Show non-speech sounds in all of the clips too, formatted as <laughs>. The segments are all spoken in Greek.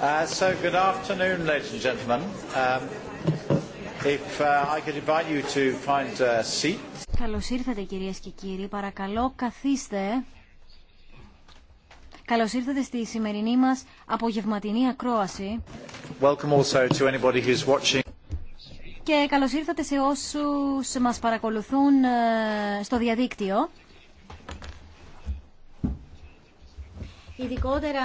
Uh, So good afternoon, ladies and gentlemen. Um, If uh, I could invite you to find a seat. Καλώς ήρθατε κυρίες και κύριοι. Παρακαλώ καθίστε. Καλώς ήρθατε στη σημερινή μας απογευματινή ακρόαση. Welcome also to anybody who's watching. Και καλώς ήρθατε σε όσους μας παρακολουθούν ε, στο διαδίκτυο. ειδικότερα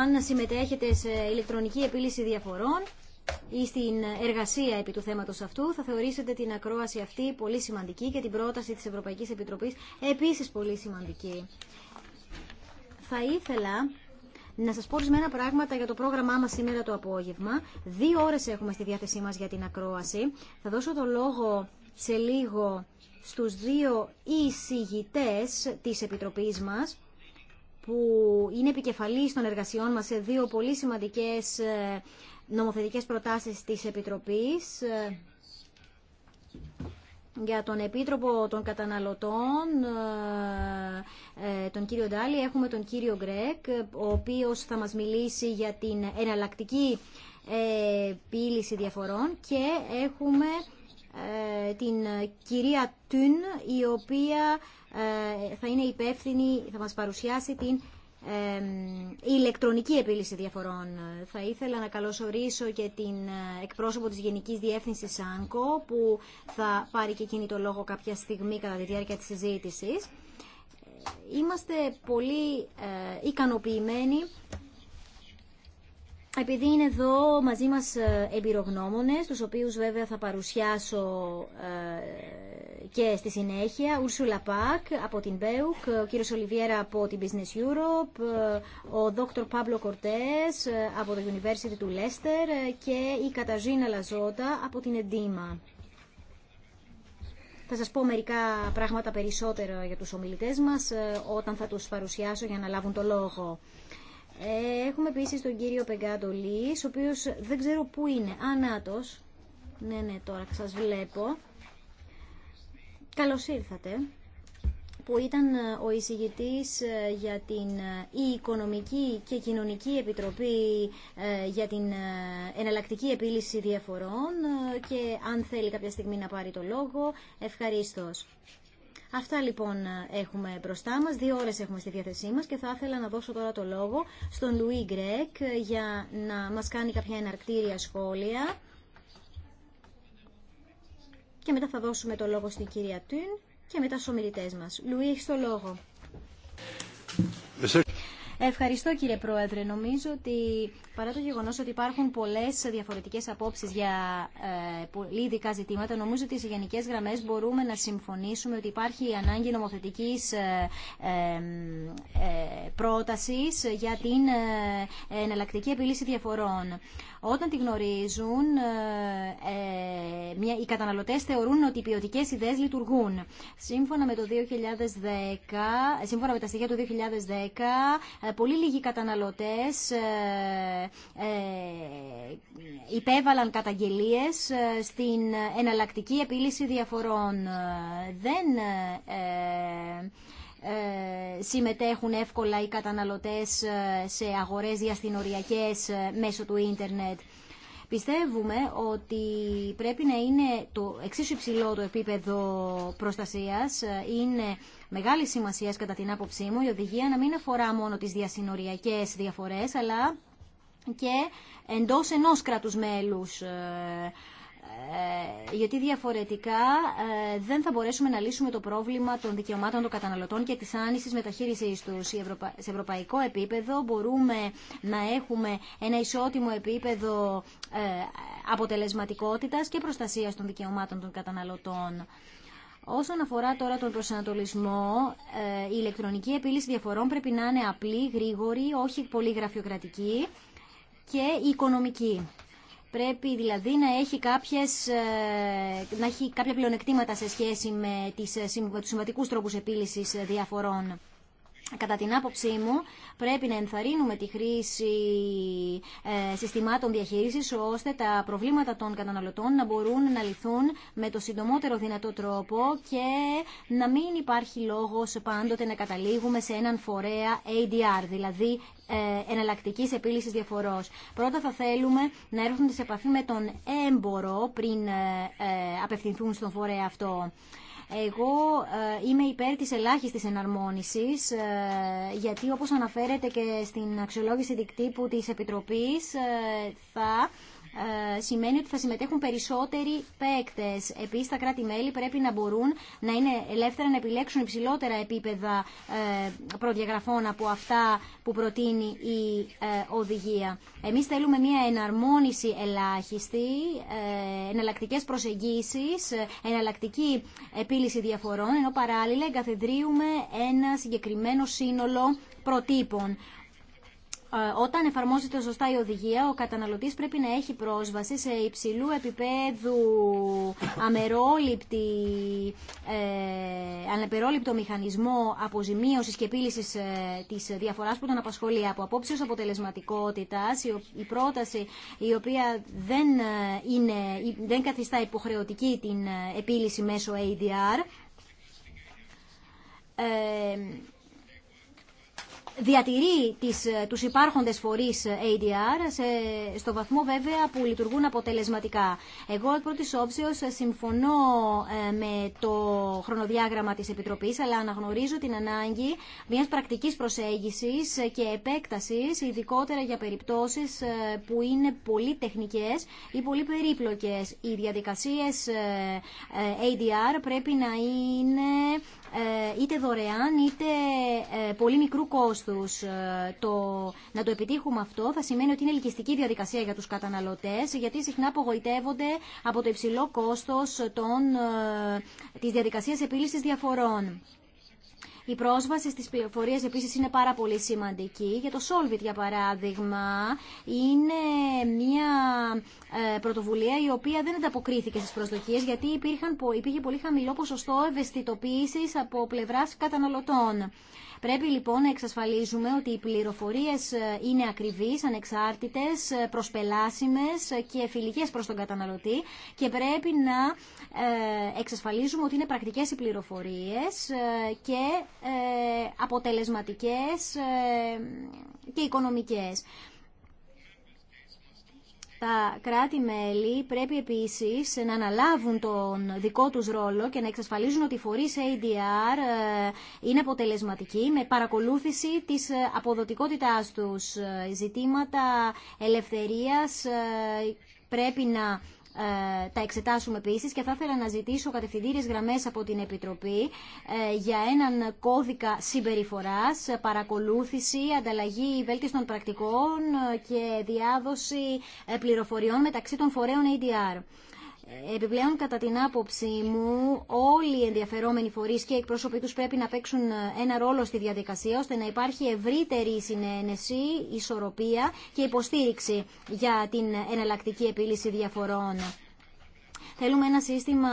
αν συμμετέχετε σε ηλεκτρονική επίλυση διαφορών ή στην εργασία επί του θέματος αυτού, θα θεωρήσετε την ακρόαση αυτή πολύ σημαντική και την πρόταση της Ευρωπαϊκής Επιτροπής επίσης πολύ σημαντική. Θα ήθελα να σας πω ορισμένα πράγματα για το πρόγραμμά μας σήμερα το απόγευμα. Δύο ώρες έχουμε στη διάθεσή μας για την ακρόαση. Θα δώσω το λόγο σε λίγο στους δύο εισηγητές της Επιτροπής μας, που είναι επικεφαλής των εργασιών μας σε δύο πολύ σημαντικές ε, νομοθετικές προτάσεις της Επιτροπής ε, για τον Επίτροπο των Καταναλωτών, ε, τον κύριο Ντάλι, έχουμε τον κύριο Γκρέκ, ο οποίος θα μας μιλήσει για την εναλλακτική πύληση διαφορών και έχουμε ε, την ε, κυρία Τουν, η οποία ε, θα είναι υπεύθυνη, θα μας παρουσιάσει την ηλεκτρονική επίλυση διαφορών. Θα ήθελα να καλωσορίσω και την εκπρόσωπο της Γενικής Διεύθυνσης ΣΑΝΚΟ που θα πάρει και εκείνη το λόγο κάποια στιγμή κατά τη διάρκεια της συζήτησης. Είμαστε πολύ ικανοποιημένοι επειδή είναι εδώ μαζί μας ε, εμπειρογνώμονες, τους οποίους βέβαια θα παρουσιάσω ε, και στη συνέχεια, Ούρσουλα Πακ από την ΠΕΟΚ, ο κύριος Ολιβιέρα από την Business Europe, ε, ο Δόκτωρ Παύλο Κορτές από το University του Λέστερ και η Καταζίνα Λαζότα από την Εντίμα. Θα σας πω μερικά πράγματα περισσότερα για τους ομιλητές μας όταν θα τους παρουσιάσω για να λάβουν το λόγο. Ε, έχουμε επίσης τον κύριο Πεγκάτολης, ο οποίος δεν ξέρω πού είναι. Ανάτος. Ναι, ναι, τώρα σας βλέπω. Καλώς ήρθατε που ήταν ε, ο εισηγητής ε, για την η Οικονομική και Κοινωνική Επιτροπή για την εναλλακτική επίλυση διαφορών και αν θέλει κάποια στιγμή να πάρει το λόγο, ευχαρίστως. Αυτά λοιπόν έχουμε μπροστά μας, δύο ώρες έχουμε στη διάθεσή μα και θα ήθελα να δώσω τώρα το λόγο στον Λουί Γκρέκ για να μας κάνει κάποια εναρκτήρια σχόλια και μετά θα δώσουμε το λόγο στην κυρία Τουν και μετά στου ομιλητές μας. Λουί, έχει το λόγο. Ευχαριστώ κύριε Πρόεδρε. Νομίζω ότι παρά το γεγονό ότι υπάρχουν πολλέ διαφορετικέ απόψει για ε, πολύ ειδικά ζητήματα, νομίζω ότι σε γενικέ γραμμέ μπορούμε να συμφωνήσουμε ότι υπάρχει ανάγκη νομοθετική ε, ε πρόταση για την ε, εναλλακτική επίλυση διαφορών. Όταν τη γνωρίζουν, ε, ε, οι καταναλωτές θεωρούν ότι οι ποιοτικέ ιδέες λειτουργούν. Σύμφωνα με, το 2010, ε, σύμφωνα με τα στοιχεία του 2010, πολύ λίγοι καταναλωτές υπέβαλαν καταγγελίες στην εναλλακτική επίλυση διαφορών. Δεν ε, συμμετέχουν εύκολα οι καταναλωτές ε, σε αγορές διαστηνοριακές ε, μέσω του ίντερνετ. Πιστεύουμε ότι πρέπει να είναι το εξίσου υψηλό το επίπεδο προστασίας, είναι μεγάλη σημασία κατά την άποψή μου η οδηγία να μην αφορά μόνο τις διασυνοριακές διαφορές, αλλά και εντός ενός κράτους μέλους ε, γιατί διαφορετικά ε, δεν θα μπορέσουμε να λύσουμε το πρόβλημα των δικαιωμάτων των καταναλωτών και της άνησης μεταχείρισης του Σε ευρωπαϊκό επίπεδο μπορούμε να έχουμε ένα ισότιμο επίπεδο ε, αποτελεσματικότητας και προστασίας των δικαιωμάτων των καταναλωτών. Όσον αφορά τώρα τον προσανατολισμό, η ηλεκτρονική επίλυση διαφορών πρέπει να είναι απλή, γρήγορη, όχι πολύ γραφειοκρατική και οικονομική. Πρέπει δηλαδή να έχει, κάποιες, ε, να έχει κάποια πλεονεκτήματα σε σχέση με τις, ε, τους συμβατικούς τρόπους επίλυσης ε, διαφορών. Κατά την άποψή μου πρέπει να ενθαρρύνουμε τη χρήση ε, συστημάτων διαχείρισης ώστε τα προβλήματα των καταναλωτών να μπορούν να λυθούν με το συντομότερο δυνατό τρόπο και να μην υπάρχει λόγος πάντοτε να καταλήγουμε σε έναν φορέα ADR, δηλαδή ε, εναλλακτική επίλυση διαφορό. Πρώτα θα θέλουμε να έρθουν σε επαφή με τον έμπορο πριν ε, απευθυνθούν στον φορέα αυτό. Εγώ ε, είμαι υπέρ της ελάχιστης εναρμόνισης, ε, γιατί όπως αναφέρεται και στην αξιολόγηση δικτύπου της Επιτροπής, ε, θα ε, σημαίνει ότι θα συμμετέχουν περισσότεροι παίκτε. Επίση, τα κράτη-μέλη πρέπει να μπορούν να είναι ελεύθερα να επιλέξουν υψηλότερα επίπεδα ε, προδιαγραφών από αυτά που προτείνει η ε, οδηγία. Εμείς θέλουμε μια εναρμόνιση ελάχιστη, εναλλακτικές προσεγγίσεις, εναλλακτική επίλυση διαφορών, ενώ παράλληλα εγκαθιδρύουμε ένα συγκεκριμένο σύνολο προτύπων όταν εφαρμόζεται σωστά η οδηγία, ο καταναλωτής πρέπει να έχει πρόσβαση σε υψηλού επίπεδου αμερόληπτη, ε, μηχανισμό αποζημίωσης και επίλυσης ε, της διαφοράς που τον απασχολεί από απόψεως αποτελεσματικότητας. Η, πρόταση η οποία δεν, ε, είναι, δεν καθιστά υποχρεωτική την ε, επίλυση μέσω ADR διατηρεί τις, ε, τους υπάρχοντες φορείς ε, ADR σε, στο βαθμό βέβαια που λειτουργούν αποτελεσματικά. Εγώ εκ πρώτης όψεως συμφωνώ ε, με το χρονοδιάγραμμα της Επιτροπής αλλά αναγνωρίζω την ανάγκη μιας πρακτικής προσέγγισης και επέκτασης ειδικότερα για περιπτώσεις που είναι πολύ τεχνικές ή πολύ περίπλοκες. Οι διαδικασίες ADR πρέπει να είναι ε, είτε δωρεάν είτε ε, πολύ μικρού κόστους. Ε, το, να το επιτύχουμε αυτό θα σημαίνει ότι είναι ελκυστική διαδικασία για τους καταναλωτές γιατί συχνά απογοητεύονται από το υψηλό κόστος των, της διαδικασίας επίλυσης διαφορών. Η πρόσβαση στις πληροφορίες επίσης είναι πάρα πολύ σημαντική. Για το Solvit, για παράδειγμα, είναι μια ε, πρωτοβουλία η οποία δεν ανταποκρίθηκε στις προσδοκίες γιατί υπήρχαν, υπήρχε πολύ χαμηλό ποσοστό ευαισθητοποίησης από πλευράς καταναλωτών. Πρέπει λοιπόν να εξασφαλίζουμε ότι οι πληροφορίες ε, είναι ακριβείς, ανεξάρτητες, ε, προσπελάσιμες και φιλικές προς τον καταναλωτή και πρέπει να ε, εξασφαλίζουμε ότι είναι πρακτικές οι πληροφορίες και αποτελεσματικές και οικονομικές. Τα κράτη-μέλη πρέπει επίσης να αναλάβουν τον δικό τους ρόλο και να εξασφαλίζουν ότι οι φορείς ADR ε, είναι αποτελεσματικοί με παρακολούθηση της ε, αποδοτικότητάς τους. Ε, ζητήματα ελευθερίας πρέπει να ε, τα εξετάσουμε επίση και θα ήθελα να ζητήσω κατευθυντήριε γραμμές από την Επιτροπή ε, για έναν κώδικα συμπεριφοράς, ε, παρακολούθηση, ανταλλαγή βέλτιστων πρακτικών και διάδοση πληροφοριών μεταξύ των φορέων ADR. Επιπλέον, κατά την άποψή μου, όλοι οι ενδιαφερόμενοι φορείς και οι εκπρόσωποι τους πρέπει να παίξουν ένα ρόλο στη διαδικασία, ώστε να υπάρχει ευρύτερη συνένεση, ισορροπία και υποστήριξη για την εναλλακτική επίλυση διαφορών. Θέλουμε ένα σύστημα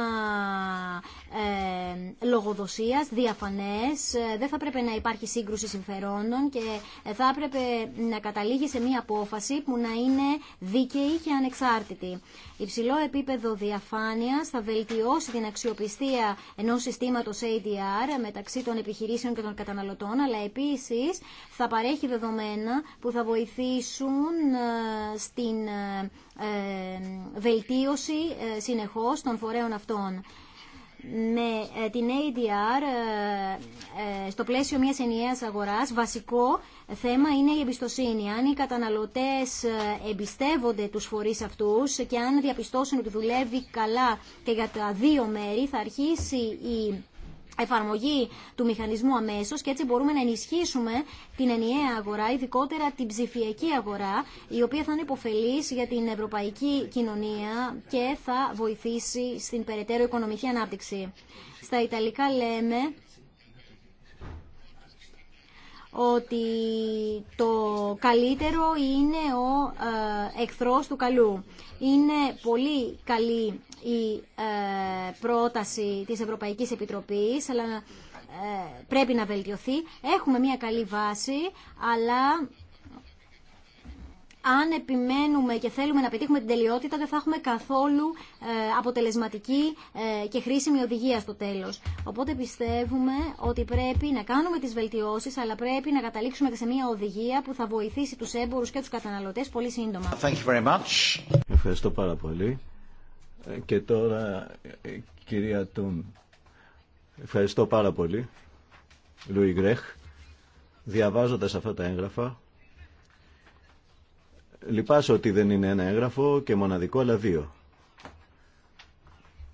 ε, λογοδοσίας, διαφανές, ε, δεν θα πρέπει να υπάρχει σύγκρουση συμφερόντων και θα έπρεπε να καταλήγει σε μία απόφαση που να είναι δίκαιη και ανεξάρτητη. Υψηλό επίπεδο διαφάνειας θα βελτιώσει την αξιοπιστία ενός συστήματος ADR μεταξύ των επιχειρήσεων και των καταναλωτών, αλλά επίσης θα παρέχει δεδομένα που θα βοηθήσουν ε, στην ε, ε, βελτίωση συνεχώς των φορέων αυτών με την ADR στο πλαίσιο μιας ενιαίας αγοράς βασικό θέμα είναι η εμπιστοσύνη. Αν οι καταναλωτές ε, εμπιστεύονται τους φορείς αυτούς και αν διαπιστώσουν ότι δουλεύει καλά και για τα δύο μέρη θα αρχίσει η εφαρμογή του μηχανισμού αμέσως και έτσι μπορούμε να ενισχύσουμε την ενιαία αγορά, ειδικότερα την ψηφιακή αγορά, η οποία θα είναι υποφελής για την ευρωπαϊκή κοινωνία και θα βοηθήσει στην περαιτέρω οικονομική ανάπτυξη. Στα Ιταλικά λέμε ότι το καλύτερο είναι ο ε, εχθρός του καλού. Είναι πολύ καλή η ε, πρόταση της Ευρωπαϊκής Επιτροπής, αλλά ε, πρέπει να βελτιωθεί. Έχουμε μια καλή βάση, αλλά αν επιμένουμε και θέλουμε να πετύχουμε την τελειότητα, δεν θα έχουμε καθόλου ε, αποτελεσματική ε, και χρήσιμη οδηγία στο τέλο. Οπότε πιστεύουμε ότι πρέπει να κάνουμε τι βελτιώσει, αλλά πρέπει να καταλήξουμε και σε μια οδηγία που θα βοηθήσει του έμπορου και του καταναλωτέ πολύ σύντομα. Thank you very much. Ευχαριστώ πάρα πολύ. Ε, και τώρα, κυρία Τούν, ευχαριστώ πάρα πολύ. Λουί Γκρέχ, διαβάζοντας αυτά τα έγγραφα, Λυπάσω ότι δεν είναι ένα έγγραφο και μοναδικό, αλλά δύο.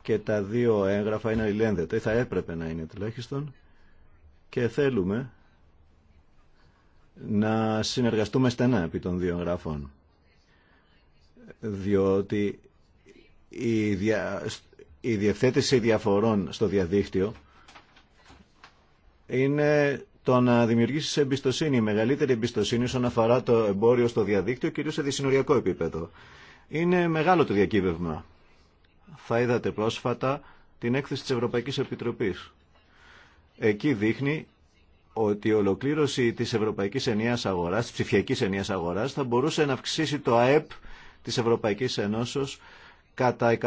Και τα δύο έγγραφα είναι αλληλένδετα, ή θα έπρεπε να είναι τουλάχιστον. Και θέλουμε να συνεργαστούμε στενά επί των δύο εγγράφων. Διότι η, δια... η διευθέτηση διαφορών στο διαδίκτυο είναι το να δημιουργήσει εμπιστοσύνη, μεγαλύτερη εμπιστοσύνη όσον αφορά το εμπόριο στο διαδίκτυο, κυρίω σε δυσυνοριακό επίπεδο. Είναι μεγάλο το διακύβευμα. Θα είδατε πρόσφατα την έκθεση της Ευρωπαϊκής Επιτροπής. Εκεί δείχνει ότι η ολοκλήρωση της Ευρωπαϊκής Ενίας Αγοράς, της ψηφιακής Ενίας Αγοράς, θα μπορούσε να αυξήσει το ΑΕΠ της Ευρωπαϊκής Ενώσεως κατά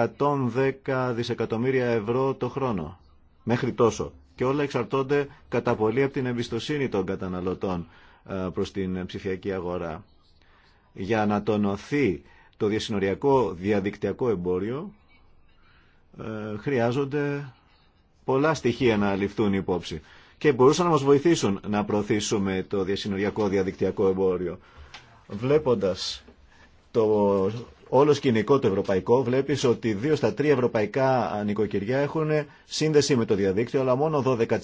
110 δισεκατομμύρια ευρώ το χρόνο. Μέχρι τόσο και όλα εξαρτώνται κατά πολύ από την εμπιστοσύνη των καταναλωτών ε, προς την ψηφιακή αγορά. Για να τονωθεί το διασυνοριακό διαδικτυακό εμπόριο ε, χρειάζονται πολλά στοιχεία να ληφθούν υπόψη και μπορούσαν να μας βοηθήσουν να προωθήσουμε το διασυνοριακό διαδικτυακό εμπόριο. Βλέποντας το όλο σκηνικό το ευρωπαϊκό, βλέπει ότι δύο στα τρία ευρωπαϊκά νοικοκυριά έχουν σύνδεση με το διαδίκτυο, αλλά μόνο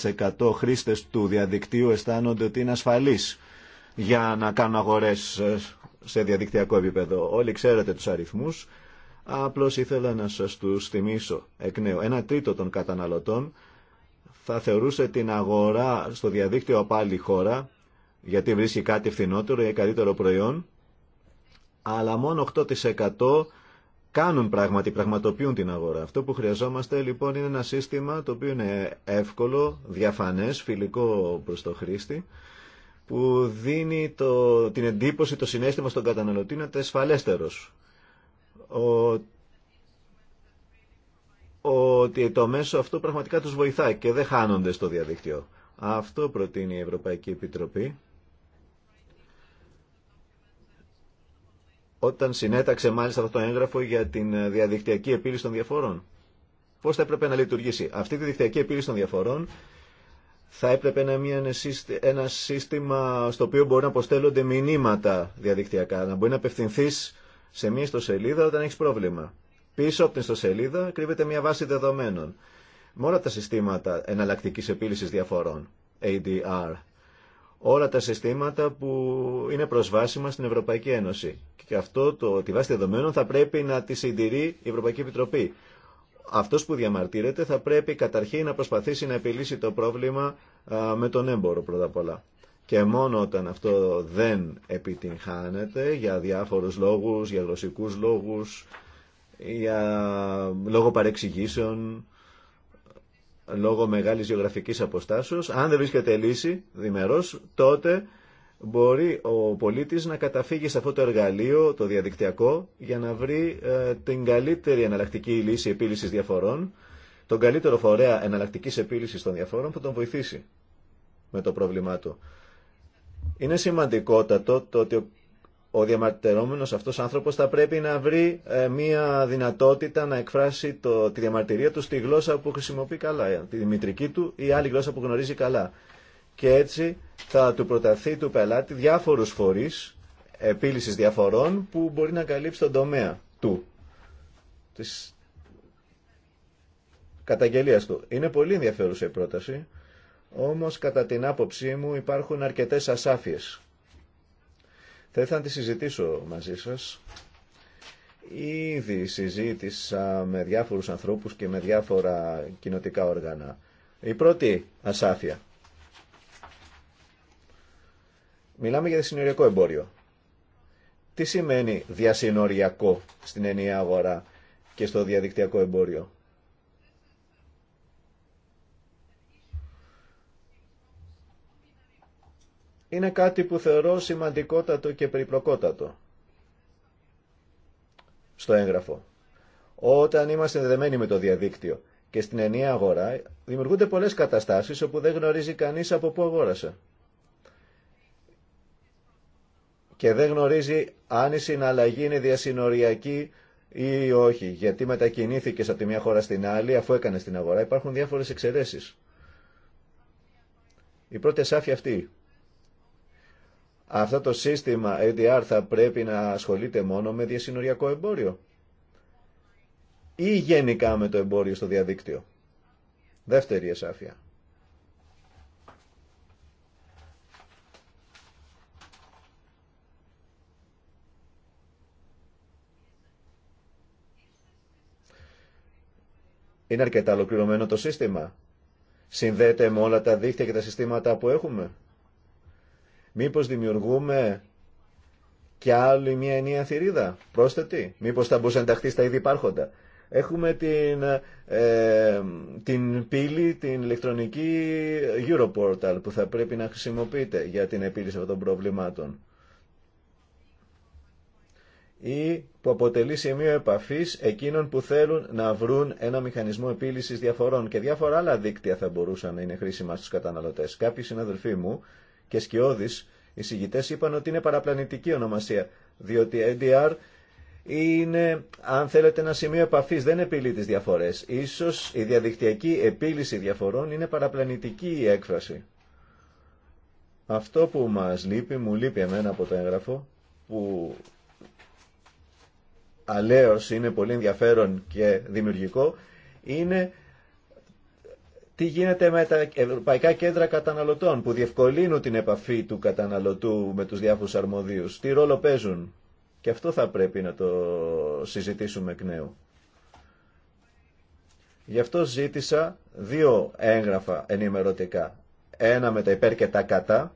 12% χρήστε του διαδικτύου αισθάνονται ότι είναι ασφαλεί για να κάνουν αγορέ ε, σε διαδικτυακό επίπεδο. Όλοι ξέρετε του αριθμού. Απλώ ήθελα να σα του θυμίσω εκ νέου. Ένα τρίτο των καταναλωτών θα θεωρούσε την αγορά στο διαδίκτυο από άλλη χώρα, γιατί βρίσκει κάτι φθηνότερο ή καλύτερο προϊόν αλλά μόνο 8% κάνουν πράγματι, πραγματοποιούν την αγορά. Αυτό που χρειαζόμαστε λοιπόν είναι ένα σύστημα το οποίο είναι εύκολο, διαφανές, φιλικό προς το χρήστη, που δίνει το, την εντύπωση, το συνέστημα στον καταναλωτή να είναι ασφαλέστερος. Ο, ότι το μέσο αυτό πραγματικά τους βοηθάει και δεν χάνονται στο διαδίκτυο. Αυτό προτείνει η Ευρωπαϊκή Επιτροπή όταν συνέταξε μάλιστα αυτό το έγγραφο για την ε, διαδικτυακή επίλυση των διαφορών. Πώς θα έπρεπε να λειτουργήσει. Αυτή τη διαδικτυακή επίλυση των διαφορών θα έπρεπε να είναι ένα σύστημα στο οποίο μπορεί να αποστέλλονται μηνύματα διαδικτυακά, να μπορεί να απευθυνθεί σε μια ιστοσελίδα όταν έχει πρόβλημα. Πίσω από την ιστοσελίδα κρύβεται μια βάση δεδομένων. Με όλα τα συστήματα εναλλακτική επίλυση διαφορών, ADR, όλα τα συστήματα που είναι προσβάσιμα στην Ευρωπαϊκή Ένωση. Και αυτό το, τη βάση δεδομένων θα πρέπει να τη συντηρεί η Ευρωπαϊκή Επιτροπή. Αυτός που διαμαρτύρεται θα πρέπει καταρχήν να προσπαθήσει να επιλύσει το πρόβλημα με τον έμπορο πρώτα απ' όλα. Και μόνο όταν αυτό δεν επιτυγχάνεται για διάφορους λόγους, για γλωσσικούς λόγους, για λόγω παρεξηγήσεων, λόγω μεγάλης γεωγραφικής αποστάσεως. Αν δεν βρίσκεται λύση διμερός, τότε μπορεί ο πολίτης να καταφύγει σε αυτό το εργαλείο, το διαδικτυακό, για να βρει ε, την καλύτερη εναλλακτική λύση επίλυσης διαφορών, τον καλύτερο φορέα εναλλακτικής επίλυσης των διαφορών που τον βοηθήσει με το πρόβλημά του. Είναι σημαντικότατο το ότι ο διαμαρτυρόμενος αυτός άνθρωπος θα πρέπει να βρει ε, μια δυνατότητα να εκφράσει το, τη διαμαρτυρία του στη γλώσσα που χρησιμοποιεί καλά, τη μητρική του ή άλλη γλώσσα που γνωρίζει καλά. Και έτσι θα του προταθεί του πελάτη διάφορους φορείς επίλυσης διαφορών που μπορεί να καλύψει τον τομέα του, της καταγγελίας του. Είναι πολύ ενδιαφέρουσα η πρόταση, όμως κατά την άποψή μου υπάρχουν αρκετές ασάφειες θα ήθελα να τη συζητήσω μαζί σας. Ήδη συζήτησα με διάφορους ανθρώπους και με διάφορα κοινοτικά όργανα. Η πρώτη ασάφεια. Μιλάμε για συνοριακό εμπόριο. Τι σημαίνει διασυνοριακό στην ενιαία αγορά και στο διαδικτυακό εμπόριο. είναι κάτι που θεωρώ σημαντικότατο και περιπλοκότατο στο έγγραφο. Όταν είμαστε δεδεμένοι με το διαδίκτυο και στην ενιαία αγορά, δημιουργούνται πολλές καταστάσεις όπου δεν γνωρίζει κανείς από πού αγόρασε. Και δεν γνωρίζει αν η συναλλαγή είναι διασυνοριακή ή όχι, γιατί μετακινήθηκε από τη μια χώρα στην άλλη αφού έκανε την αγορά. Υπάρχουν διάφορε εξαιρέσει. Η πρώτη σαφια αυτή αυτό το σύστημα ADR θα πρέπει να ασχολείται μόνο με διασυνοριακό εμπόριο ή γενικά με το εμπόριο στο διαδίκτυο. Δεύτερη εσάφεια. Είναι αρκετά ολοκληρωμένο το σύστημα. Συνδέεται με όλα τα δίκτυα και τα συστήματα που έχουμε. Μήπως δημιουργούμε και άλλη μια ενιαία θηρίδα πρόσθετη. Μήπως θα μπορούσε να ενταχθεί στα ήδη υπάρχοντα. Έχουμε την, ε, την πύλη, την ηλεκτρονική Europortal που θα πρέπει να χρησιμοποιείται για την επίλυση αυτών των προβλημάτων ή που αποτελεί σημείο επαφής εκείνων που θέλουν να βρουν ένα μηχανισμό επίλυσης διαφορών και διάφορα άλλα δίκτυα θα μπορούσαν να είναι χρήσιμα στους καταναλωτές. Κάποιοι συναδελφοί μου και οι συγητέ είπαν ότι είναι παραπλανητική ονομασία, διότι NDR είναι, αν θέλετε, ένα σημείο επαφή. Δεν επιλύει τι διαφορέ. σω η διαδικτυακή επίλυση διαφορών είναι παραπλανητική η έκφραση. Αυτό που μα λείπει, μου λείπει εμένα από το έγγραφο, που αλέω είναι πολύ ενδιαφέρον και δημιουργικό, είναι τι γίνεται με τα ευρωπαϊκά κέντρα καταναλωτών που διευκολύνουν την επαφή του καταναλωτού με τους διάφορους αρμοδίους. Τι ρόλο παίζουν. Και αυτό θα πρέπει να το συζητήσουμε εκ νέου. Γι' αυτό ζήτησα δύο έγγραφα ενημερωτικά. Ένα με τα υπέρ και τα κατά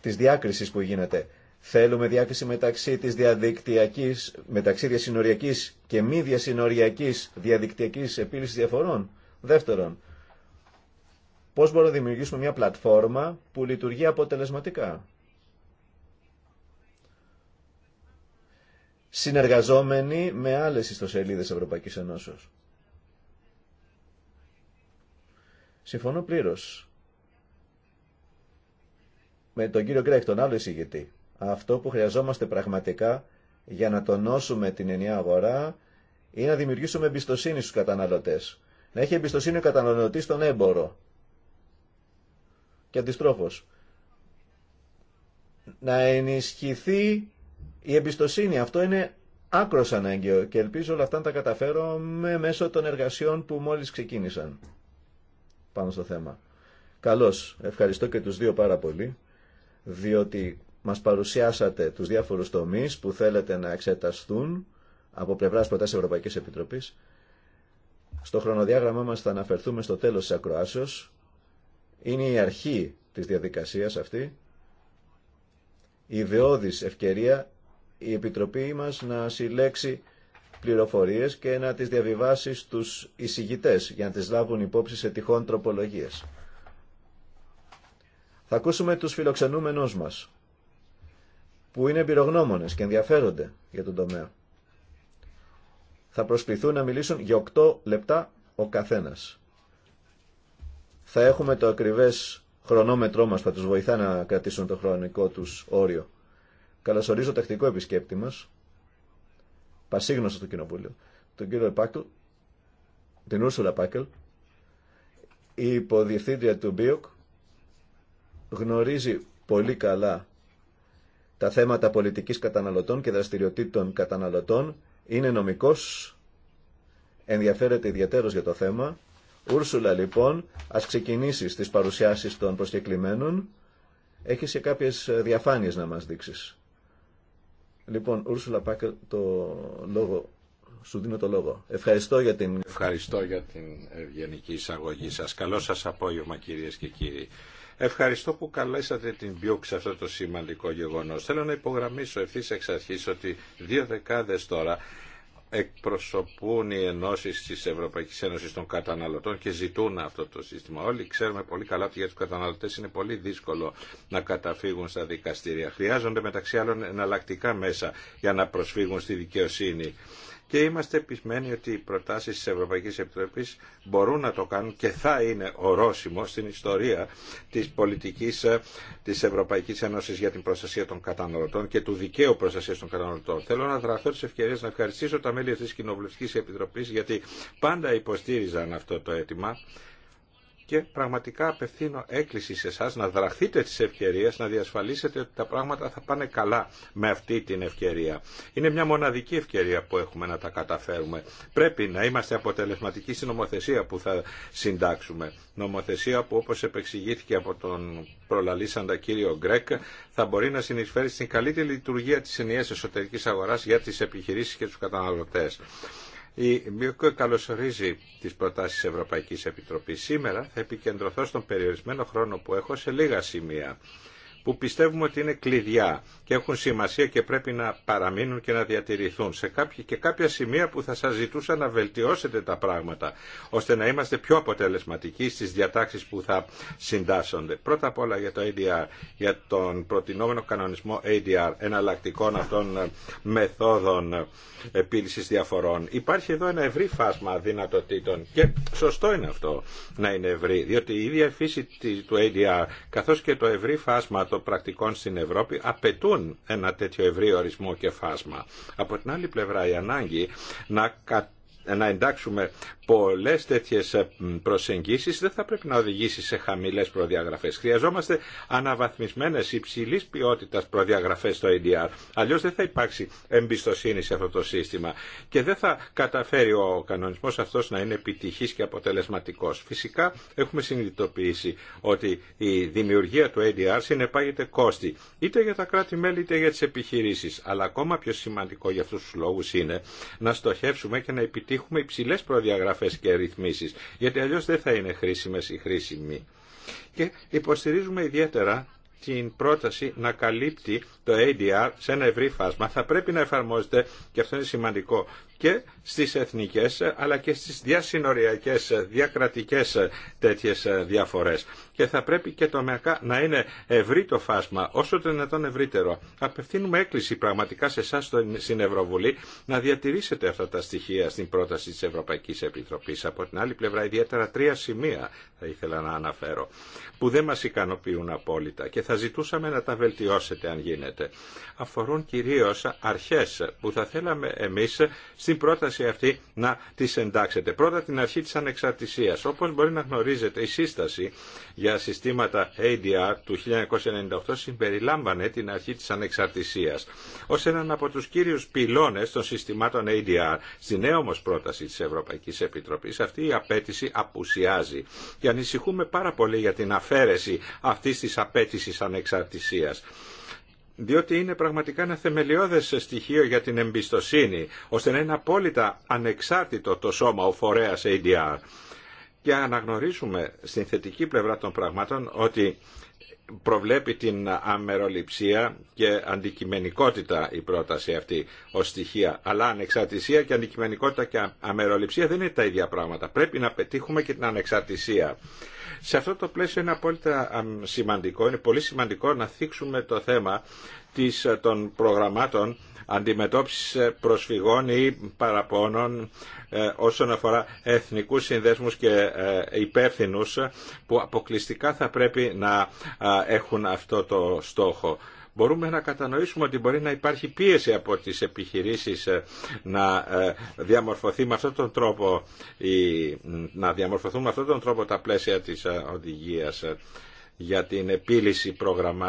της διάκρισης που γίνεται. Θέλουμε διάκριση μεταξύ της διαδικτυακής, μεταξύ διασυνοριακής και μη διασυνοριακής διαδικτυακής επίλυσης διαφορών. Δεύτερον, πώς μπορούμε να δημιουργήσουμε μια πλατφόρμα που λειτουργεί αποτελεσματικά. Συνεργαζόμενοι με άλλες ιστοσελίδες Ευρωπαϊκής Ενώσεως. Συμφωνώ πλήρως με τον κύριο Γκρέκ, τον άλλο εισηγητή. Αυτό που χρειαζόμαστε πραγματικά για να τονώσουμε την ενιαία αγορά είναι να δημιουργήσουμε εμπιστοσύνη στους καταναλωτές. Να έχει εμπιστοσύνη ο καταναλωτή στον έμπορο. Και αντιστρόφω. Να ενισχυθεί η εμπιστοσύνη. Αυτό είναι άκρο ανάγκαιο και ελπίζω όλα αυτά να τα καταφέρω με μέσω των εργασιών που μόλι ξεκίνησαν πάνω στο θέμα. Καλώ. ευχαριστώ και τους δύο πάρα πολύ, διότι μας παρουσιάσατε τους διάφορους τομείς που θέλετε να εξεταστούν από πλευράς προτάσεις Ευρωπαϊκής Επιτροπής. Στο χρονοδιάγραμμά μας θα αναφερθούμε στο τέλος της ακροάσεως. Είναι η αρχή της διαδικασίας αυτή. Η ιδεώδης ευκαιρία η Επιτροπή μας να συλλέξει πληροφορίες και να τις διαβιβάσει στους εισηγητές για να τις λάβουν υπόψη σε τυχόν τροπολογίες. Θα ακούσουμε τους φιλοξενούμενους μας που είναι εμπειρογνώμονες και ενδιαφέρονται για τον τομέα θα προσκληθούν να μιλήσουν για 8 λεπτά ο καθένας. Θα έχουμε το ακριβές χρονόμετρό μας, θα τους βοηθά να κρατήσουν το χρονικό τους όριο. Καλωσορίζω τακτικό επισκέπτη μας, πασίγνωστο του Κοινοβούλιο, τον κύριο Πάκτου, την Ούρσουλα Πάκελ, η υποδιευθύντρια του Μπίοκ, γνωρίζει πολύ καλά τα θέματα πολιτικής καταναλωτών και δραστηριοτήτων καταναλωτών είναι νομικός, ενδιαφέρεται ιδιαίτερο για το θέμα. Ούρσουλα λοιπόν, ας ξεκινήσεις τις παρουσιάσεις των προσκεκλημένων. Έχεις και κάποιες διαφάνειες να μας δείξεις. Λοιπόν, Ούρσουλα πάκε το λόγο, σου δίνω το λόγο. Ευχαριστώ για την... Ευχαριστώ για την ευγενική εισαγωγή σας. Καλό σας απόγευμα κυρίες και κύριοι. Ευχαριστώ που καλέσατε την Μπιούκ σε αυτό το σημαντικό γεγονός. Θέλω να υπογραμμίσω ευθύς εξ αρχής ότι δύο δεκάδες τώρα εκπροσωπούν οι ενώσεις της Ευρωπαϊκής Ένωσης των καταναλωτών και ζητούν αυτό το σύστημα. Όλοι ξέρουμε πολύ καλά ότι για τους καταναλωτές είναι πολύ δύσκολο να καταφύγουν στα δικαστήρια. Χρειάζονται μεταξύ άλλων εναλλακτικά μέσα για να προσφύγουν στη δικαιοσύνη και είμαστε πεισμένοι ότι οι προτάσεις της Ευρωπαϊκής Επιτροπής μπορούν να το κάνουν και θα είναι ορόσημο στην ιστορία της πολιτικής ε, της Ευρωπαϊκής Ένωσης για την προστασία των καταναλωτών και του δικαίου προστασίας των καταναλωτών. Θέλω να δραθώ τις ευκαιρίες να ευχαριστήσω τα μέλη της Κοινοβουλευτικής Επιτροπής γιατί πάντα υποστήριζαν αυτό το αίτημα και πραγματικά απευθύνω έκκληση σε εσά να δραχθείτε τις ευκαιρία να διασφαλίσετε ότι τα πράγματα θα πάνε καλά με αυτή την ευκαιρία. Είναι μια μοναδική ευκαιρία που έχουμε να τα καταφέρουμε. Πρέπει να είμαστε αποτελεσματικοί στην νομοθεσία που θα συντάξουμε. Νομοθεσία που όπως επεξηγήθηκε από τον προλαλήσαντα κύριο Γκρέκ θα μπορεί να συνεισφέρει στην καλύτερη λειτουργία της ενιαίας εσωτερικής αγοράς για τις επιχειρήσεις και τους καταναλωτές. Η Μπιουκο καλωσορίζει τι προτάσει Ευρωπαϊκή Επιτροπή. Σήμερα θα επικεντρωθώ στον περιορισμένο χρόνο που έχω σε λίγα σημεία που πιστεύουμε ότι είναι κλειδιά και έχουν σημασία και πρέπει να παραμείνουν και να διατηρηθούν σε κάποια, και κάποια σημεία που θα σας ζητούσα να βελτιώσετε τα πράγματα ώστε να είμαστε πιο αποτελεσματικοί στις διατάξεις που θα συντάσσονται. Πρώτα απ' όλα για το ADR, για τον προτινόμενο κανονισμό ADR, εναλλακτικών αυτών ε, μεθόδων ε, επίλυσης διαφορών. Υπάρχει εδώ ένα ευρύ φάσμα δυνατοτήτων και σωστό είναι αυτό να είναι ευρύ, διότι η ίδια φύση του ADR καθώς και το ευρύ φάσμα πρακτικών στην Ευρώπη απαιτούν ένα τέτοιο ευρύ ορισμό και φάσμα. Από την άλλη πλευρά η ανάγκη να να εντάξουμε πολλές τέτοιες ε, προσεγγίσεις δεν θα πρέπει να οδηγήσει σε χαμηλές προδιαγραφές. Χρειαζόμαστε αναβαθμισμένες υψηλής ποιότητας προδιαγραφές στο ADR. Αλλιώς δεν θα υπάρξει εμπιστοσύνη σε αυτό το σύστημα και δεν θα καταφέρει ο κανονισμός αυτός να είναι επιτυχής και αποτελεσματικός. Φυσικά έχουμε συνειδητοποιήσει ότι η δημιουργία του ADR συνεπάγεται κόστη είτε για τα κράτη-μέλη είτε για τις επιχειρήσεις. Αλλά ακόμα πιο σημαντικό για αυτούς τους λόγους είναι να στοχεύσουμε και να επιτύχουμε υψηλές προδιαγραφές φές και ρυθμίσεις, γιατί αλλιώς δεν θα είναι χρήσιμες ή χρήσιμοι. Και υποστηρίζουμε ιδιαίτερα την πρόταση να καλύπτει το ADR σε ένα ευρύ φάσμα. Θα πρέπει να εφαρμόζεται, και αυτό είναι σημαντικό, και στις εθνικές αλλά και στις διασυνοριακές, διακρατικές τέτοιες διαφορές. Και θα πρέπει και τομεακά να είναι ευρύ το φάσμα, όσο το δυνατόν ευρύτερο. Απευθύνουμε έκκληση πραγματικά σε εσά στην Ευρωβουλή να διατηρήσετε αυτά τα στοιχεία στην πρόταση της Ευρωπαϊκής Επιτροπής. Από την άλλη πλευρά, ιδιαίτερα τρία σημεία θα ήθελα να αναφέρω, που δεν μα ικανοποιούν απόλυτα και θα θα ζητούσαμε να τα βελτιώσετε αν γίνεται. Αφορούν κυρίως αρχές που θα θέλαμε εμείς στην πρόταση αυτή να τις εντάξετε. Πρώτα την αρχή της ανεξαρτησίας. Όπως μπορεί να γνωρίζετε η σύσταση για συστήματα ADR του 1998 συμπεριλάμβανε την αρχή της ανεξαρτησίας ως έναν από τους κύριους πυλώνες των συστημάτων ADR. στην νέα όμως πρόταση της Ευρωπαϊκής Επιτροπής αυτή η απέτηση απουσιάζει και ανησυχούμε πάρα πολύ για την αφαίρεση αυτής της απέτηση ανεξαρτησίας διότι είναι πραγματικά ένα θεμελιώδες στοιχείο για την εμπιστοσύνη, ώστε να είναι απόλυτα ανεξάρτητο το σώμα, ο φορέας ADR. Και αναγνωρίσουμε στην θετική πλευρά των πραγμάτων ότι προβλέπει την αμεροληψία και αντικειμενικότητα η πρόταση αυτή ως στοιχεία. Αλλά ανεξαρτησία και αντικειμενικότητα και αμεροληψία δεν είναι τα ίδια πράγματα. Πρέπει να πετύχουμε και την ανεξαρτησία. Σε αυτό το πλαίσιο είναι απόλυτα σημαντικό, είναι πολύ σημαντικό να θίξουμε το θέμα της, ε, των προγραμμάτων αντιμετώπισης ε, προσφυγών ή παραπώνων ε, όσον αφορά εθνικούς συνδέσμους και υπεύθυνου, που αποκλειστικά θα πρέπει να έχουν αυτό το στόχο μπορούμε να κατανοήσουμε ότι μπορεί να υπάρχει πίεση από τις επιχειρήσεις ε, να ε, διαμορφωθεί με αυτόν τον τρόπο να διαμορφωθούν με αυτόν τον τρόπο τα πλαίσια της ε, οδηγίας για την επίλυση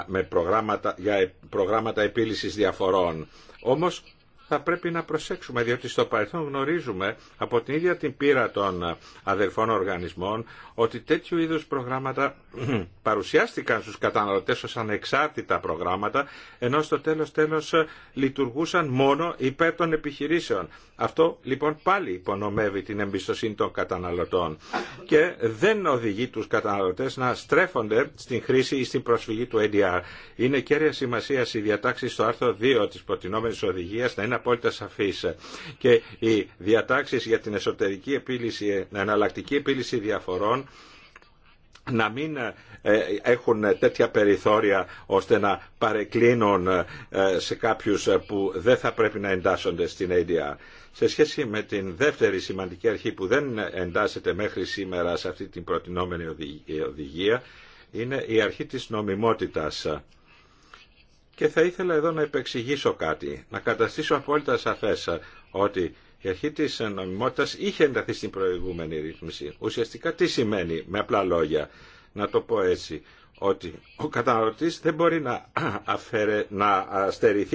με προγράμματα, για προγράμματα επίλυσης διαφορών. Όμως θα πρέπει να προσέξουμε, διότι στο παρελθόν γνωρίζουμε από την ίδια την πείρα των αδελφών οργανισμών ότι τέτοιου είδους προγράμματα <clears throat> παρουσιάστηκαν στους καταναλωτές ως ανεξάρτητα προγράμματα, ενώ στο τέλος τέλος λειτουργούσαν μόνο υπέρ των επιχειρήσεων. Αυτό λοιπόν πάλι υπονομεύει την εμπιστοσύνη των καταναλωτών και δεν οδηγεί τους καταναλωτές να στρέφονται στην χρήση ή στην προσφυγή του ADR. Είναι κέρια σημασία οι στο άρθρο 2 της προτινόμενης οδηγίας να είναι απόλυτα σαφής και οι διατάξεις για την εσωτερική επίλυση, εναλλακτική επίλυση διαφορών να μην ε, έχουν τέτοια περιθώρια ώστε να παρεκκλίνουν ε, σε κάποιους που δεν θα πρέπει να εντάσσονται στην ADR. Σε σχέση με την δεύτερη σημαντική αρχή που δεν εντάσσεται μέχρι σήμερα σε αυτή την προτινόμενη ε, οδηγία είναι η αρχή της νομιμότητας και θα ήθελα εδώ να υπεξηγήσω κάτι, να καταστήσω απόλυτα σαφές ότι η αρχή της νομιμότητα είχε ενταθεί στην προηγούμενη ρύθμιση. Ουσιαστικά τι σημαίνει με απλά λόγια, να το πω έτσι, ότι ο καταναλωτή δεν μπορεί να, <clears throat> αφαιρε, να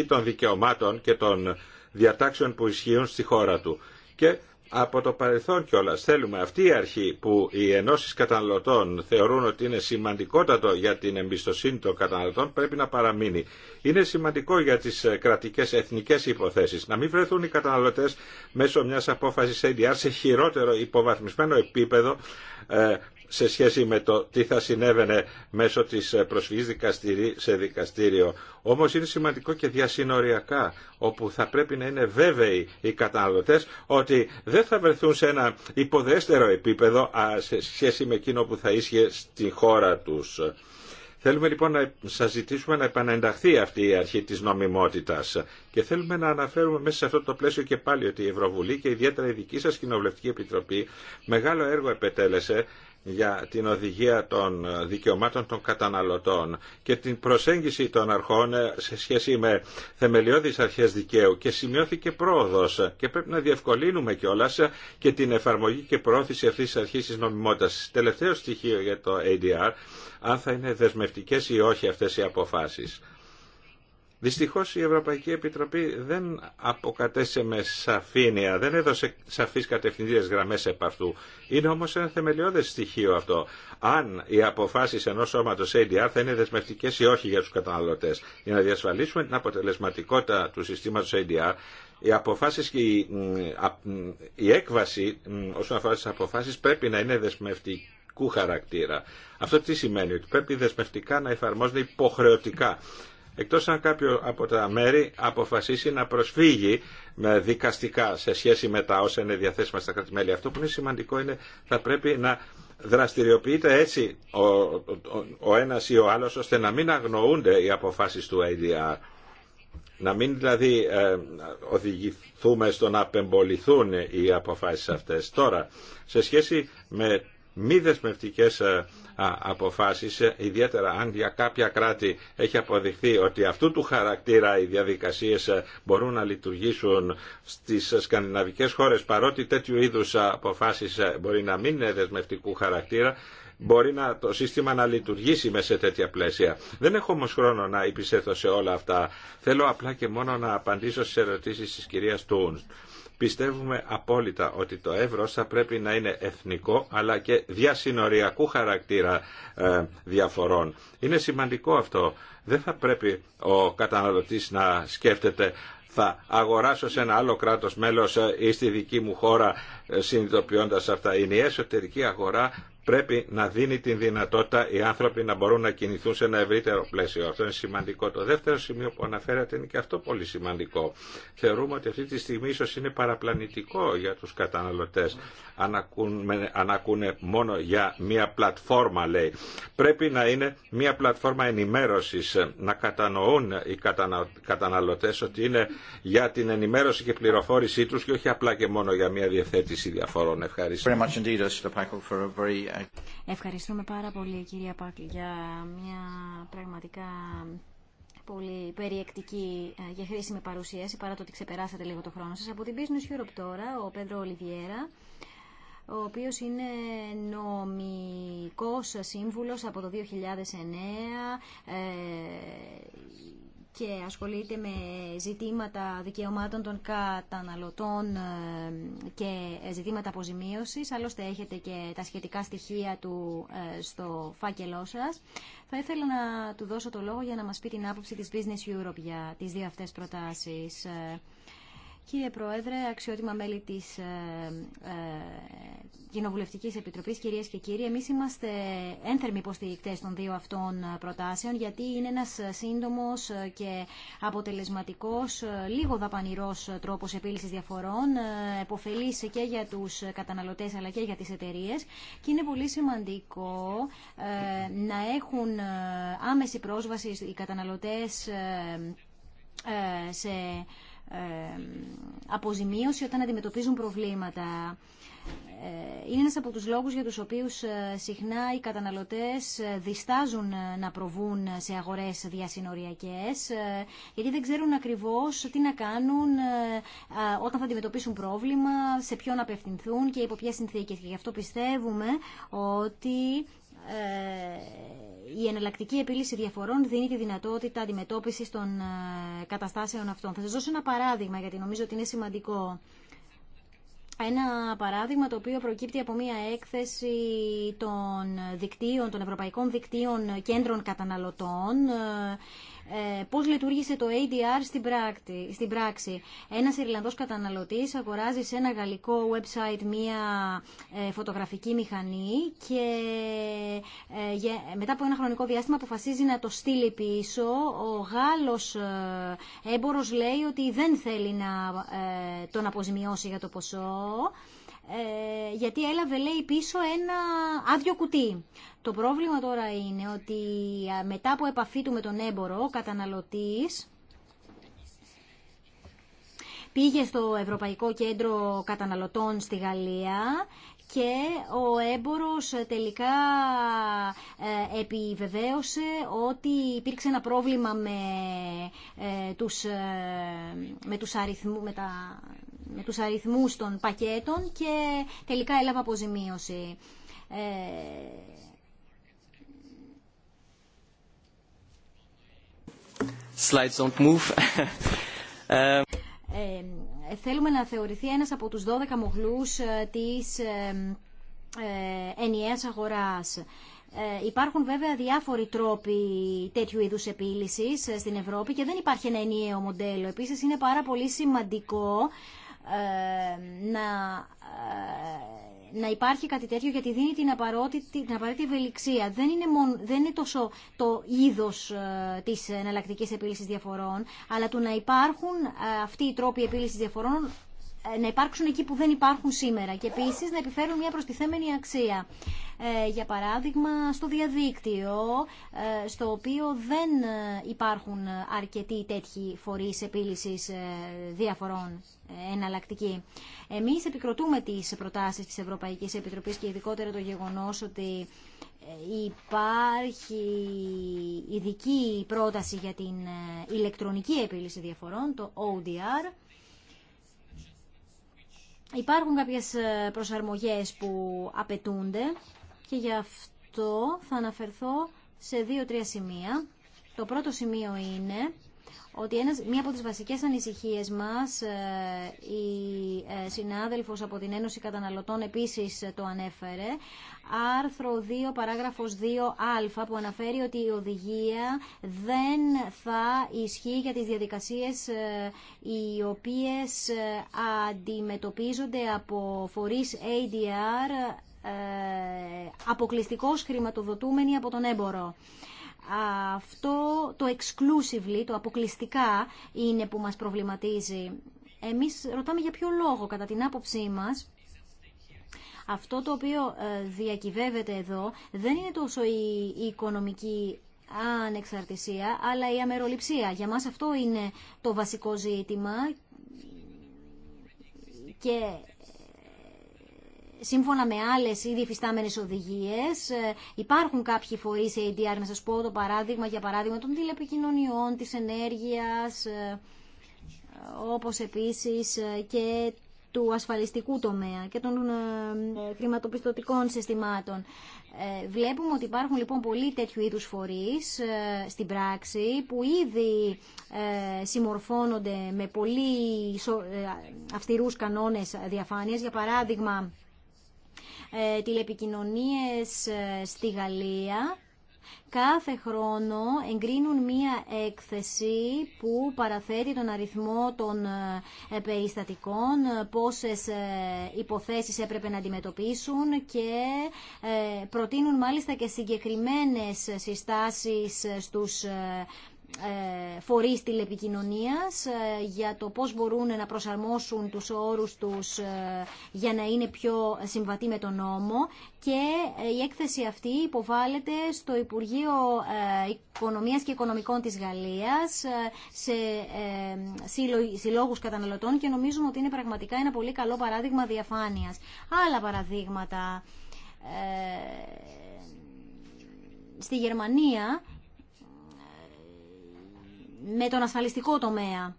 των δικαιωμάτων και των διατάξεων που ισχύουν στη χώρα του. Και από το παρελθόν κιόλα. Θέλουμε αυτή η αρχή που οι ενώσει καταναλωτών θεωρούν ότι είναι σημαντικότατο για την εμπιστοσύνη των καταναλωτών πρέπει να παραμείνει. Είναι σημαντικό για τι ε, κρατικέ εθνικέ υποθέσει να μην βρεθούν οι καταναλωτέ μέσω μια απόφαση ADR σε χειρότερο υποβαθμισμένο επίπεδο ε, σε σχέση με το τι θα συνέβαινε μέσω της προσφυγής δικαστηρί, σε δικαστήριο. Όμως είναι σημαντικό και διασυνοριακά, όπου θα πρέπει να είναι βέβαιοι οι καταναλωτές ότι δεν θα βρεθούν σε ένα υποδέστερο επίπεδο σε σχέση με εκείνο που θα ίσχυε στη χώρα τους. Θέλουμε λοιπόν να σας ζητήσουμε να επαναενταχθεί αυτή η αρχή της νομιμότητας και θέλουμε να αναφέρουμε μέσα σε αυτό το πλαίσιο και πάλι ότι η Ευρωβουλή και ιδιαίτερα η δική σα Κοινοβουλευτική Επιτροπή μεγάλο έργο επετέλεσε για την οδηγία των δικαιωμάτων των καταναλωτών και την προσέγγιση των αρχών ε, σε σχέση με θεμελιώδεις αρχές δικαίου και σημειώθηκε πρόοδος και πρέπει να διευκολύνουμε κιόλα ε, και την εφαρμογή και προώθηση αυτής της αρχής της νομιμότητας. Τελευταίο στοιχείο για το ADR, αν θα είναι δεσμευτικές ή όχι αυτές οι αποφάσεις. Δυστυχώς η Ευρωπαϊκή Επιτροπή δεν αποκατέσε με σαφήνεια, δεν έδωσε σαφείς κατευθυντήρες γραμμές επ' αυτού. Είναι όμως ένα θεμελιώδες στοιχείο αυτό. Αν οι αποφάσεις ενός σώματος ADR θα είναι δεσμευτικές ή όχι για τους καταναλωτές. Για να διασφαλίσουμε την αποτελεσματικότητα του συστήματος ADR, οι αποφάσεις και η, έκβαση όσον αφορά τις αποφάσεις πρέπει να είναι δεσμευτική χαρακτήρα. Αυτό τι σημαίνει, ότι πρέπει δεσμευτικά να εφαρμόζονται υποχρεωτικά εκτός αν κάποιο από τα μέρη αποφασίσει να προσφύγει με δικαστικά σε σχέση με τα όσα είναι διαθέσιμα στα κράτη-μέλη. Αυτό που είναι σημαντικό είναι θα πρέπει να δραστηριοποιείται έτσι ο, ο, ένας ή ο άλλος ώστε να μην αγνοούνται οι αποφάσεις του ADR. Να μην δηλαδή ε, οδηγηθούμε στο να απεμποληθούν οι αποφάσεις αυτές. Τώρα, σε σχέση με μη δεσμευτικές ε, αποφάσεις, ε, ιδιαίτερα αν για κάποια κράτη έχει αποδειχθεί ότι αυτού του χαρακτήρα οι διαδικασίες ε, μπορούν να λειτουργήσουν στις σκανδιναβικές χώρες, παρότι τέτοιου είδους αποφάσεις μπορεί να μην είναι δεσμευτικού χαρακτήρα, μπορεί να, το σύστημα να λειτουργήσει μέσα σε τέτοια πλαίσια. Δεν έχω όμως χρόνο να υπησέθω σε όλα αυτά. Θέλω απλά και μόνο να απαντήσω στι ερωτήσει της κυρίας Τούν. Πιστεύουμε απόλυτα ότι το ευρώ θα πρέπει να είναι εθνικό αλλά και διασυνοριακού χαρακτήρα ε, διαφορών. Είναι σημαντικό αυτό. Δεν θα πρέπει ο καταναλωτής να σκέφτεται θα αγοράσω σε ένα άλλο κράτος μέλος ε, ή στη δική μου χώρα ε, συνειδητοποιώντα αυτά. Είναι η εσωτερική αγορά πρέπει να δίνει την δυνατότητα οι άνθρωποι να μπορούν να κινηθούν σε ένα ευρύτερο πλαίσιο. Αυτό είναι σημαντικό. Το δεύτερο σημείο που αναφέρατε είναι και αυτό πολύ σημαντικό. Θεωρούμε ότι αυτή τη στιγμή ίσω είναι παραπλανητικό για του καταναλωτέ. Αν ακούνε μόνο για μία πλατφόρμα, λέει. Πρέπει να είναι μία πλατφόρμα ενημέρωση. Να κατανοούν οι καταναλωτέ ότι είναι για την ενημέρωση και πληροφόρησή του και όχι απλά και μόνο για μία διευθέτηση διαφορών. Ευχαριστώ. Ευχαριστούμε πάρα πολύ κυρία Πάκλη για μια πραγματικά πολύ περιεκτική και ε, χρήσιμη παρουσίαση παρά το ότι ξεπεράσατε λίγο το χρόνο σας. Από την Business Europe τώρα ο Πέντρο Ολιβιέρα ο οποίος είναι νομικός σύμβουλος από το 2009 και ασχολείται με ζητήματα δικαιωμάτων των καταναλωτών ε, και ε, ζητήματα αποζημίωσης. Άλλωστε έχετε και τα σχετικά στοιχεία του ε, στο φάκελό σας. Θα ήθελα να του δώσω το λόγο για να μας πει την άποψη της Business Europe για τις δύο αυτές προτάσεις. Κύριε Πρόεδρε, αξιότιμα μέλη της ε, ε, Κοινοβουλευτικής Επιτροπής, κυρίες και κύριοι, εμείς είμαστε ένθερμοι υποστηρικτές των δύο αυτών προτάσεων, γιατί είναι ένας σύντομος και αποτελεσματικός, λίγο δαπανηρός τρόπος επίλυσης διαφορών, ε, εποφελής και για τους καταναλωτές αλλά και για τις εταιρείε. και είναι πολύ σημαντικό ε, να έχουν ε, άμεση πρόσβαση οι καταναλωτές σε αποζημίωση όταν αντιμετωπίζουν προβλήματα. Ε, είναι ένας από τους λόγους για τους οποίους ε, συχνά οι καταναλωτές ε, διστάζουν να προβούν σε αγορές διασυνοριακές, γιατί δεν ξέρουν ακριβώς τι να κάνουν όταν θα αντιμετωπίσουν πρόβλημα, σε ποιον απευθυνθούν και υπό ποιες συνθήκες. Και γι' αυτό πιστεύουμε ότι η εναλλακτική επίλυση διαφορών δίνει τη δυνατότητα αντιμετώπιση των ε, καταστάσεων αυτών. Θα σα δώσω ένα παράδειγμα γιατί νομίζω ότι είναι σημαντικό. Ένα παράδειγμα το οποίο προκύπτει από μια έκθεση των δικτύων, των ευρωπαϊκών δικτύων κέντρων καταναλωτών ε, ε, πώς λειτουργήσε το ADR στην, στην πράξη. Ένας Ιρλανδός καταναλωτής αγοράζει σε ένα γαλλικό website μία ε, φωτογραφική μηχανή και ε, μετά από ένα χρονικό διάστημα αποφασίζει να το στείλει πίσω. Ο Γάλλος έμπορος λέει ότι δεν θέλει να τον αποζημιώσει για το ποσό ε, γιατί έλαβε λέει πίσω ένα άδειο κουτί. Το πρόβλημα τώρα είναι ότι μετά από επαφή του με τον έμπορο, ο καταναλωτής πήγε στο Ευρωπαϊκό Κέντρο Καταναλωτών στη Γαλλία και ο έμπορος τελικά ε, επιβεβαίωσε ότι υπήρξε ένα πρόβλημα με, ε, τους, με, αριθμού, με, τα, με τους αριθμούς των πακέτων και τελικά έλαβα αποζημίωση. Ε, Slides don't move. <laughs> Ε, ε, θέλουμε να θεωρηθεί ένας από τους 12 μογλούς της ε, ε, ενιαίας αγοράς. Υπάρχουν βέβαια διάφοροι τρόποι τέτοιου είδους επίλυσης στην Ευρώπη και δεν υπάρχει ένα ενιαίο μοντέλο. Επίσης είναι πάρα πολύ σημαντικό ε, να, ε, να υπάρχει κάτι τέτοιο γιατί δίνει την απαραίτητη, την απαραίτητη ευελιξία. Δεν είναι, δεν είναι τόσο το είδος ε, της εναλλακτική επίλυσης διαφορών, αλλά του να υπάρχουν αυτοί οι τρόποι επίλυσης διαφορών ε, να υπάρξουν εκεί που δεν υπάρχουν σήμερα και επίσης να επιφέρουν μια προστιθέμενη αξία. Ε, για παράδειγμα στο διαδίκτυο, ε, στο οποίο δεν υπάρχουν αρκετοί τέτοιοι φορείς επίλυσης διαφορών εναλλακτικοί. Εμείς επικροτούμε τις προτάσεις της Ευρωπαϊκής Επιτροπής και ειδικότερα το γεγονός ότι υπάρχει ειδική πρόταση για την ηλεκτρονική επίλυση διαφορών, το ODR, Υπάρχουν κάποιες ε, προσαρμογές που απαιτούνται και γι' αυτό θα αναφερθώ σε δύο-τρία σημεία. Το πρώτο σημείο είναι ότι ένας, μία από τις βασικές ανησυχίες μας, ε, η ε, συνάδελφος από την Ένωση Καταναλωτών επίσης ε, το ανέφερε, άρθρο 2 παράγραφος 2α που αναφέρει ότι η οδηγία δεν θα ισχύει για τις διαδικασίες οι οποίες αντιμετωπίζονται από φορείς ADR αποκλειστικώς χρηματοδοτούμενοι από τον έμπορο. Αυτό το exclusively, το αποκλειστικά είναι που μας προβληματίζει. Εμείς ρωτάμε για ποιο λόγο, κατά την άποψή μας, αυτό το οποίο ε, διακυβεύεται εδώ δεν είναι τόσο η οικονομική ανεξαρτησία, αλλά η αμεροληψία. Για μας αυτό είναι το βασικό ζήτημα και σύμφωνα με άλλε ήδη υφιστάμενε οδηγίες ε, υπάρχουν κάποιοι σε ADR, να σα πω το παράδειγμα για παράδειγμα των τηλεπικοινωνιών, της ενέργειας, ε, όπως επίσης ε, και του ασφαλιστικού τομέα και των χρηματοπιστωτικών συστημάτων. Βλέπουμε ότι υπάρχουν λοιπόν πολλοί τέτοιου είδους φορείς στην πράξη που ήδη συμμορφώνονται με πολύ αυστηρούς κανόνες διαφάνειας. Για παράδειγμα, ε, τηλεπικοινωνίες ε, στη Γαλλία κάθε χρόνο εγκρίνουν μία έκθεση που παραθέτει τον αριθμό των ε, περιστατικών, πόσες υποθέσεις έπρεπε να αντιμετωπίσουν και προτείνουν μάλιστα και συγκεκριμένες συστάσεις στους ε, φορείς τηλεπικοινωνίας ε, για το πώς μπορούν να προσαρμόσουν τους όρους τους ε, για να είναι πιο συμβατοί με τον νόμο και η έκθεση αυτή υποβάλλεται στο Υπουργείο Οικονομίας και Οικονομικών της Γαλλίας σε συλλόγους καταναλωτών και νομίζουμε ότι είναι πραγματικά ένα πολύ καλό παράδειγμα διαφάνειας. Άλλα παραδείγματα. Στη Γερμανία με τον ασφαλιστικό τομέα.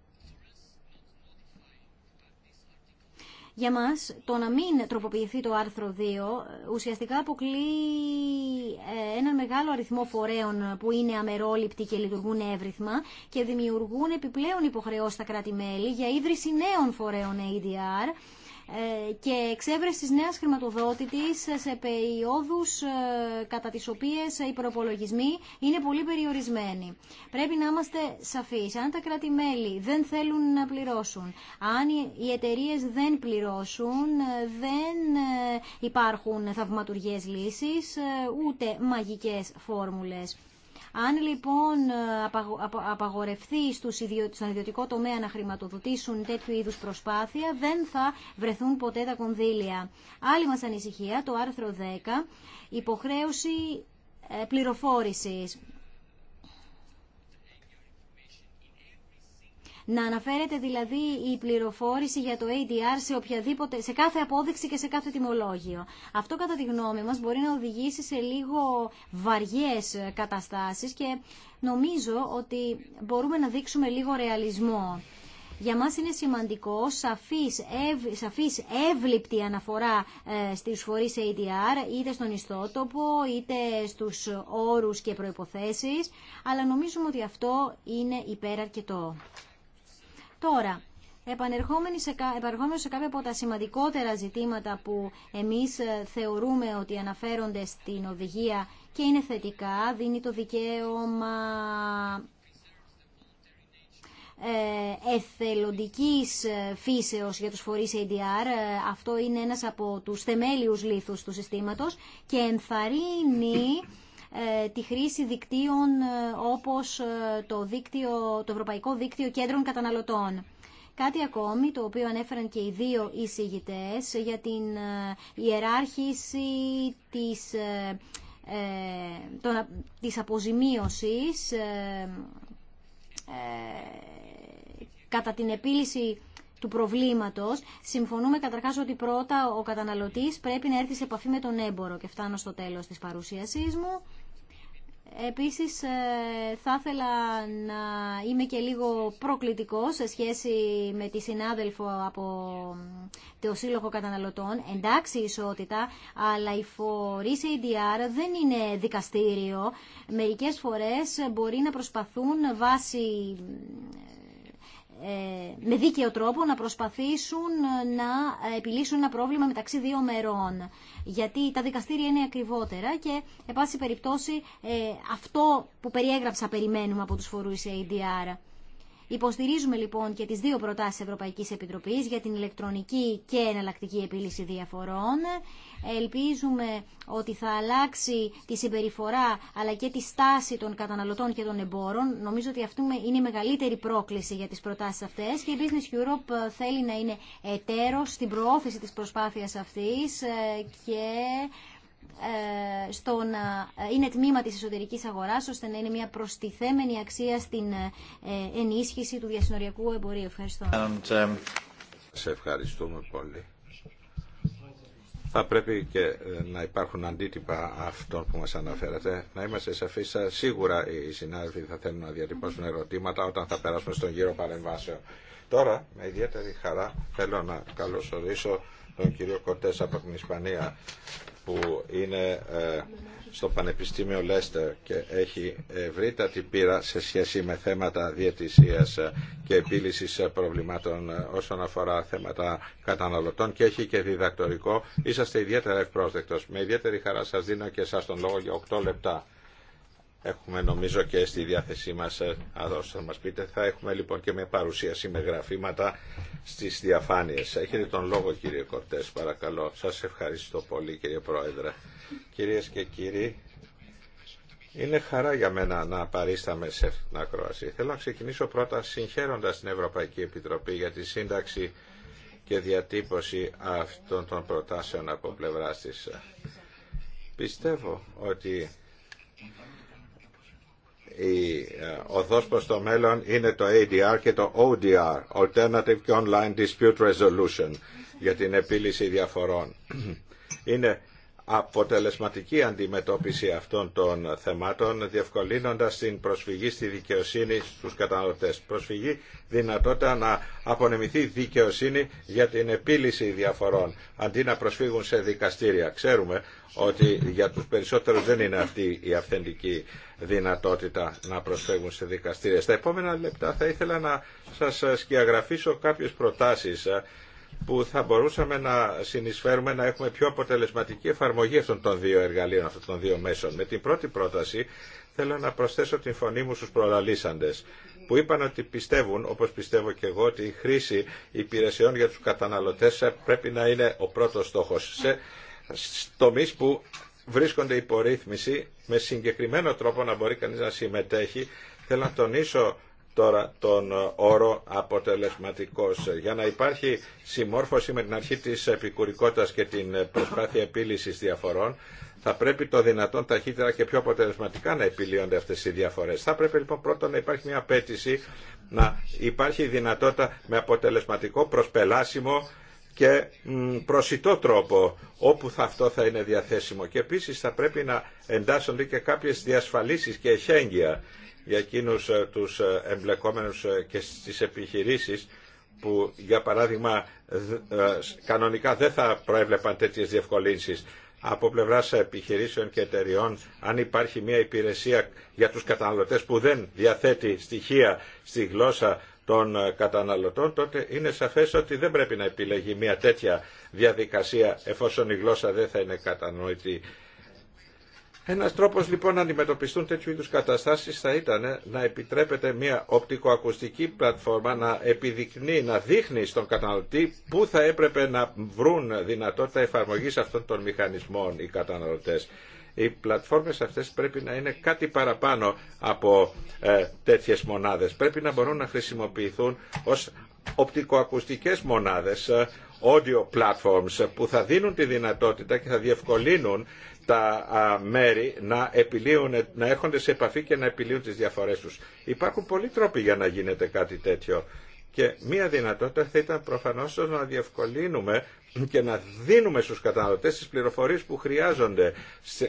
Για μας το να μην τροποποιηθεί το άρθρο 2 ουσιαστικά αποκλεί ε, έναν μεγάλο αριθμό φορέων που είναι αμερόληπτοι και λειτουργούν εύρυθμα και δημιουργούν επιπλέον υποχρεώσεις στα κράτη-μέλη για ίδρυση νέων φορέων ADR ε, και εξέβρεση της νέας χρηματοδότητης σε περιόδους ε, κατά τις οποίες οι προπολογισμοί είναι πολύ περιορισμένοι. Πρέπει να είμαστε σαφείς. Αν τα κράτη-μέλη δεν θέλουν να πληρώσουν, αν οι εταιρείε δεν πληρώσουν, ε, δεν υπάρχουν θαυματουργές λύσεις, ούτε μαγικές φόρμουλες. Αν λοιπόν ε, απαγορευτεί στους στον ιδιωτικό τομέα να χρηματοδοτήσουν τέτοιου είδους προσπάθεια, δεν θα βρεθούν ποτέ τα κονδύλια. Άλλη μας ανησυχία, το άρθρο 10, υποχρέωση ε, πληροφόρησης. Να αναφέρεται δηλαδή η πληροφόρηση για το ADR σε, οποιαδήποτε, σε κάθε απόδειξη και σε κάθε τιμολόγιο. Αυτό κατά τη γνώμη μας μπορεί να οδηγήσει σε λίγο βαριές καταστάσεις και νομίζω ότι μπορούμε να δείξουμε λίγο ρεαλισμό. Για μας είναι σημαντικό σαφής, ευ, σαφής εύληπτη αναφορά ε, στις φορείς ADR, είτε στον ιστότοπο, είτε στους όρους και προϋποθέσεις, αλλά νομίζουμε ότι αυτό είναι υπεραρκετό. Τώρα, επανερχόμενοι σε, σε κάποια από τα σημαντικότερα ζητήματα που εμείς ε, θεωρούμε ότι αναφέρονται στην οδηγία και είναι θετικά, δίνει το δικαίωμα ε, εθελοντικής ε, φύσεως για τους φορείς ADR. Αυτό είναι ένας από τους θεμέλιους λίθους του συστήματος και ενθαρρύνει ε, τη χρήση δικτύων ε, όπως ε, το, δίκτυο, το Ευρωπαϊκό Δίκτυο Κέντρων Καταναλωτών. Κάτι ακόμη, το οποίο ανέφεραν και οι δύο εισηγητές, για την ιεράρχηση της, ε, της αποζημίωσης κατά την επίλυση του προβλήματος. Συμφωνούμε καταρχάς ότι πρώτα ο καταναλωτής πρέπει να έρθει σε επαφή με τον έμπορο και φτάνω στο τέλος της παρουσίασής μου. Επίσης ε, θα ήθελα να είμαι και λίγο προκλητικός σε σχέση με τη συνάδελφο από το Σύλλογο Καταναλωτών. Εντάξει η ισότητα, αλλά η φορή ADR δεν είναι δικαστήριο. Μερικές φορές μπορεί να προσπαθούν βάσει ε, με δίκαιο τρόπο να προσπαθήσουν να επιλύσουν ένα πρόβλημα μεταξύ δύο μερών. Γιατί τα δικαστήρια είναι ακριβότερα και, εν πάση περιπτώσει, ε, αυτό που περιέγραψα περιμένουμε από τους φορούς ADR. Υποστηρίζουμε λοιπόν και τις δύο προτάσεις Ευρωπαϊκής Επιτροπής για την ηλεκτρονική και εναλλακτική επίλυση διαφορών. Ελπίζουμε ότι θα αλλάξει τη συμπεριφορά αλλά και τη στάση των καταναλωτών και των εμπόρων. Νομίζω ότι αυτό είναι η μεγαλύτερη πρόκληση για τις προτάσει αυτές και η Business Europe θέλει να είναι εταίρο στην προώθηση τη προσπάθεια αυτή ε, και στο να είναι τμήμα της εσωτερικής αγοράς ώστε να είναι μια προστιθέμενη αξία στην ε, ενίσχυση του διασυνοριακού εμπορίου. Ευχαριστώ. And, um, Σε ευχαριστούμε πολύ. Θα πρέπει και ε, να υπάρχουν αντίτυπα αυτών που μας αναφέρατε. Να είμαστε σαφείς, ε, σίγουρα οι συνάδελφοι θα θέλουν να διατυπώσουν ερωτήματα όταν θα περάσουμε στον γύρο παρεμβάσεων. Τώρα, με ιδιαίτερη χαρά, θέλω να καλωσορίσω τον κύριο Κορτές από την Ισπανία που είναι ε, στο Πανεπιστήμιο Λέστερ και έχει ευρύτατη πείρα σε σχέση με θέματα διαιτησίας και επίλυσης προβλημάτων ε, όσον αφορά θέματα καταναλωτών και έχει και διδακτορικό. Είσαστε ιδιαίτερα ευπρόσδεκτος. Με ιδιαίτερη χαρά σας δίνω και εσάς τον λόγο για 8 λεπτά έχουμε νομίζω και στη διάθεσή μας εδώ θα πείτε. Θα έχουμε λοιπόν και με παρουσίαση με γραφήματα στις διαφάνειες. Έχετε τον λόγο κύριε Κορτές παρακαλώ. Σας ευχαριστώ πολύ κύριε Πρόεδρε. Κυρίες και κύριοι, είναι χαρά για μένα να παρίσταμε σε αυτήν την ακρόαση. Θέλω να ξεκινήσω πρώτα συγχαίροντας την Ευρωπαϊκή Επιτροπή για τη σύνταξη και διατύπωση αυτών των προτάσεων από πλευρά της. Πιστεύω ότι ο ε, οδός προς το μέλλον είναι το ADR και το ODR, Alternative Online Dispute Resolution, για την επίλυση διαφορών. <clears throat> Είναι αποτελεσματική αντιμετώπιση αυτών των θεμάτων, διευκολύνοντας την προσφυγή στη δικαιοσύνη στους καταναλωτές. Προσφυγή δυνατότητα να απονεμηθεί δικαιοσύνη για την επίλυση διαφορών, αντί να προσφύγουν σε δικαστήρια. Ξέρουμε ότι για τους περισσότερους δεν είναι αυτή η αυθεντική δυνατότητα να προσφύγουν σε δικαστήρια. Στα επόμενα λεπτά θα ήθελα να σας σκιαγραφίσω κάποιες προτάσεις ε, που θα μπορούσαμε να συνεισφέρουμε να έχουμε πιο αποτελεσματική εφαρμογή αυτών των δύο εργαλείων, αυτών των δύο μέσων. Με την πρώτη πρόταση θέλω να προσθέσω την φωνή μου στους προλαλήσαντες που είπαν ότι πιστεύουν, όπως πιστεύω και εγώ, ότι η χρήση υπηρεσιών για τους καταναλωτές πρέπει να είναι ο πρώτος στόχος σε τομείς που βρίσκονται υπορρύθμιση με συγκεκριμένο τρόπο να μπορεί κανείς να συμμετέχει. Θέλω να τονίσω τώρα τον όρο αποτελεσματικός για να υπάρχει συμμόρφωση με την αρχή της επικουρικότητας και την προσπάθεια επίλυσης διαφορών θα πρέπει το δυνατόν ταχύτερα και πιο αποτελεσματικά να επιλύονται αυτές οι διαφορές. Θα πρέπει λοιπόν πρώτον να υπάρχει μια απέτηση να υπάρχει δυνατότητα με αποτελεσματικό προσπελάσιμο και προσιτό τρόπο όπου θα αυτό θα είναι διαθέσιμο. Και επίσης θα πρέπει να εντάσσονται και κάποιες διασφαλίσεις και εχέγγυα για εκείνους ε, τους ε, εμπλεκόμενους ε, και στις επιχειρήσεις που για παράδειγμα κανονικά δεν θα προέβλεπαν τέτοιες διευκολύνσεις από πλευρά επιχειρήσεων και εταιριών, αν υπάρχει μια υπηρεσία για τους καταναλωτές που δεν διαθέτει στοιχεία στη γλώσσα των καταναλωτών, τότε είναι σαφές ότι δεν πρέπει να επιλεγεί μια τέτοια διαδικασία εφόσον η γλώσσα δεν θα είναι κατανοητή. Ένα τρόπο λοιπόν να αντιμετωπιστούν τέτοιου είδου καταστάσει θα ήταν να επιτρέπεται μια οπτικοακουστική πλατφόρμα να επιδεικνύει, να δείχνει στον καταναλωτή πού θα έπρεπε να βρουν δυνατότητα εφαρμογή αυτών των μηχανισμών οι καταναλωτέ. Οι πλατφόρμες αυτές πρέπει να είναι κάτι παραπάνω από ε, τέτοιες μονάδες. Πρέπει να μπορούν να χρησιμοποιηθούν ως οπτικοακουστικές μονάδες, ε, audio platforms που θα δίνουν τη δυνατότητα και θα διευκολύνουν τα μέρη να, επιλύουν, να έρχονται σε επαφή και να επιλύουν τις διαφορές τους. Υπάρχουν πολλοί τρόποι για να γίνεται κάτι τέτοιο. Και μία δυνατότητα θα ήταν προφανώς να διευκολύνουμε και να δίνουμε στους καταναλωτές τις πληροφορίες που χρειάζονται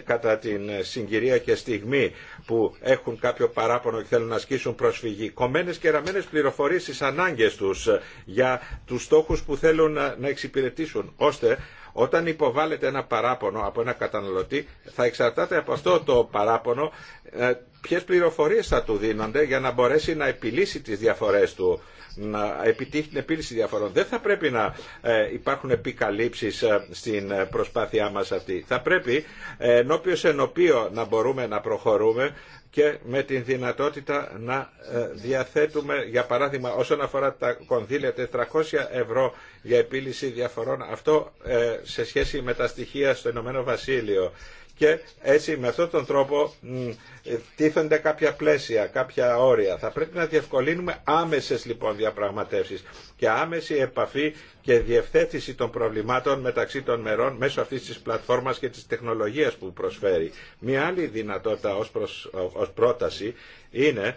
κατά την ε, συγκυρία και στιγμή που έχουν κάποιο παράπονο και θέλουν να ασκήσουν προσφυγή. Κομμένες και ραμμένες πληροφορίες στις ανάγκες τους ε, για τους στόχους που θέλουν να, ε, να εξυπηρετήσουν, ώστε όταν υποβάλλεται ένα παράπονο από ένα καταναλωτή, θα εξαρτάται από αυτό το παράπονο ε, ποιε πληροφορίε θα του δίνονται για να μπορέσει να επιλύσει τι διαφορέ του, να επιτύχει την επίλυση διαφορών. Δεν θα πρέπει να ε, υπάρχουν επικαλύψει ε, στην προσπάθειά μα αυτή. Θα πρέπει ενώπιο ενωπίο να μπορούμε να προχωρούμε και με την δυνατότητα να ε, διαθέτουμε, για παράδειγμα, όσον αφορά τα κονδύλια, 400 ευρώ για επίλυση διαφορών, αυτό ε, σε σχέση με τα στοιχεία στο Ηνωμένο Βασίλειο και έτσι με αυτόν τον τρόπο τίθενται κάποια πλαίσια, κάποια όρια. Θα πρέπει να διευκολύνουμε άμεσες λοιπόν διαπραγματεύσεις και άμεση επαφή και διευθέτηση των προβλημάτων μεταξύ των μερών μέσω αυτής της πλατφόρμας και της τεχνολογίας που προσφέρει. Μία άλλη δυνατότητα ως, προς, ως πρόταση είναι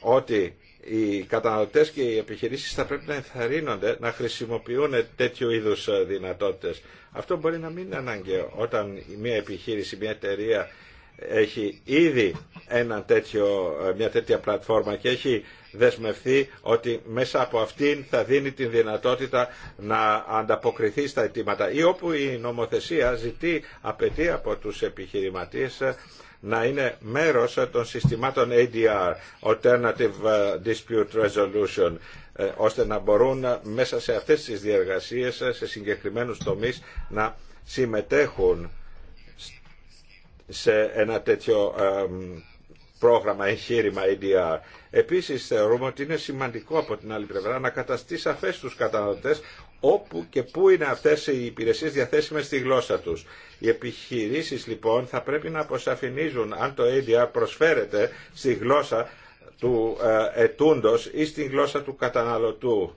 ότι οι καταναλωτές και οι επιχειρήσεις θα πρέπει να ενθαρρύνονται να χρησιμοποιούν τέτοιου είδους ε, δυνατότητες. Αυτό μπορεί να μην είναι αναγκαίο όταν μια επιχείρηση, μια εταιρεία έχει ήδη ένα τέτοιο, ε, μια τέτοια πλατφόρμα και έχει δεσμευθεί ότι μέσα από αυτήν θα δίνει την δυνατότητα να ανταποκριθεί στα αιτήματα ή όπου η νομοθεσία ζητεί, απαιτεί από τους επιχειρηματίες ε, να είναι μέρος των συστημάτων ADR, Alternative ε, Dispute Resolution, ε, ώστε να μπορούν ε, μέσα σε αυτές τις διεργασίες, σε συγκεκριμένους τομείς, να συμμετέχουν σε ένα τέτοιο πρόγραμμα, εγχείρημα ADR. Επίσης θεωρούμε ότι είναι σημαντικό από την άλλη πλευρά να καταστεί σαφές στους καταναλωτές όπου και πού είναι αυτές οι υπηρεσίες διαθέσιμες στη γλώσσα τους. Οι επιχειρήσεις λοιπόν θα πρέπει να αποσαφηνίζουν αν το ADR προσφέρεται στη γλώσσα του ε, ετούντος ή στη γλώσσα του καταναλωτού.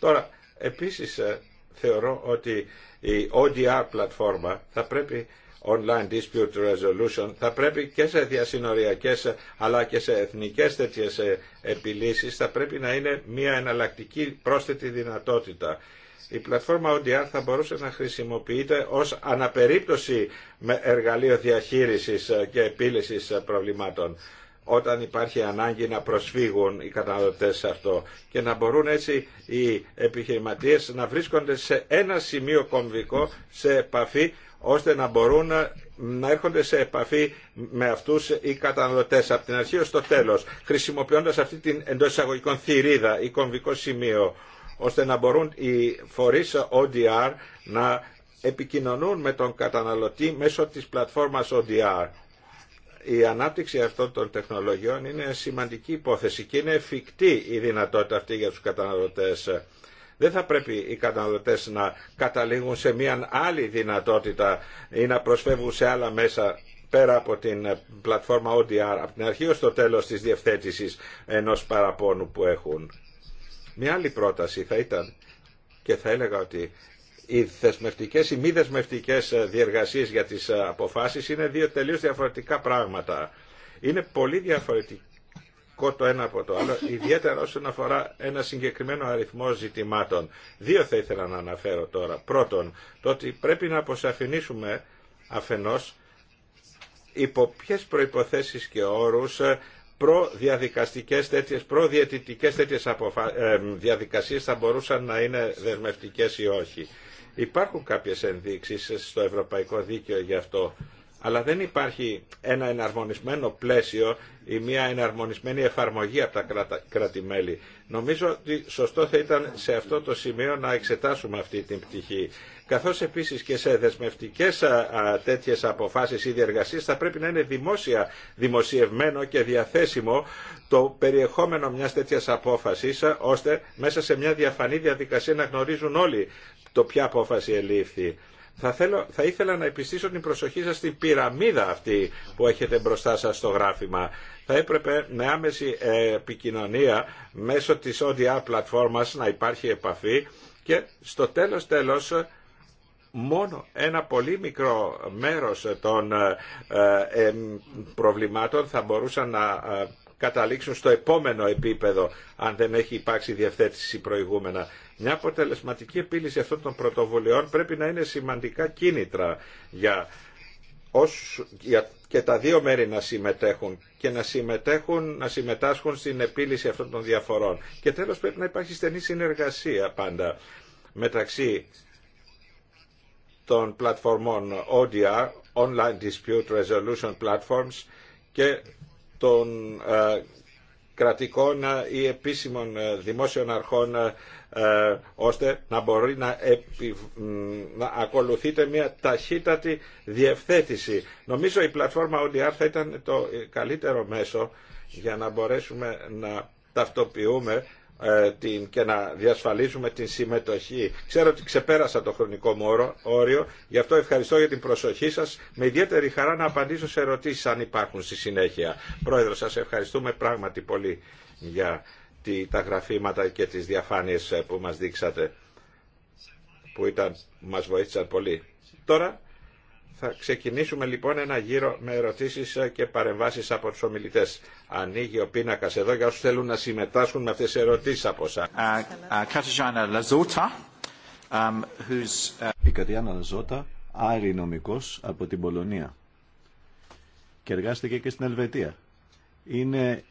Τώρα, επίσης ε, θεωρώ ότι η ODR πλατφόρμα θα πρέπει online dispute resolution θα πρέπει και σε διασυνοριακές αλλά και σε εθνικές τέτοιες ε, επιλύσεις θα πρέπει να είναι μια εναλλακτική πρόσθετη δυνατότητα. Η πλατφόρμα ODR θα μπορούσε να χρησιμοποιείται ως αναπερίπτωση με εργαλείο διαχείρισης ε, και επίλυσης ε, προβλημάτων όταν υπάρχει ανάγκη να προσφύγουν οι καταναλωτές σε αυτό και να μπορούν έτσι οι επιχειρηματίες να βρίσκονται σε ένα σημείο κομβικό σε επαφή ώστε να μπορούν να έρχονται σε επαφή με αυτούς οι καταναλωτές από την αρχή ως το τέλος, χρησιμοποιώντας αυτή την εντό εισαγωγικών θηρίδα ή κομβικό σημείο, ώστε να μπορούν οι φορεί ODR να επικοινωνούν με τον καταναλωτή μέσω της πλατφόρμας ODR. Η ανάπτυξη αυτών των τεχνολογιών είναι σημαντική υπόθεση και είναι εφικτή η δυνατότητα αυτή για τους καταναλωτές δεν θα πρέπει οι καταναλωτές να καταλήγουν σε μια άλλη δυνατότητα ή να προσφεύγουν σε άλλα μέσα πέρα από την ε, πλατφόρμα ODR από την αρχή ως το τέλος της διευθέτησης ενός παραπόνου που έχουν. Μια άλλη πρόταση θα ήταν και θα έλεγα ότι οι δεσμευτικέ, ή μη δεσμευτικέ ε, διεργασίε για τι ε, αποφάσει είναι δύο τελείω διαφορετικά πράγματα. Είναι πολύ διαφορετικά κότο το ένα από το άλλο, ιδιαίτερα όσον αφορά ένα συγκεκριμένο αριθμό ζητημάτων. Δύο θα ήθελα να αναφέρω τώρα. Πρώτον, το ότι πρέπει να αποσαφηνίσουμε αφενός υπό ποιες προϋποθέσεις και όρους ε, προδιαδικαστικές τέτοιες, προδιαιτητικές τέτοιες αποφα... Ε, διαδικασίες θα μπορούσαν να είναι δεσμευτικές ή όχι. Υπάρχουν κάποιες ενδείξεις στο ευρωπαϊκό δίκαιο γι' αυτό, αλλά δεν υπάρχει ένα εναρμονισμένο πλαίσιο ή μια εναρμονισμένη εφαρμογή από τα κράτη-μέλη. Νομίζω ότι σωστό θα ήταν σε αυτό το σημείο να εξετάσουμε αυτή την πτυχή. Καθώς επίσης και σε δεσμευτικές τέτοιες αποφάσεις ή διεργασίες θα πρέπει να είναι δημόσια, δημοσιευμένο και διαθέσιμο το περιεχόμενο μιας τέτοιας απόφασης, ώστε μέσα σε μια διαφανή διαδικασία να γνωρίζουν όλοι το ποια απόφαση ελήφθη. Θα, ήθελα να επιστήσω την προσοχή σας στην πυραμίδα αυτή που έχετε μπροστά σας στο γράφημα. Θα έπρεπε με άμεση ε, επικοινωνία μέσω της ODR πλατφόρμας να υπάρχει επαφή και στο τέλος τέλος μόνο ένα πολύ μικρό μέρος των ε, ε, προβλημάτων θα μπορούσαν να καταλήξουν στο επόμενο επίπεδο αν δεν έχει υπάρξει διευθέτηση προηγούμενα. Μια αποτελεσματική επίλυση αυτών των πρωτοβουλειών πρέπει να είναι σημαντικά κίνητρα για και τα δύο μέρη να συμμετέχουν και να, συμμετέχουν, να συμμετάσχουν στην επίλυση αυτών των διαφορών. Και τέλος πρέπει να υπάρχει στενή συνεργασία πάντα μεταξύ των πλατφορμών ODR, Online Dispute Resolution Platforms και των ε, κρατικών ε, ή επίσημων ε, δημόσιων αρχών ώστε να μπορεί να, ακολουθειται ακολουθείτε μια ταχύτατη διευθέτηση. Νομίζω η πλατφόρμα ODR θα ήταν το καλύτερο μέσο για να μπορέσουμε να ταυτοποιούμε ε, την, και να διασφαλίσουμε την συμμετοχή. Ξέρω ότι ξεπέρασα το χρονικό μου όριο, γι' αυτό ευχαριστώ για την προσοχή σας. Με ιδιαίτερη χαρά να απαντήσω σε ερωτήσεις αν υπάρχουν στη συνέχεια. Πρόεδρο, σας ευχαριστούμε πράγματι πολύ για τα γραφήματα και τις διαφάνειες ε, που μας δείξατε, που ήταν, μας βοήθησαν πολύ. Τώρα θα ξεκινήσουμε λοιπόν ένα γύρο με ερωτήσεις και παρεμβάσεις από τους ομιλητές. Ανοίγει ο πίνακας εδώ για όσους θέλουν να συμμετάσχουν με αυτές τις ερωτήσεις από εσά. Ε, ε, ε, Η Κατιάνα Λαζότα, άρη νομικός από την Πολωνία και εργάστηκε και στην Ελβετία. Είναι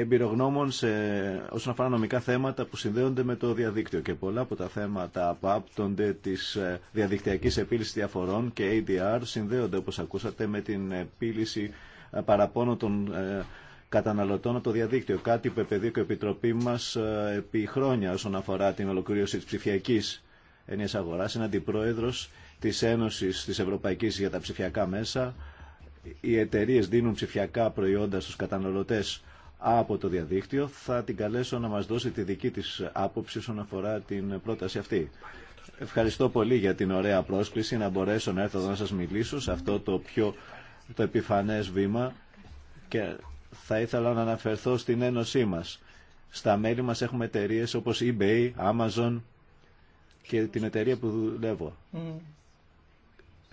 εμπειρογνώμων σε, όσον αφορά νομικά θέματα που συνδέονται με το διαδίκτυο και πολλά από τα θέματα που άπτονται της ε, διαδικτυακής επίλυσης διαφορών και ADR συνδέονται όπως ακούσατε με την επίλυση ε, παραπώνων των ε, καταναλωτών από το διαδίκτυο. Κάτι που επαιδείει η Επιτροπή μας επί χρόνια όσον αφορά την ολοκλήρωση της ψηφιακής έννοιας αγοράς. Είναι αντιπρόεδρος της Ένωσης της Ευρωπαϊκής για τα ψηφιακά μέσα. Οι εταιρείε δίνουν ψηφιακά προϊόντα στους καταναλωτές από το διαδίκτυο. Θα την καλέσω να μας δώσει τη δική της άποψη όσον αφορά την πρόταση αυτή. Ευχαριστώ πολύ για την ωραία πρόσκληση να μπορέσω να έρθω εδώ να σας μιλήσω σε αυτό το πιο το επιφανές βήμα και θα ήθελα να αναφερθώ στην ένωσή μας. Στα μέλη μας έχουμε εταιρείε όπως eBay, Amazon και την εταιρεία που δουλεύω. Mm.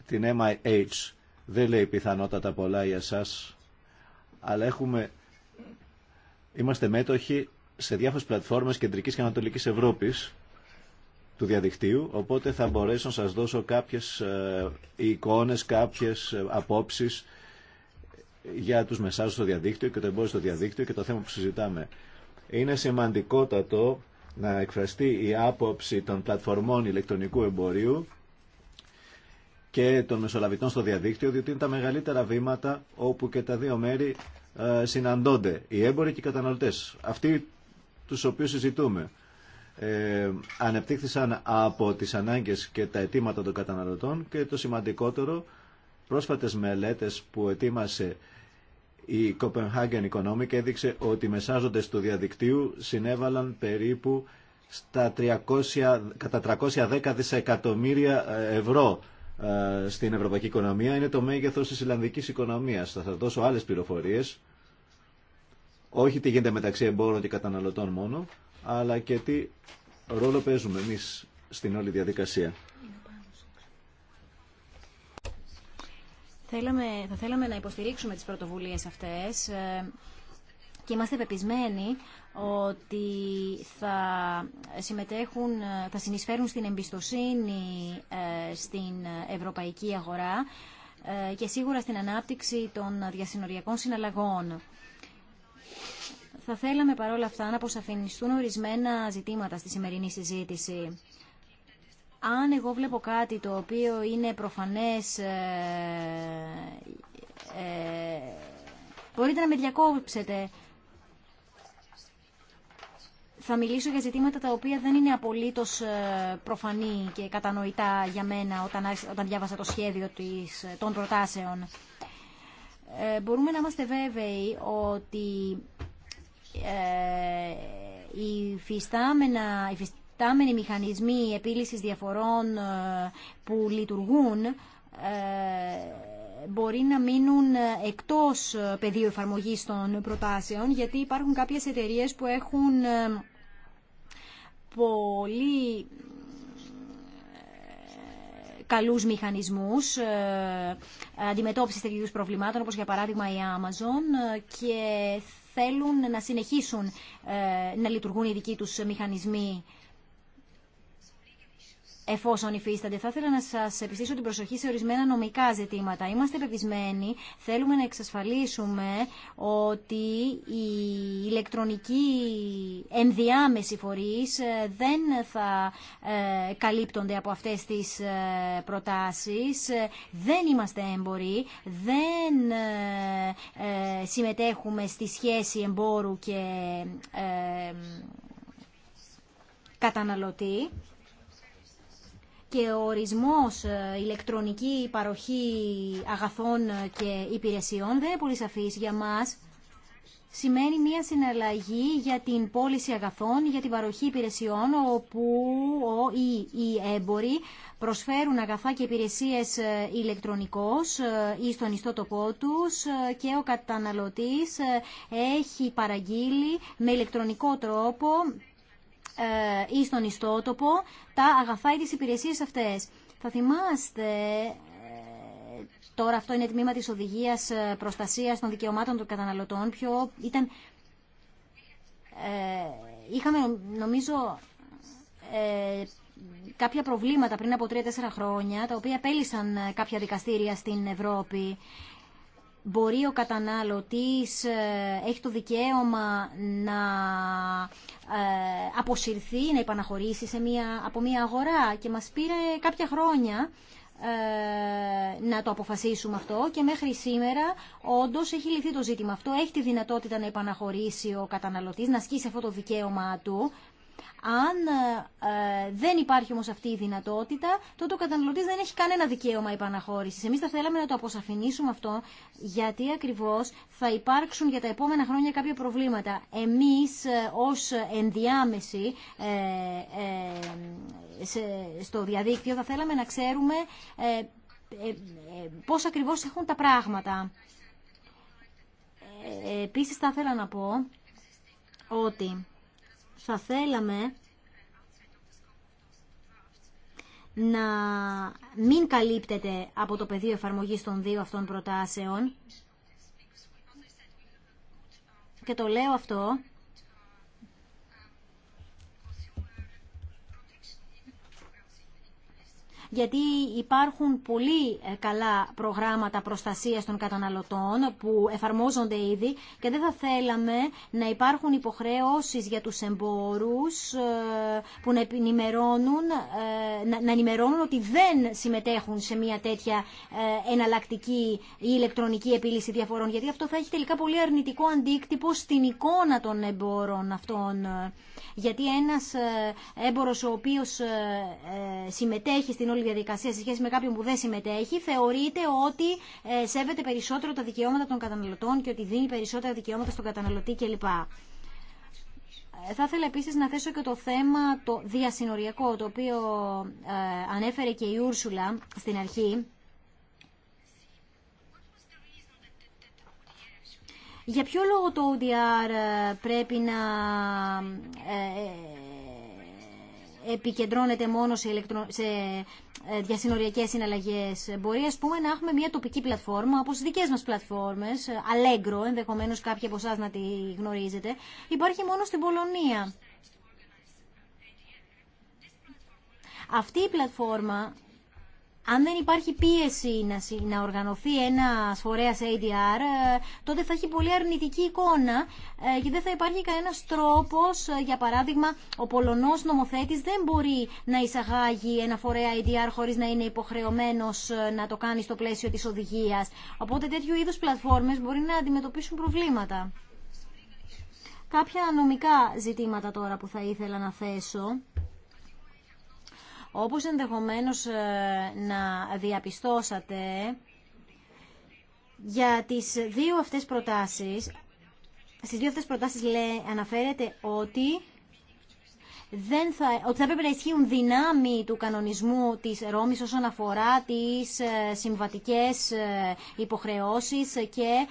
Την MIH. Δεν λέει πιθανότατα πολλά για σας, αλλά έχουμε Είμαστε μέτοχοι σε διάφορες πλατφόρμες Κεντρική και Ανατολική Ευρώπης του διαδικτύου, οπότε θα μπορέσω να σας δώσω κάποιες ε, εικόνες, κάποιες ε, απόψεις για τους μεσάζους στο διαδίκτυο και το εμπόριο στο διαδίκτυο και το θέμα που συζητάμε. Είναι σημαντικότατο να εκφραστεί η άποψη των πλατφορμών ηλεκτρονικού εμπορίου και των μεσολαβητών στο διαδίκτυο, διότι είναι τα μεγαλύτερα βήματα όπου και τα δύο μέρη ε, συναντώνται, οι έμποροι και οι καταναλωτές, αυτοί τους οποίους συζητούμε, ε, ανεπτύχθησαν από τις ανάγκες και τα αιτήματα των καταναλωτών και το σημαντικότερο, πρόσφατες μελέτες που ετοίμασε η Copenhagen Economic έδειξε ότι οι μεσάζοντες του διαδικτύου συνέβαλαν περίπου στα 300, κατά 310 δισεκατομμύρια ε, ευρώ ε, στην ευρωπαϊκή οικονομία. Είναι το μέγεθος της Ιλλανδικής οικονομίας. Θα σας δώσω άλλες πληροφορίες όχι τι γίνεται μεταξύ εμπόρων και καταναλωτών μόνο, αλλά και τι ρόλο παίζουμε εμείς στην όλη διαδικασία. Θέλαμε, θα θέλαμε να υποστηρίξουμε τις πρωτοβουλίες αυτές ε, και είμαστε πεπισμένοι ότι θα συμμετέχουν, θα συνεισφέρουν στην εμπιστοσύνη ε, στην ευρωπαϊκή αγορά ε, και σίγουρα στην ανάπτυξη των διασυνοριακών συναλλαγών. Θα θέλαμε παρόλα αυτά να αποσαφινιστούν ορισμένα ζητήματα στη σημερινή συζήτηση. Αν εγώ βλέπω κάτι το οποίο είναι προφανές, ε, ε μπορείτε να με διακόψετε. Θα μιλήσω για ζητήματα τα οποία δεν είναι απολύτως ε, προφανή και κατανοητά για μένα όταν, όταν διάβασα το σχέδιο της, των προτάσεων. Ε, μπορούμε να είμαστε βέβαιοι ότι οι ε, ε, φυστάμενα, οι φυστάμενοι μηχανισμοί επίλυσης διαφορών ε, που λειτουργούν μπορεί να μείνουν εκτός πεδίου εφαρμογής των προτάσεων γιατί υπάρχουν κάποιες εταιρείες που έχουν πολύ καλούς μηχανισμούς αντιμετώπισης τέτοιου προβλημάτων όπως για παράδειγμα η Amazon και θέλουν να συνεχίσουν ε, να λειτουργούν οι δικοί τους μηχανισμοί εφόσον υφίστανται. Θα ήθελα να σα επιστήσω την προσοχή σε ορισμένα νομικά ζητήματα. Είμαστε πεπισμένοι, θέλουμε να εξασφαλίσουμε ότι η ηλεκτρονική ενδιάμεση φορή ε, δεν θα ε, καλύπτονται από αυτές τις ε, προτάσεις. Δεν είμαστε έμποροι, δεν συμμετέχουμε στη σχέση εμπόρου και καταναλωτή και ο ορισμός ε, ηλεκτρονική παροχή αγαθών ε, και υπηρεσιών δεν είναι πολύ σαφής για μας. Σημαίνει μια συναλλαγή για την πώληση αγαθών, για την παροχή υπηρεσιών, όπου οι έμποροι προσφέρουν αγαθά και υπηρεσίες ε, ηλεκτρονικώς ή στον ιστότοπό τους και ο καταναλωτής έχει παραγγείλει με ηλεκτρονικό τρόπο ε, ή στον ιστότοπο τα αγαθά ή τις υπηρεσίες αυτές. Θα θυμάστε ε, Τώρα αυτό είναι τμήμα της οδηγίας ε, προστασίας των δικαιωμάτων των καταναλωτών. Πιο ήταν, ε, είχαμε νομίζω ε, κάποια προβλήματα πριν από τρία-τέσσερα χρόνια, τα οποία πέλησαν κάποια δικαστήρια στην Ευρώπη μπορεί ο κατανάλωτης, ε, έχει το δικαίωμα να ε, αποσυρθεί, να επαναχωρήσει μια, από μια αγορά και μας πήρε κάποια χρόνια ε, να το αποφασίσουμε αυτό και μέχρι σήμερα όντως έχει λυθεί το ζήτημα αυτό. Έχει τη δυνατότητα να επαναχωρήσει ο κατανάλωτης, να ασκήσει αυτό το δικαίωμά του αν ε, ε, δεν υπάρχει όμως αυτή η δυνατότητα, τότε ο καταναλωτής δεν έχει κανένα δικαίωμα επαναχώρηση. Εμείς θα θέλαμε να το αποσαφηνίσουμε αυτό, γιατί ακριβώς θα υπάρξουν για τα επόμενα χρόνια κάποια προβλήματα. Εμείς ε, ως ενδιάμεση στο διαδίκτυο θα θέλαμε να ξέρουμε πώς ακριβώς έχουν τα πράγματα. Επίσης θα ήθελα να πω ότι θα θέλαμε να μην καλύπτεται από το πεδίο εφαρμογής των δύο αυτών προτάσεων. Και το λέω αυτό γιατί υπάρχουν πολύ ε, καλά προγράμματα προστασίας των καταναλωτών που εφαρμόζονται ήδη και δεν θα θέλαμε να υπάρχουν υποχρεώσεις για τους εμπόρους ε, που να ενημερώνουν, ε, να ότι δεν συμμετέχουν σε μια τέτοια εναλλακτική ή ηλεκτρονική επίλυση διαφορών γιατί αυτό θα έχει τελικά πολύ αρνητικό αντίκτυπο στην εικόνα των εμπόρων αυτών γιατί ένας έμπορος ο οποίος συμμετέχει στην όλη διαδικασία σε σχέση με κάποιον που δεν συμμετέχει, θεωρείται ότι ε, σέβεται περισσότερο τα δικαιώματα των καταναλωτών και ότι δίνει περισσότερα δικαιώματα στον καταναλωτή κλπ. Ε, θα ήθελα επίσης να θέσω και το θέμα το διασυνοριακό, το οποίο ε, ανέφερε και η Ούρσουλα στην αρχή. Για ποιο λόγο το ODR πρέπει να επικεντρώνεται μόνο σε, ηλεκτρο... σε ε, διασυνοριακές συναλλαγές. Μπορεί α πούμε να έχουμε μια τοπική πλατφόρμα από τι δικέ μας πλατφόρμες, Allegro, ενδεχομένως κάποιοι από εσά να τη γνωρίζετε, υπάρχει μόνο στην Πολωνία. Αυτή η πλατφόρμα αν δεν υπάρχει πίεση να οργανωθεί ένα φορέα ADR, ε, τότε θα έχει πολύ αρνητική εικόνα ε, και δεν θα υπάρχει κανένα τρόπο. Ε, για παράδειγμα, ο Πολωνό νομοθέτη δεν μπορεί να εισαγάγει ένα φορέα ADR χωρί να είναι υποχρεωμένο να το κάνει στο πλαίσιο τη οδηγία. Οπότε τέτοιου είδου πλατφόρμε μπορεί να αντιμετωπίσουν προβλήματα. Κάποια νομικά ζητήματα τώρα που θα ήθελα να θέσω. Όπως ενδεχομένως ε, να διαπιστώσατε, για τις δύο αυτές προτάσεις, στις δύο αυτές προτάσεις λέ, αναφέρεται ότι δεν θα, ότι θα πρέπει να ισχύουν δυνάμει του κανονισμού της Ρώμης όσον αφορά τις ε, συμβατικές ε, υποχρεώσεις και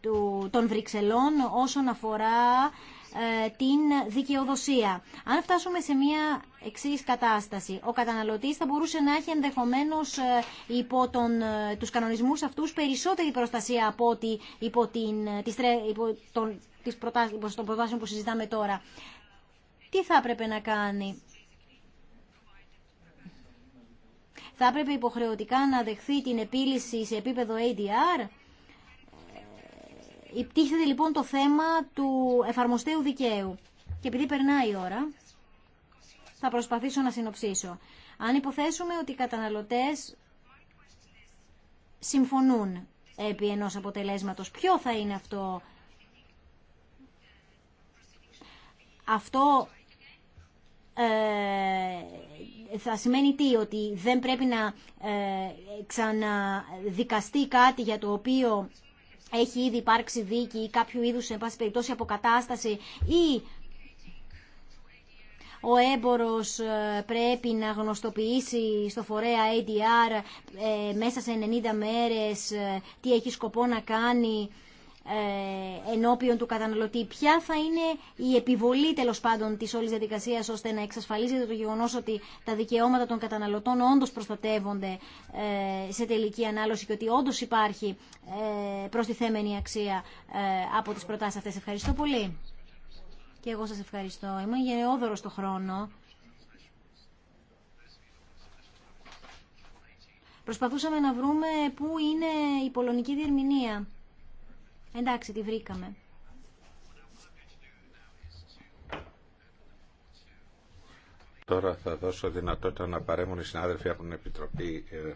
του, των Βρυξελών όσον αφορά ε, την δικαιοδοσία. Αν φτάσουμε σε μια εξή κατάσταση, ο καταναλωτή θα μπορούσε να έχει ενδεχομένως ε, υπό τον, ε, τους κανονισμούς αυτούς περισσότερη προστασία από ότι υπό, την, υπό τις προτάσεις, των προτάσεων που συζητάμε τώρα. Τι θα έπρεπε να κάνει. Θα έπρεπε υποχρεωτικά να δεχθεί την επίλυση σε επίπεδο ADR Υπτύχεται λοιπόν το θέμα του εφαρμοστέου δικαίου. Και επειδή περνάει η ώρα, θα προσπαθήσω να συνοψίσω. Αν υποθέσουμε ότι οι καταναλωτές συμφωνούν επί ενός αποτελέσματος, ποιο θα είναι αυτό. Αυτό ε, θα σημαίνει τι, ότι δεν πρέπει να ε, ξαναδικαστεί κάτι για το οποίο έχει ήδη υπάρξει δίκη ή κάποιο είδους, σε πάση περιπτώσει, αποκατάσταση ή ο έμπορος ε, πρέπει να γνωστοποιήσει στο φορέα ADR ε, μέσα σε 90 μέρες ε, τι έχει σκοπό να κάνει ε, ενώπιον του καταναλωτή. Ποια θα είναι η επιβολή τέλο πάντων τη όλη διαδικασία ώστε να εξασφαλίζεται το γεγονό ότι τα δικαιώματα των καταναλωτών όντω προστατεύονται ε, σε τελική ανάλωση και ότι όντω υπάρχει ε, προστιθέμενη αξία από τι προτάσει αυτέ. Ευχαριστώ πολύ. Και εγώ σα ευχαριστώ. Είμαι γενναιόδωρο στο χρόνο. Προσπαθούσαμε να βρούμε πού είναι η πολωνική διερμηνία. Εντάξει, τη βρήκαμε. Τώρα θα δώσω δυνατότητα να παρέμουν οι συνάδελφοι από την Επιτροπή ε,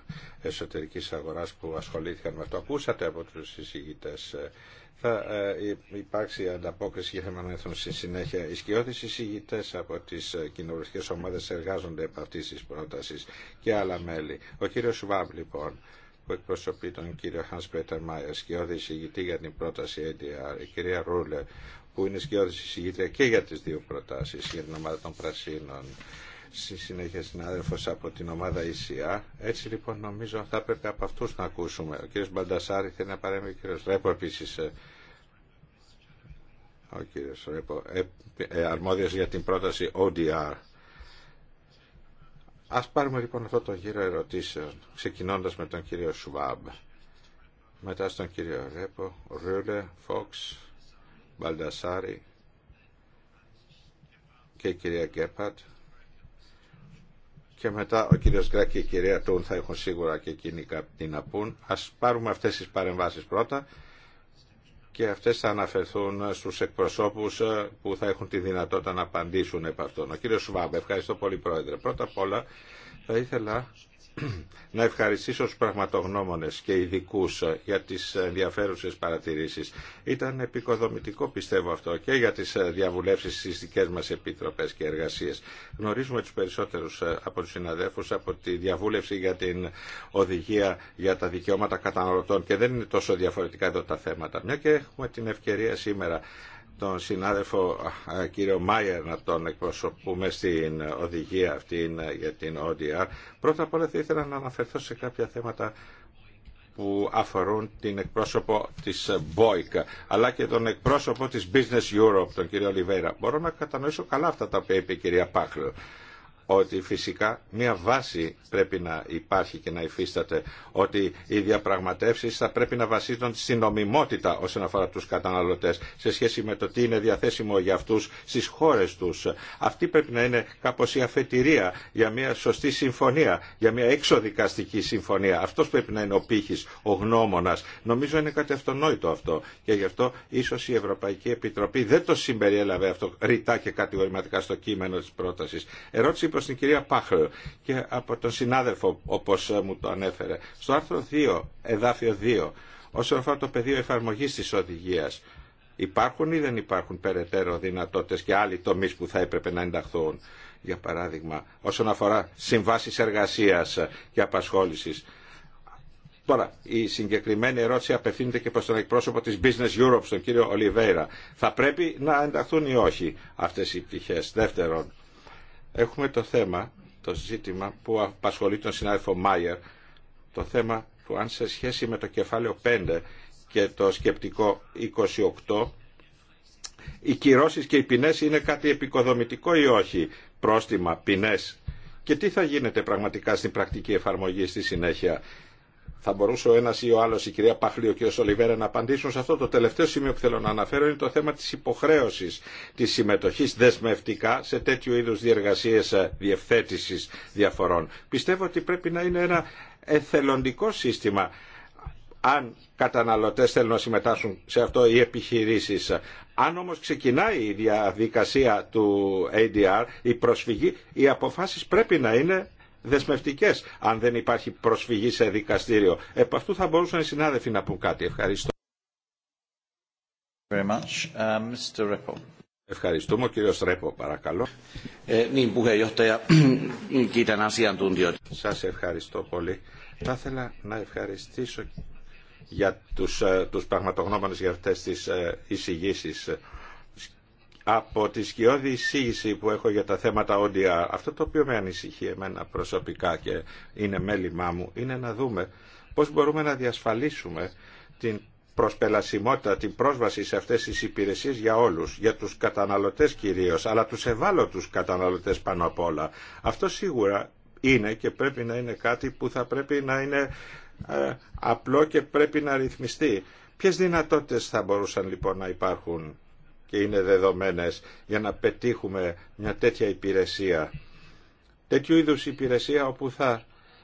Εσωτερικής Αγοράς που ασχολήθηκαν με αυτό. Ακούσατε από τους εισηγητές. Ε, θα ε, υπάρξει ανταπόκριση για θέμα να έρθουν στη συνέχεια. Οι σκιώδεις εισηγητές από τις κοινοβουλευτικές ομάδες εργάζονται από αυτής της πρότασης και άλλα μέλη. Ο κύριος Σουβάμπ λοιπόν που εκπροσωπεί τον κύριο Χάνς Πέτερ Μάιερ, σκιώδη εισηγητή για την πρόταση ADR, η κυρία Ρούλε, που είναι σκιώδη εισηγήτρια και για τις δύο προτάσεις, για την ομάδα των Πρασίνων, στη συνέχεια συνάδελφο από την ομάδα ECR. Έτσι λοιπόν νομίζω θα έπρεπε από αυτούς να ακούσουμε. Ο κύριος Μπαντασάρη θέλει να παρέμβει, ο κύριος Ρέπο επίσης ε, ο κύριος Ρέπο, ε, ε, αρμόδιος για την πρόταση ODR. Ας πάρουμε λοιπόν αυτό το γύρο ερωτήσεων, ξεκινώντας με τον κύριο Σουβάμπ, μετά στον κύριο Ρέπο, Ρούλε, Φόξ, Μπαλντασάρη και η κυρία Γκέπατ. Και μετά ο κύριος Γκράκ και η κυρία Τούν θα έχουν σίγουρα και εκείνοι κάτι να πούν. Ας πάρουμε αυτές τις παρεμβάσεις πρώτα και αυτές θα αναφερθούν στους εκπροσώπους ε, που θα έχουν τη δυνατότητα να απαντήσουν επ' αυτόν. Ο κύριος Σουβάμπε, ευχαριστώ πολύ πρόεδρε. Πρώτα απ' όλα θα ήθελα να ευχαριστήσω τους πραγματογνώμονες και ειδικού για τις ενδιαφέρουσες παρατηρήσεις. Ήταν επικοδομητικό πιστεύω αυτό και για τις διαβουλεύσεις στις δικές μας επιτροπές και εργασίες. Γνωρίζουμε τους περισσότερους από τους συναδέλφους από τη διαβούλευση για την οδηγία για τα δικαιώματα καταναλωτών και δεν είναι τόσο διαφορετικά εδώ τα θέματα. Μια και έχουμε την ευκαιρία σήμερα τον συνάδελφο κύριο Μάιερ να τον εκπροσωπούμε στην οδηγία αυτή ε, για την ODR. Πρώτα απ' όλα θα ήθελα να αναφερθώ σε κάποια θέματα που αφορούν την εκπρόσωπο της BOIC αλλά και τον εκπρόσωπο της Business Europe, τον κύριο Λιβέρα. Μπορώ να κατανοήσω καλά αυτά τα οποία είπε η κυρία Πάκλου ότι φυσικά μια βάση πρέπει να υπάρχει και να υφίσταται ότι οι διαπραγματεύσεις θα πρέπει να βασίζονται στην νομιμότητα όσον αφορά τους καταναλωτές σε σχέση με το τι είναι διαθέσιμο για αυτούς στις χώρες τους. Αυτή πρέπει να είναι κάπως η αφετηρία για μια σωστή συμφωνία, για μια εξοδικαστική συμφωνία. Αυτός πρέπει να είναι ο πύχης, ο γνώμονας. Νομίζω είναι κάτι αυτονόητο αυτό και γι' αυτό ίσως η Ευρωπαϊκή Επιτροπή δεν το συμπεριέλαβε αυτό ρητά και κατηγορηματικά στο κείμενο της πρότασης προ την κυρία Πάχ και από τον συνάδελφο όπω μου το ανέφερε. Στο άρθρο 2, εδάφιο 2, όσον αφορά το πεδίο εφαρμογή τη οδηγία, υπάρχουν ή δεν υπάρχουν περαιτέρω δυνατότητε και άλλοι τομεί που θα έπρεπε να ενταχθούν. Για παράδειγμα, όσον αφορά συμβάσει εργασία και απασχόληση. Τώρα, η συγκεκριμένη ερώτηση απευθύνεται και προ τον εκπρόσωπο τη Business Europe, τον κύριο Ολιβέηρα. Θα πρέπει να ενταχθούν ή όχι αυτέ οι πτυχέ. Δεύτερον, έχουμε το θέμα, το ζήτημα που απασχολεί τον συνάδελφο Μάιερ, το θέμα που αν σε σχέση με το κεφάλαιο 5 και το σκεπτικό 28, οι κυρώσεις και οι ποινές είναι κάτι επικοδομητικό ή όχι, πρόστιμα, ποινές. Και τι θα γίνεται πραγματικά στην πρακτική εφαρμογή στη συνέχεια. Θα μπορούσε ο ένα ή ο άλλο, η κυρία κυρια και ο κ. να απαντήσουν σε αυτό. Το τελευταίο σημείο που θέλω να αναφέρω είναι το θέμα τη υποχρέωση τη συμμετοχή δεσμευτικά σε τέτοιου είδου διεργασίε διευθέτηση διαφορών. Πιστεύω ότι πρέπει να είναι ένα εθελοντικό σύστημα αν καταναλωτές θέλουν να συμμετάσχουν σε αυτό οι επιχειρήσεις. Αν όμως ξεκινάει η διαδικασία του ADR, η προσφυγή, οι αποφάσεις πρέπει να είναι δεσμευτικέ αν δεν υπάρχει προσφυγή σε δικαστήριο. Επ' αυτού θα μπορούσαν οι συνάδελφοι να πούν κάτι. Ευχαριστώ. Very much. Uh, Ευχαριστούμε. Ο κύριος Ρέπο, παρακαλώ. Ε, Σας ευχαριστώ πολύ. Θα ήθελα να ευχαριστήσω για τους, ε, τους για αυτές τις ε, εισηγήσεις από τη σκιώδη εισήγηση που έχω για τα θέματα ODR, αυτό το οποίο με ανησυχεί εμένα προσωπικά και είναι μέλημά μου, είναι να δούμε πώς μπορούμε να διασφαλίσουμε την προσπελασιμότητα, την πρόσβαση σε αυτές τις υπηρεσίες για όλους, για τους καταναλωτές κυρίως, αλλά τους ευάλωτους καταναλωτές πάνω απ' όλα. Αυτό σίγουρα είναι και πρέπει να είναι κάτι που θα πρέπει να είναι ε, απλό και πρέπει να ρυθμιστεί. Ποιες δυνατότητες θα μπορούσαν λοιπόν να υπάρχουν και είναι δεδομένες για να πετύχουμε μια τέτοια υπηρεσία. Τέτοιου είδους υπηρεσία όπου θα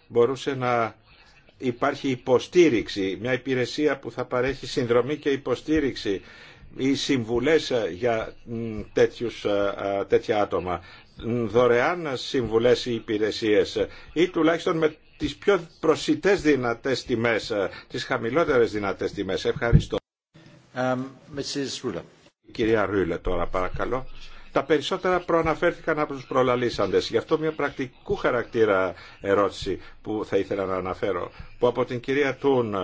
μπορούσε να υπάρχει υποστήριξη, μια υπηρεσία που θα παρέχει συνδρομή και υποστήριξη ή συμβουλές για τέτοιους, τέτοια άτομα δωρεάν συμβουλές ή υπηρεσίες ή τουλάχιστον με τις πιο προσιτές δυνατές τιμές, τις χαμηλότερες δυνατές τιμές. Ευχαριστώ. Um, Κυρία Ρούλε τώρα παρακαλώ. Τα περισσότερα προαναφέρθηκαν από τους προλαλήσαντες. Γι' αυτό μια πρακτικού χαρακτήρα ερώτηση που θα ήθελα να αναφέρω, που από την κυρία Τούν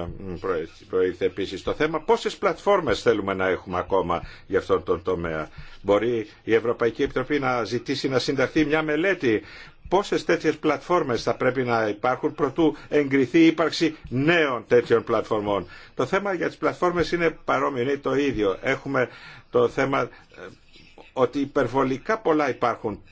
προήλθε επίσης το θέμα, πόσες πλατφόρμες θέλουμε να έχουμε ακόμα για αυτόν τον τομέα. Μπορεί η Ευρωπαϊκή Επιτροπή να ζητήσει να συνταχθεί μια μελέτη πόσες τέτοιες πλατφόρμες θα πρέπει να υπάρχουν προτού εγκριθεί η ύπαρξη νέων τέτοιων πλατφορμών. Το θέμα για τις πλατφόρμες είναι παρόμοιο, είναι το ίδιο. Έχουμε το θέμα ε, ότι υπερβολικά πολλά υπάρχουν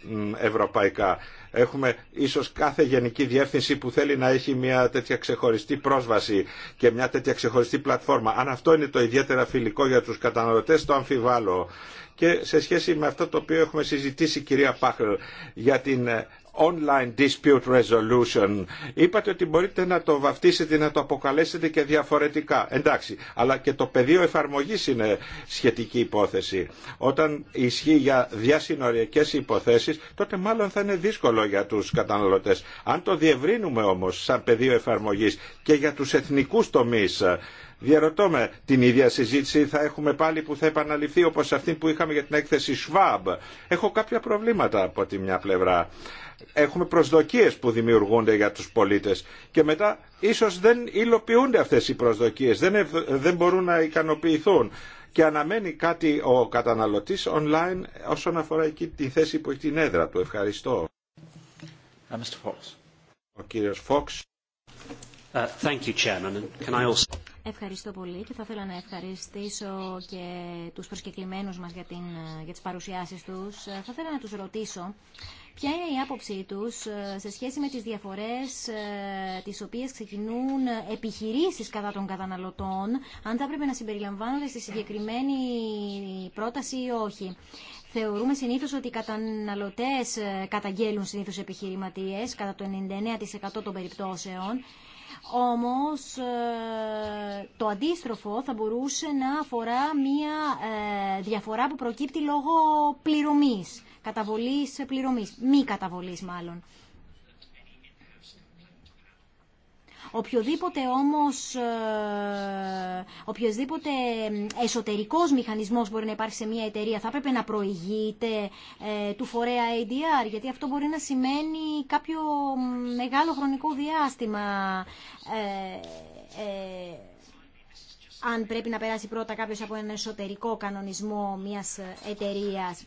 ευρωπαϊκά. Έχουμε ίσως κάθε γενική διεύθυνση που θέλει να έχει μια τέτοια ξεχωριστή πρόσβαση και μια τέτοια ξεχωριστή πλατφόρμα. Αν αυτό είναι το ιδιαίτερα φιλικό για τους καταναλωτέ, το αμφιβάλλω. Και σε σχέση με αυτό το οποίο έχουμε συζητήσει, κυρία Πάχρελ, για την ε, online dispute resolution. Είπατε ότι μπορείτε να το βαφτίσετε, να το αποκαλέσετε και διαφορετικά. Εντάξει, αλλά και το πεδίο εφαρμογής είναι σχετική υπόθεση. Όταν ισχύει για διασυνοριακές υποθέσεις, τότε μάλλον θα είναι δύσκολο για τους καταναλωτές. Αν το διευρύνουμε όμως σαν πεδίο εφαρμογής και για του εθνικού τομεί. Διαρωτώ με την ίδια συζήτηση θα έχουμε πάλι που θα επαναληφθεί όπως αυτή που είχαμε για την έκθεση Schwab. Έχω κάποια προβλήματα από τη μια πλευρά. Έχουμε προσδοκίες που δημιουργούνται για τους πολίτες και μετά ίσως δεν υλοποιούνται αυτές οι προσδοκίες, δεν, δεν μπορούν να ικανοποιηθούν και αναμένει κάτι ο καταναλωτής online όσον αφορά εκεί τη θέση που έχει την έδρα του. Ευχαριστώ. Uh, Mr. Fox. Ο κύριος uh, thank you, Chairman. Can I also... Ευχαριστώ πολύ και θα ήθελα να ευχαριστήσω και τους προσκεκλημένους μας για, την, για τις παρουσιάσεις τους. Ε, θα ήθελα να τους ρωτήσω ποια είναι η άποψή τους ε, σε σχέση με τις διαφορές ε, τις οποίες ξεκινούν επιχειρήσεις κατά των καταναλωτών, αν θα έπρεπε να συμπεριλαμβάνονται στη συγκεκριμένη πρόταση ή όχι. Θεωρούμε συνήθως ότι οι καταναλωτές καταγγέλουν συνήθως επιχειρηματίες κατά το 99% των περιπτώσεων όμως ε, το αντίστροφο θα μπορούσε να αφορά μια ε, διαφορά που προκύπτει λόγω πληρωμής, καταβολής πληρωμής, μη καταβολής μάλλον. Οποιοδήποτε όμως, ε, οποιοδήποτε εσωτερικός μηχανισμός μπορεί να υπάρχει σε μια εταιρεία θα έπρεπε να προηγείται ε, του φορέα ADR, γιατί αυτό μπορεί να σημαίνει κάποιο μεγάλο χρονικό διάστημα. Ε, αν πρέπει να περάσει πρώτα κάποιος από έναν εσωτερικό κανονισμό μιας εταιρείας.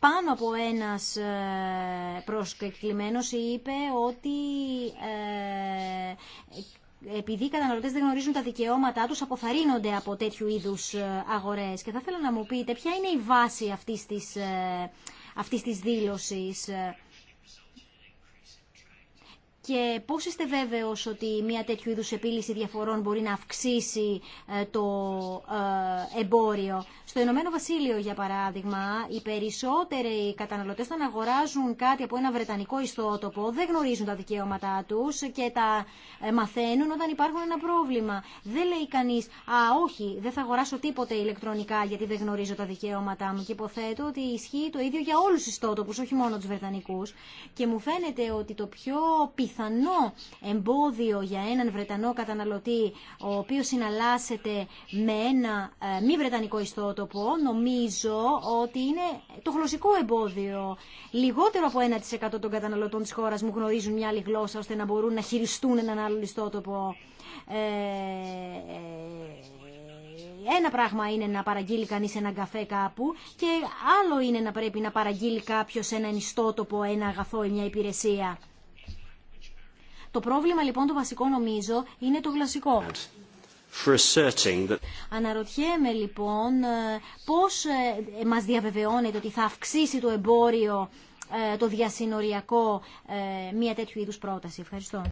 Πάνω από ένας ε, προσκεκλημένος είπε ότι ε, επειδή οι καταναλωτές δεν γνωρίζουν τα δικαιώματά τους, αποθαρρύνονται από τέτοιου είδους ε, αγορές. Και θα ήθελα να μου πείτε ποια είναι η βάση αυτής της, αυτής της δήλωσης και πώς είστε βέβαιος ότι μια τέτοιου είδους επίλυση διαφορών μπορεί να αυξήσει το εμπόριο. Στο Ηνωμένο Βασίλειο, για παράδειγμα, οι περισσότεροι καταναλωτέ όταν αγοράζουν κάτι από ένα βρετανικό ιστότοπο δεν γνωρίζουν τα δικαιώματά του και τα ε, μαθαίνουν όταν υπάρχουν ένα πρόβλημα. Δεν λέει κανεί, Α, όχι, δεν θα αγοράσω τίποτε ηλεκτρονικά γιατί δεν γνωρίζω τα δικαιώματά μου. Και υποθέτω ότι ισχύει το ίδιο για όλου του ιστότοπου, όχι μόνο του βρετανικού. Και μου φαίνεται ότι το πιο πιθανό εμπόδιο για έναν βρετανό καταναλωτή, ο οποίο συναλλάσσεται με ένα ε, μη βρετανικό ιστότοπο, άνθρωπο νομίζω ότι είναι το γλωσσικό εμπόδιο. Λιγότερο από 1% των καταναλωτών της χώρας μου γνωρίζουν μια άλλη γλώσσα ώστε να μπορούν να χειριστούν έναν άλλο ιστότοπο. Ε, ε, ένα πράγμα είναι να παραγγείλει κανείς έναν καφέ κάπου και άλλο είναι να πρέπει να παραγγείλει κάποιος έναν ιστότοπο, ένα αγαθό ή μια υπηρεσία. Το πρόβλημα λοιπόν το βασικό νομίζω είναι το γλωσσικό. For asserting that... Αναρωτιέμαι λοιπόν ε, πώς ε, μας διαβεβαιώνεται ότι θα αυξήσει το εμπόριο, ε, το διασυνοριακό, μια τέτοιου είδους πρόταση. Ευχαριστώ.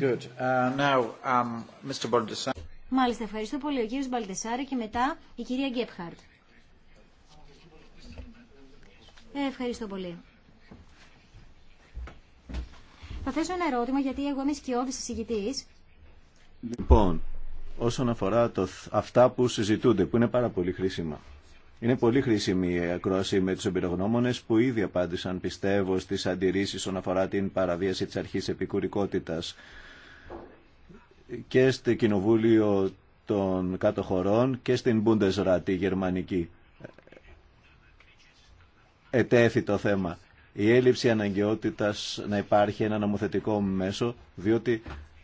Good. Uh, now, um, Μάλιστα, ευχαριστώ πολύ ο κύριος Μπαλτεσάρη και μετά η κυρία Γκέπχαρτ. Ευχαριστώ πολύ. Θα θέσω ένα ερώτημα γιατί εγώ είμαι σκιώδης εισηγητής Λοιπόν, όσον αφορά το, αυτά που συζητούνται, που είναι πάρα πολύ χρήσιμα. Είναι πολύ χρήσιμη η ακρόαση με τους εμπειρογνώμονε που ήδη απάντησαν, πιστεύω, στι αντιρρήσει όσον αφορά την παραβίαση της αρχής επικουρικότητας και στο Κοινοβούλιο των Κάτω και στην Bundesrat, η γερμανική. Ετέθη το θέμα. Η έλλειψη αναγκαιότητας να υπάρχει ένα νομοθετικό μέσο, διότι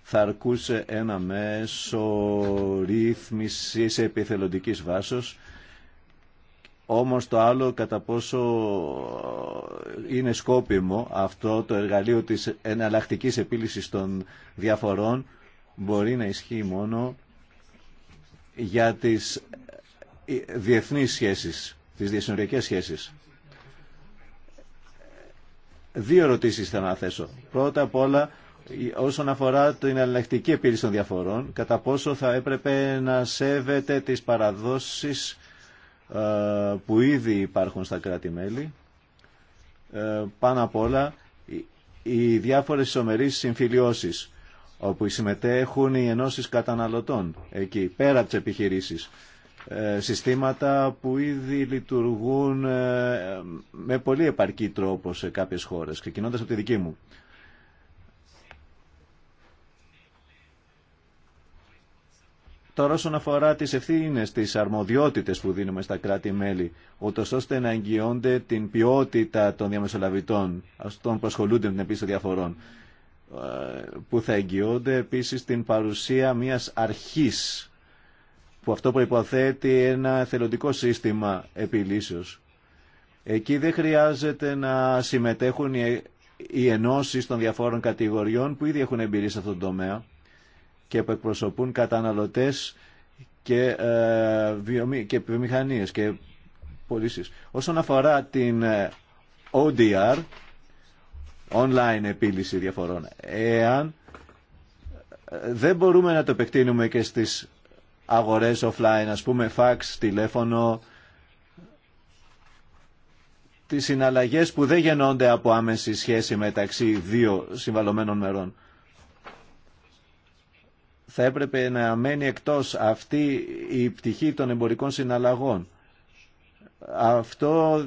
θα αρκούσε ένα μέσο ρύθμιση επιθελοντικής βάσος όμως το άλλο κατά πόσο είναι σκόπιμο αυτό το εργαλείο της εναλλακτική επίλυσης των διαφορών μπορεί να ισχύει μόνο για τις διεθνείς σχέσεις, τις διασυνοριακές σχέσεις. Δύο ερωτήσεις θα να θέσω. Πρώτα απ' όλα όσον αφορά την αλληλεκτική επίλυση των διαφορών, κατά πόσο θα έπρεπε να σέβεται τις παραδόσεις ε, που ήδη υπάρχουν στα κράτη-μέλη. Ε, πάνω απ' όλα, οι διάφορες ισομερείς συμφιλιώσεις, όπου συμμετέχουν οι ενώσεις καταναλωτών, εκεί, πέρα από τις επιχειρήσεις, ε, συστήματα που ήδη λειτουργούν με πολύ επαρκή τρόπο σε κάποιες χώρες, ξεκινώντας από τη δική μου. Τώρα όσον αφορά τις ευθύνες, τις αρμοδιότητες που δίνουμε στα κράτη-μέλη, ούτως ώστε να εγγυώνται την ποιότητα των διαμεσολαβητών, αυτών που ασχολούνται με την επίσης διαφορών, ε, που θα εγγυώνται επίσης την παρουσία μιας αρχής, που αυτό προϋποθέτει ένα θελοντικό σύστημα επιλύσεως. Εκεί δεν χρειάζεται να συμμετέχουν οι ενώσεις των διαφόρων κατηγοριών που ήδη έχουν εμπειρία σε αυτόν τον τομέα και που εκπροσωπούν καταναλωτές και, ε, και βιομηχανίες και πωλήσει. Όσον αφορά την ε, ODR, online επίλυση διαφορών, εάν ε, δεν μπορούμε να το επεκτείνουμε και στις αγορές offline, ας πούμε fax, τηλέφωνο, τις συναλλαγές που δεν γεννώνται από άμεση σχέση μεταξύ δύο συμβαλωμένων μερών θα έπρεπε να μένει εκτός αυτή η πτυχή των εμπορικών συναλλαγών. Αυτό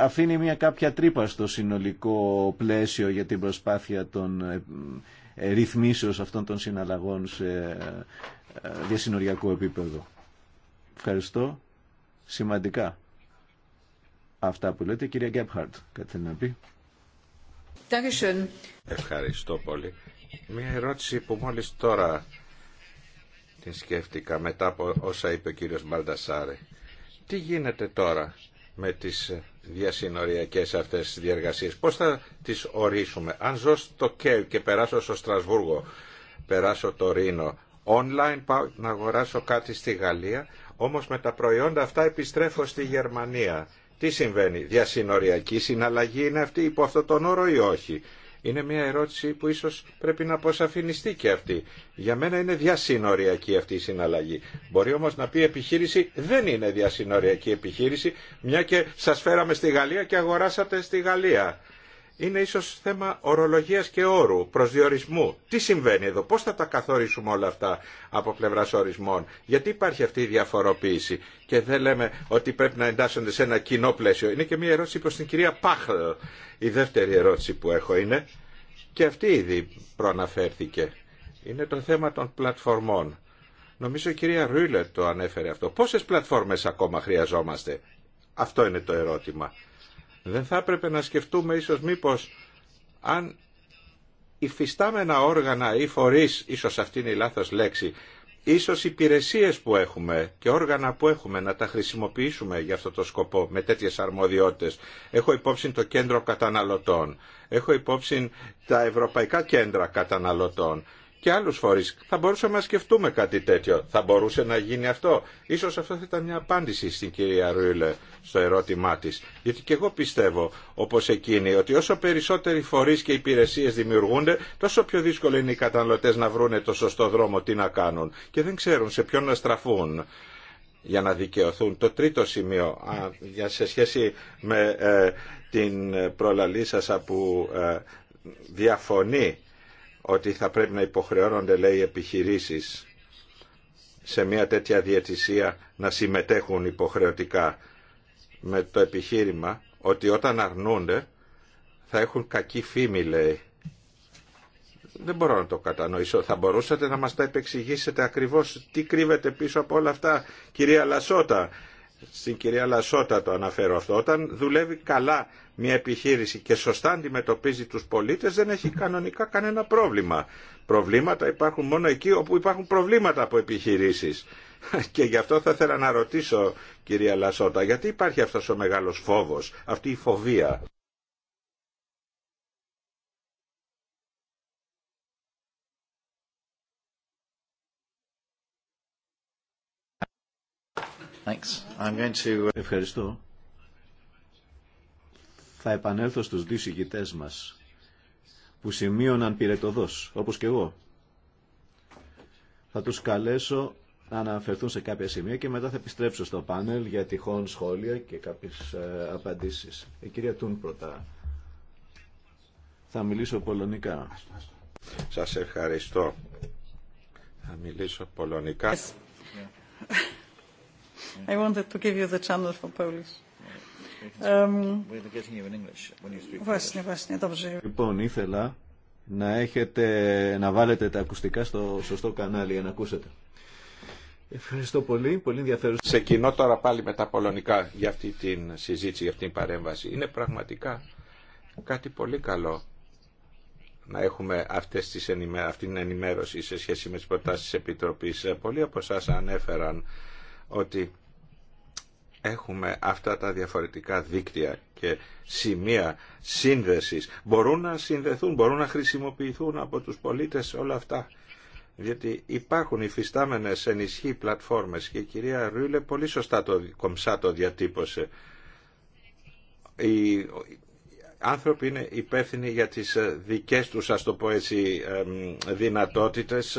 αφήνει μια κάποια τρύπα στο συνολικό πλαίσιο για την προσπάθεια των ε, ε, ρυθμίσεως αυτών των συναλλαγών σε ε, διασυνοριακό επίπεδο. Ευχαριστώ. Σημαντικά αυτά που λέτε. Κυρία Γκέπχαρτ, κάτι θέλει να πει. Ευχαριστώ πολύ. Μια ερώτηση που μόλις τώρα την σκέφτηκα μετά από όσα είπε ο κύριος Μπαλτασάρη. Τι γίνεται τώρα με τις διασυνοριακές αυτές διεργασίες. Πώς θα τις ορίσουμε. Αν ζω στο και περάσω στο Στρασβούργο, περάσω το Ρήνο, online πάω να αγοράσω κάτι στη Γαλλία, όμως με τα προϊόντα αυτά επιστρέφω στη Γερμανία. Τι συμβαίνει, διασυνοριακή συναλλαγή είναι αυτή υπό αυτόν τον όρο ή όχι είναι μια ερώτηση που ίσως πρέπει να αποσαφινιστεί και αυτή. Για μένα είναι διασυνοριακή αυτή η συναλλαγή. Μπορεί όμως να πει επιχείρηση δεν είναι διασυνοριακή επιχείρηση, μια και σας φέραμε στη Γαλλία και αγοράσατε στη Γαλλία είναι ίσως θέμα ορολογίας και όρου, προσδιορισμού. Τι συμβαίνει εδώ, πώς θα τα καθορίσουμε όλα αυτά από πλευράς ορισμών, γιατί υπάρχει αυτή η διαφοροποίηση και δεν λέμε ότι πρέπει να εντάσσονται σε ένα κοινό πλαίσιο. Είναι και μια ερώτηση προς την κυρία Πάχλ. Η δεύτερη ερώτηση που έχω είναι, και αυτή ήδη προαναφέρθηκε, είναι το θέμα των πλατφορμών. Νομίζω η κυρία Ρούιλερ το ανέφερε αυτό. Πόσες πλατφόρμες ακόμα χρειαζόμαστε. Αυτό είναι το ερώτημα. Δεν θα έπρεπε να σκεφτούμε ίσως μήπως αν υφιστάμενα όργανα ή φορείς, ίσως αυτή είναι η λάθος λέξη, ίσως υπηρεσίες που έχουμε και όργανα που έχουμε να τα χρησιμοποιήσουμε για αυτό το σκοπό με τέτοιες αρμοδιότητες. Έχω υπόψη το κέντρο καταναλωτών, έχω υπόψη τα ευρωπαϊκά κέντρα καταναλωτών και άλλου φορεί Θα μπορούσαμε να σκεφτούμε κάτι τέτοιο. Θα μπορούσε να γίνει αυτό. Ίσως αυτό θα ήταν μια απάντηση στην κυρία Ρούιλε στο ερώτημά τη. Γιατί και εγώ πιστεύω, όπως εκείνη, ότι όσο περισσότεροι φορεί και υπηρεσίε δημιουργούνται, τόσο πιο δύσκολο είναι οι καταναλωτές να βρούνε το σωστό δρόμο τι να κάνουν και δεν ξέρουν σε ποιον να στραφούν για να δικαιωθούν. Το τρίτο σημείο, για σε σχέση με ε, την προλαλή σα που ε, διαφωνεί ότι θα πρέπει να υποχρεώνονται, λέει, επιχειρήσεις σε μια τέτοια διαιτησία να συμμετέχουν υποχρεωτικά με το επιχείρημα ότι όταν αρνούνται θα έχουν κακή φήμη, λέει. Δεν μπορώ να το κατανοήσω. Θα μπορούσατε να μας τα επεξηγήσετε ακριβώς τι κρύβεται πίσω από όλα αυτά, κυρία Λασότα, στην κυρία Λασότα το αναφέρω αυτό, όταν δουλεύει καλά μια επιχείρηση και σωστά αντιμετωπίζει τους πολίτες δεν έχει κανονικά κανένα πρόβλημα. Προβλήματα υπάρχουν μόνο εκεί όπου υπάρχουν προβλήματα από επιχειρήσεις. <laughs> Και γι' αυτό θα ήθελα να ρωτήσω κυρία Λασότα, γιατί υπάρχει αυτός ο μεγάλος φόβος, αυτή η φοβία. Uh, ευχαριστώ. Θα επανέλθω στους δύο συγκητές μας που σημείωναν πυρετοδός, όπως και εγώ. Θα τους καλέσω να αναφερθούν σε κάποια σημεία και μετά θα επιστρέψω στο πάνελ για τυχόν σχόλια και κάποιες ε, απαντήσεις. Η κυρία Τούν πρώτα. Θα μιλήσω πολωνικά. Σας ευχαριστώ. Θα μιλήσω πολωνικά. I wanted to give you the channel for um, Polish. Właśnie, właśnie, dobrze. Λοιπόν, ήθελα να έχετε, να βάλετε τα ακουστικά στο σωστό κανάλι για να ακούσετε. Ευχαριστώ πολύ, πολύ ενδιαφέρον. Σε κοινό τώρα πάλι με τα πολωνικά για αυτή την συζήτηση, για αυτή την παρέμβαση. Είναι πραγματικά κάτι πολύ καλό να έχουμε αυτές τις αυτή την ενημέρωση σε σχέση με τις προτάσεις της Επιτροπής. Ε, πολλοί από εσά ανέφεραν ότι έχουμε αυτά τα διαφορετικά δίκτυα και σημεία σύνδεσης. Μπορούν να συνδεθούν, μπορούν να χρησιμοποιηθούν από τους πολίτες όλα αυτά. Διότι υπάρχουν υφιστάμενες ενισχύ πλατφόρμες και η κυρία Ρούλε πολύ σωστά το κομψά το διατύπωσε. Οι άνθρωποι είναι υπεύθυνοι για τις δικές τους, ας το πω δυνατότητες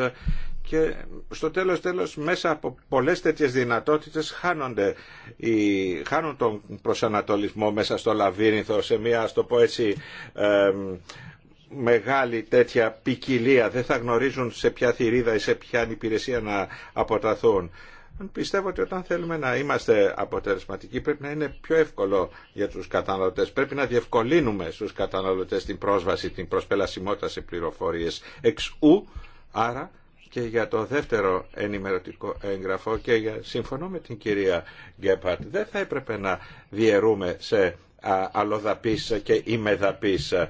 και στο τέλος τέλος μέσα από πολλές τέτοιες δυνατότητες χάνονται οι, χάνουν τον προσανατολισμό μέσα στο λαβύρινθο σε μια ας το πω έτσι ε, μεγάλη τέτοια ποικιλία δεν θα γνωρίζουν σε ποια θηρίδα ή σε ποια υπηρεσία να αποταθούν πιστεύω ότι όταν θέλουμε να είμαστε αποτελεσματικοί πρέπει να είναι πιο εύκολο για τους καταναλωτές. Πρέπει να διευκολύνουμε στους καταναλωτές την πρόσβαση, την προσπελασιμότητα σε πληροφορίες εξ ου, άρα και για το δεύτερο ενημερωτικό έγγραφο και για, συμφωνώ με την κυρία Γκέπαρτ, δεν θα έπρεπε να διαιρούμε σε αλλοδαπής και ημεδαπής ε,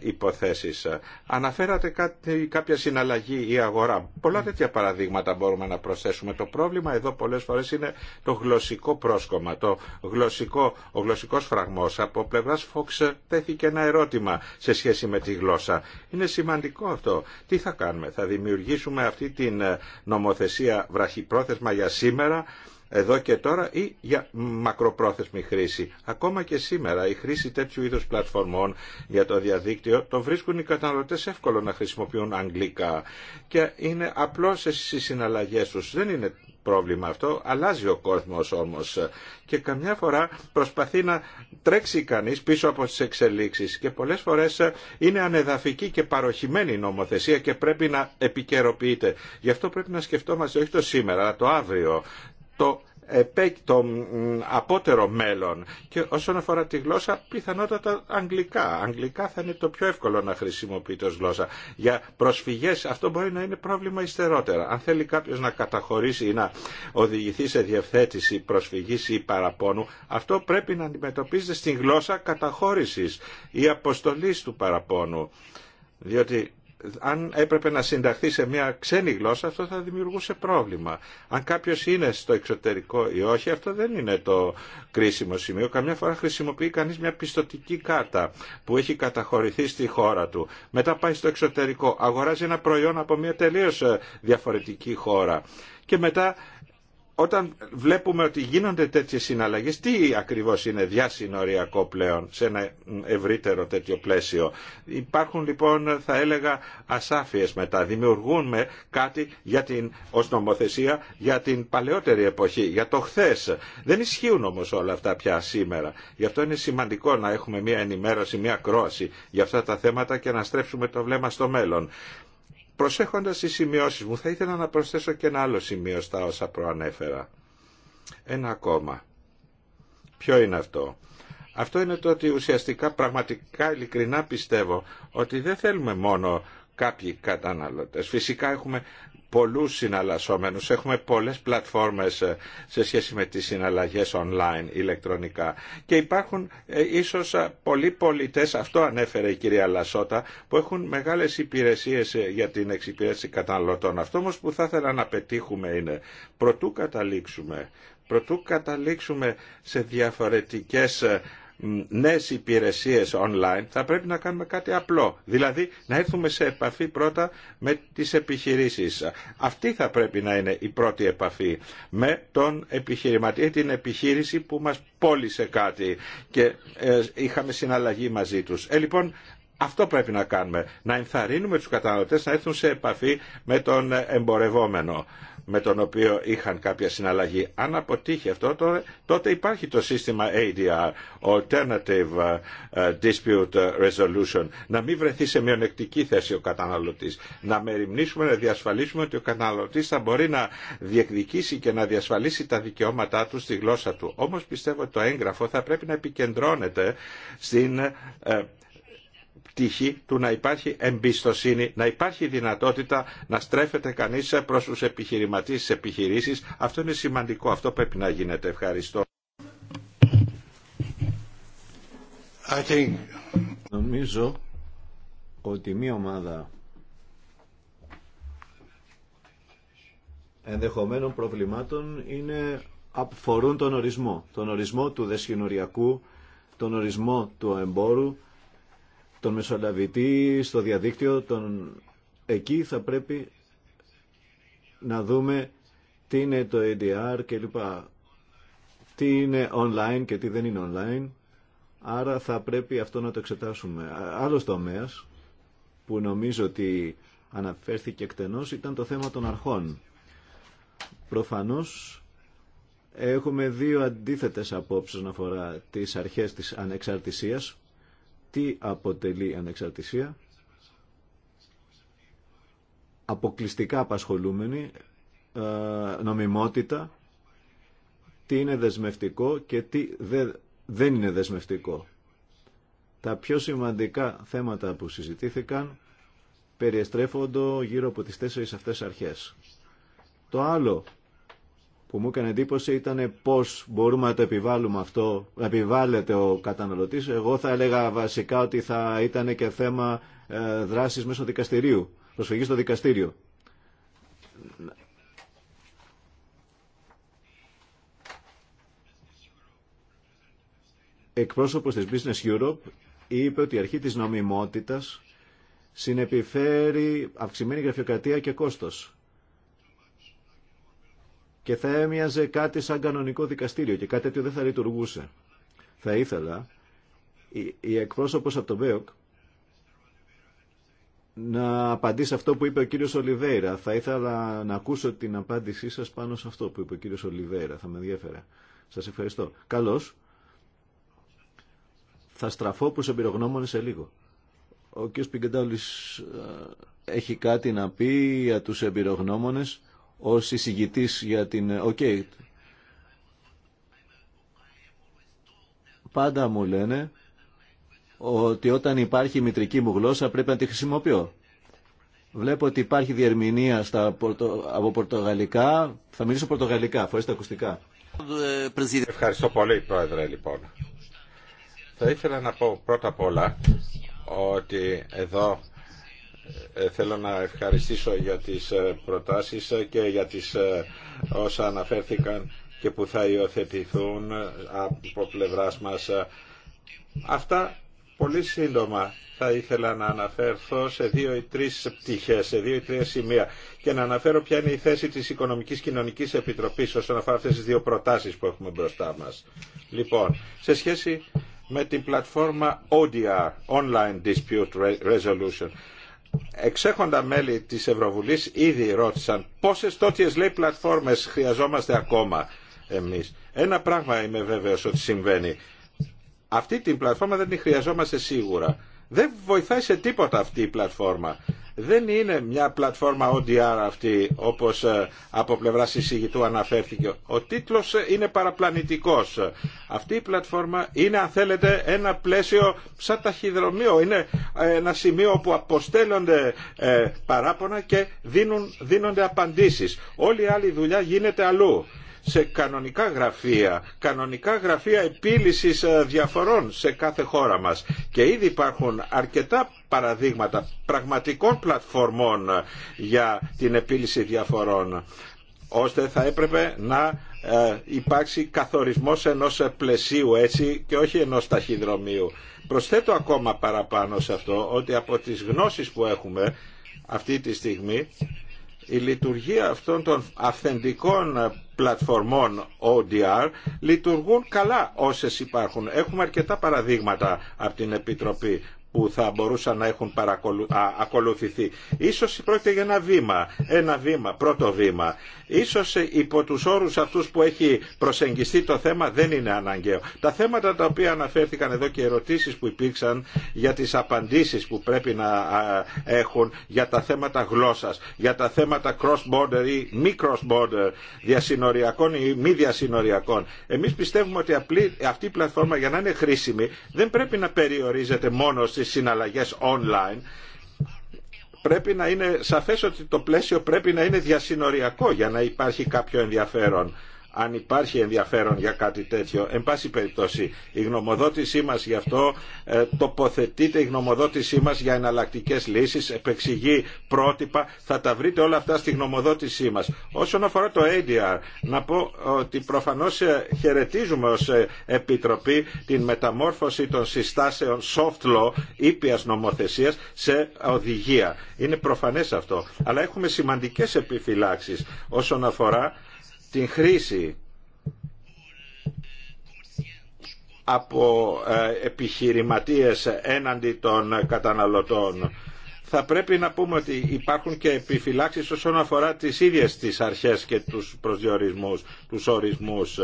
υποθέσεις. Αναφέρατε κάτι, κάποια συναλλαγή ή αγορά. Πολλά τέτοια παραδείγματα μπορούμε να προσθέσουμε. Το πρόβλημα εδώ πολλές φορές είναι το γλωσσικό πρόσκομα, το γλωσσικό, ο γλωσσικός φραγμός. Από πλευράς Fox τέθηκε ένα ερώτημα σε σχέση με τη γλώσσα. Είναι σημαντικό αυτό. Τι θα κάνουμε, θα δημιουργήσουμε αυτή την νομοθεσία βραχυπρόθεσμα για σήμερα εδώ και τώρα ή για μακροπρόθεσμη χρήση. Ακόμα και σήμερα η χρήση τέτοιου είδους πλατφορμών για το διαδίκτυο το βρίσκουν οι καταναλωτές εύκολο να χρησιμοποιούν αγγλικά και είναι απλώς στις συναλλαγές τους. Δεν είναι πρόβλημα αυτό, αλλάζει ο κόσμος όμως και καμιά φορά προσπαθεί να τρέξει κανείς πίσω από τις εξελίξεις και πολλές φορές είναι ανεδαφική και παροχημένη η νομοθεσία και πρέπει να επικαιροποιείται. Γι' αυτό πρέπει να σκεφτόμαστε όχι το σήμερα, αλλά το αύριο το απότερο μέλλον. Και όσον αφορά τη γλώσσα, πιθανότατα αγγλικά. Αγγλικά θα είναι το πιο εύκολο να χρησιμοποιείται ως γλώσσα. Για προσφυγές αυτό μπορεί να είναι πρόβλημα υστερότερα. Αν θέλει κάποιος να καταχωρήσει ή να οδηγηθεί σε διευθέτηση προσφυγής ή παραπόνου αυτό πρέπει να αντιμετωπίζεται στην γλώσσα καταχώρησης ή αποστολής του παραπόνου. Διότι αν έπρεπε να συνταχθεί σε μια ξένη γλώσσα αυτό θα δημιουργούσε πρόβλημα. Αν κάποιο είναι στο εξωτερικό ή όχι αυτό δεν είναι το κρίσιμο σημείο. Καμιά φορά χρησιμοποιεί κανεί μια πιστοτική κάρτα που έχει καταχωρηθεί στη χώρα του. Μετά πάει στο εξωτερικό, αγοράζει ένα προϊόν από μια τελείω ε, διαφορετική χώρα και μετά όταν βλέπουμε ότι γίνονται τέτοιες συναλλαγές, τι ακριβώς είναι διασυνοριακό πλέον σε ένα ευρύτερο τέτοιο πλαίσιο. Υπάρχουν λοιπόν θα έλεγα ασάφειες μετά. Δημιουργούμε κάτι για την, ως νομοθεσία για την παλαιότερη εποχή, για το χθες. Δεν ισχύουν όμως όλα αυτά πια σήμερα. Γι' αυτό είναι σημαντικό να έχουμε μια ενημέρωση, μια κρόαση για αυτά τα θέματα και να στρέψουμε το βλέμμα στο μέλλον. Προσέχοντας τις σημειώσεις μου, θα ήθελα να προσθέσω και ένα άλλο σημείο στα όσα προανέφερα. Ένα ακόμα. Ποιο είναι αυτό. Αυτό είναι το ότι ουσιαστικά πραγματικά ειλικρινά πιστεύω ότι δεν θέλουμε μόνο κάποιοι καταναλωτές. Φυσικά έχουμε πολλούς συναλλασσόμενους, έχουμε πολλές πλατφόρμες ε, σε σχέση με τις συναλλαγές online ηλεκτρονικά και υπάρχουν ε, ίσως ε, πολλοί πολιτές, αυτό ανέφερε η κυρία Λασότα, που έχουν μεγάλες υπηρεσίες για την εξυπηρέτηση καταναλωτών. Αυτό όμως που θα ήθελα να πετύχουμε είναι, προτού καταλήξουμε, προτού καταλήξουμε σε διαφορετικές νέες υπηρεσίες online θα πρέπει να κάνουμε κάτι απλό. Δηλαδή να έρθουμε σε επαφή πρώτα με τις επιχειρήσεις. Αυτή θα πρέπει να είναι η πρώτη επαφή με τον επιχειρηματή την επιχείρηση που μας πώλησε κάτι και ε, είχαμε συναλλαγή μαζί τους. Ε, λοιπόν, αυτό πρέπει να κάνουμε. Να ενθαρρύνουμε τους καταναλωτές να έρθουν σε επαφή με τον εμπορευόμενο με τον οποίο είχαν κάποια συναλλαγή. Αν αποτύχει αυτό τότε υπάρχει το σύστημα ADR, Alternative ε, Dispute Resolution, να μην βρεθεί σε μειονεκτική θέση ο καταναλωτής, να μεριμνήσουμε, να διασφαλίσουμε ότι ο καταναλωτής θα μπορεί να διεκδικήσει και να διασφαλίσει τα δικαιώματά του στη γλώσσα του. Όμως πιστεύω ότι το έγγραφο θα πρέπει να επικεντρώνεται στην ε, πτυχή του να υπάρχει εμπιστοσύνη, να υπάρχει δυνατότητα να στρέφεται κανείς προς τους επιχειρηματίες της επιχειρήσεις. Αυτό είναι σημαντικό, αυτό πρέπει να γίνεται. Ευχαριστώ. Νομίζω ότι μία ομάδα ενδεχομένων προβλημάτων είναι, αφορούν τον ορισμό. Τον ορισμό του δεσχυνοριακού, τον ορισμό του εμπόρου, τον μεσολαβητή στο διαδίκτυο, τον... εκεί θα πρέπει να δούμε τι είναι το ADR και λοιπά, τι είναι online και τι δεν είναι online, άρα θα πρέπει αυτό να το εξετάσουμε. Άλλος τομέας που νομίζω ότι αναφέρθηκε εκτενώς ήταν το θέμα των αρχών. Προφανώς έχουμε δύο αντίθετες απόψεις να αφορά τις αρχές της ανεξαρτησίας τι αποτελεί ανεξαρτησία. Αποκλειστικά απασχολούμενη, ε, νομιμότητα, τι είναι δεσμευτικό και τι δεν είναι δεσμευτικό. Τα πιο σημαντικά θέματα που συζητήθηκαν περιεστρέφονται γύρω από τις τέσσερις αυτές αρχές. Το άλλο που μου έκανε εντύπωση ήταν πώς μπορούμε να το επιβάλλουμε αυτό, να επιβάλλεται ο καταναλωτής. Εγώ θα έλεγα βασικά ότι θα ήταν και θέμα ε, δράσης μέσω δικαστηρίου, προσφυγή στο δικαστήριο. Εκπρόσωπος της Business Europe είπε ότι η αρχή της νομιμότητας συνεπιφέρει αυξημένη γραφειοκρατία και κόστος και θα έμοιαζε κάτι σαν κανονικό δικαστήριο και κάτι τέτοιο δεν θα λειτουργούσε. Θα ήθελα η, εκπρόσωπος από το ΒΕΟΚ να απαντήσει αυτό που είπε ο κύριος Ολιβέηρα. Θα ήθελα να ακούσω την απάντησή σας πάνω σε αυτό που είπε ο κύριος Ολιβέηρα. Θα με ενδιαφέρε. Σας ευχαριστώ. Καλώς. Θα στραφώ προς εμπειρογνώμονες σε λίγο. Ο κύριος Πιγκεντάλης ε, έχει κάτι να πει για τους εμπειρογνώμονες ως εισηγητή για την ΟΚΕΙΤ. Πάντα μου λένε ότι όταν υπάρχει η μητρική μου γλώσσα πρέπει να τη χρησιμοποιώ. Βλέπω ότι υπάρχει διερμηνία στα από πορτογαλικά. Θα μιλήσω πορτογαλικά, φορές τα ακουστικά. Ευχαριστώ πολύ, Πρόεδρε, λοιπόν. Θα ήθελα να πω πρώτα απ' όλα ότι εδώ ε, θέλω να ευχαριστήσω για τις ε, προτάσεις και για τις ε, όσα αναφέρθηκαν και που θα υιοθετηθούν από πλευράς μας. Αυτά πολύ σύντομα θα ήθελα να αναφερθώ σε δύο ή τρεις πτυχές, σε δύο ή τρία σημεία και να αναφέρω ποια είναι η θέση της Οικονομικής Κοινωνικής Επιτροπής όσον αφορά αυτές τις δύο προτάσεις που έχουμε μπροστά μας. Λοιπόν, σε σχέση με την πλατφόρμα ODR, Online Dispute Resolution εξέχοντα μέλη της Ευρωβουλής ήδη ρώτησαν πόσες τότιες λέει πλατφόρμες χρειαζόμαστε ακόμα εμείς. Ένα πράγμα είμαι βέβαιος ότι συμβαίνει. Αυτή την πλατφόρμα δεν τη χρειαζόμαστε σίγουρα. Δεν βοηθάει σε τίποτα αυτή η πλατφόρμα. Δεν είναι μια πλατφόρμα ODR αυτή όπως ε, από πλευρά συζητού αναφέρθηκε. Ο τίτλος ε, είναι παραπλανητικός. Αυτή η πλατφόρμα είναι αν θέλετε ένα πλαίσιο σαν ταχυδρομείο. Είναι ε, ένα σημείο όπου αποστέλλονται παράπονα και δίνουν, δίνονται απαντήσεις. Όλη η άλλη δουλειά γίνεται αλλού σε κανονικά γραφεία, κανονικά γραφεία επίλυσης ε, διαφορών σε κάθε χώρα μας. Και ήδη υπάρχουν αρκετά παραδείγματα πραγματικών πλατφορμών ε, για την επίλυση διαφορών ώστε θα έπρεπε να ε, υπάρξει καθορισμός ενός πλαισίου έτσι και όχι ενός ταχυδρομείου. Προσθέτω ακόμα παραπάνω σε αυτό ότι από τις γνώσεις που έχουμε αυτή τη στιγμή η λειτουργία αυτών των αυθεντικών πλατφορμών ODR λειτουργούν καλά όσες υπάρχουν. Έχουμε αρκετά παραδείγματα από την Επιτροπή που θα μπορούσαν να έχουν παρακολου... α, ακολουθηθεί. Ίσως πρόκειται για ένα βήμα, ένα βήμα, πρώτο βήμα. Ίσως ε, υπό τους όρους αυτούς που έχει προσεγγιστεί το θέμα δεν είναι αναγκαίο. Τα θέματα τα οποία αναφέρθηκαν εδώ και οι ερωτήσεις που υπήρξαν για τις απαντήσεις που πρέπει να έχουν για τα θέματα γλώσσας, για τα θέματα cross-border ή μη cross-border, διασυνοριακών ή μη διασυνοριακών. Εμείς πιστεύουμε ότι αυτή η πλατφόρμα για να είναι χρήσιμη δεν πρέπει να περιορίζεται μόνο στις συναλλαγές online πρέπει να είναι σαφές ότι το πλαίσιο πρέπει να είναι διασυνοριακό για να υπάρχει κάποιο ενδιαφέρον αν υπάρχει ενδιαφέρον για κάτι τέτοιο. Εν πάση περιπτώσει, η γνωμοδότησή μας γι' αυτό ε, τοποθετείται η γνωμοδότησή μας για εναλλακτικέ λύσεις, επεξηγεί πρότυπα, θα τα βρείτε όλα αυτά στη γνωμοδότησή μας. Όσον αφορά το ADR, να πω ότι προφανώς ε, χαιρετίζουμε ως ε, Επιτροπή την μεταμόρφωση των συστάσεων soft law, ήπιας νομοθεσίας, σε οδηγία. Είναι προφανές αυτό. Αλλά έχουμε σημαντικές επιφυλάξεις όσον αφορά την χρήση από ε, επιχειρηματίες έναντι των καταναλωτών. Θα πρέπει να πούμε ότι υπάρχουν και επιφυλάξεις όσον αφορά τις ίδιες τις αρχές και τους προσδιορισμούς, τους ορισμούς.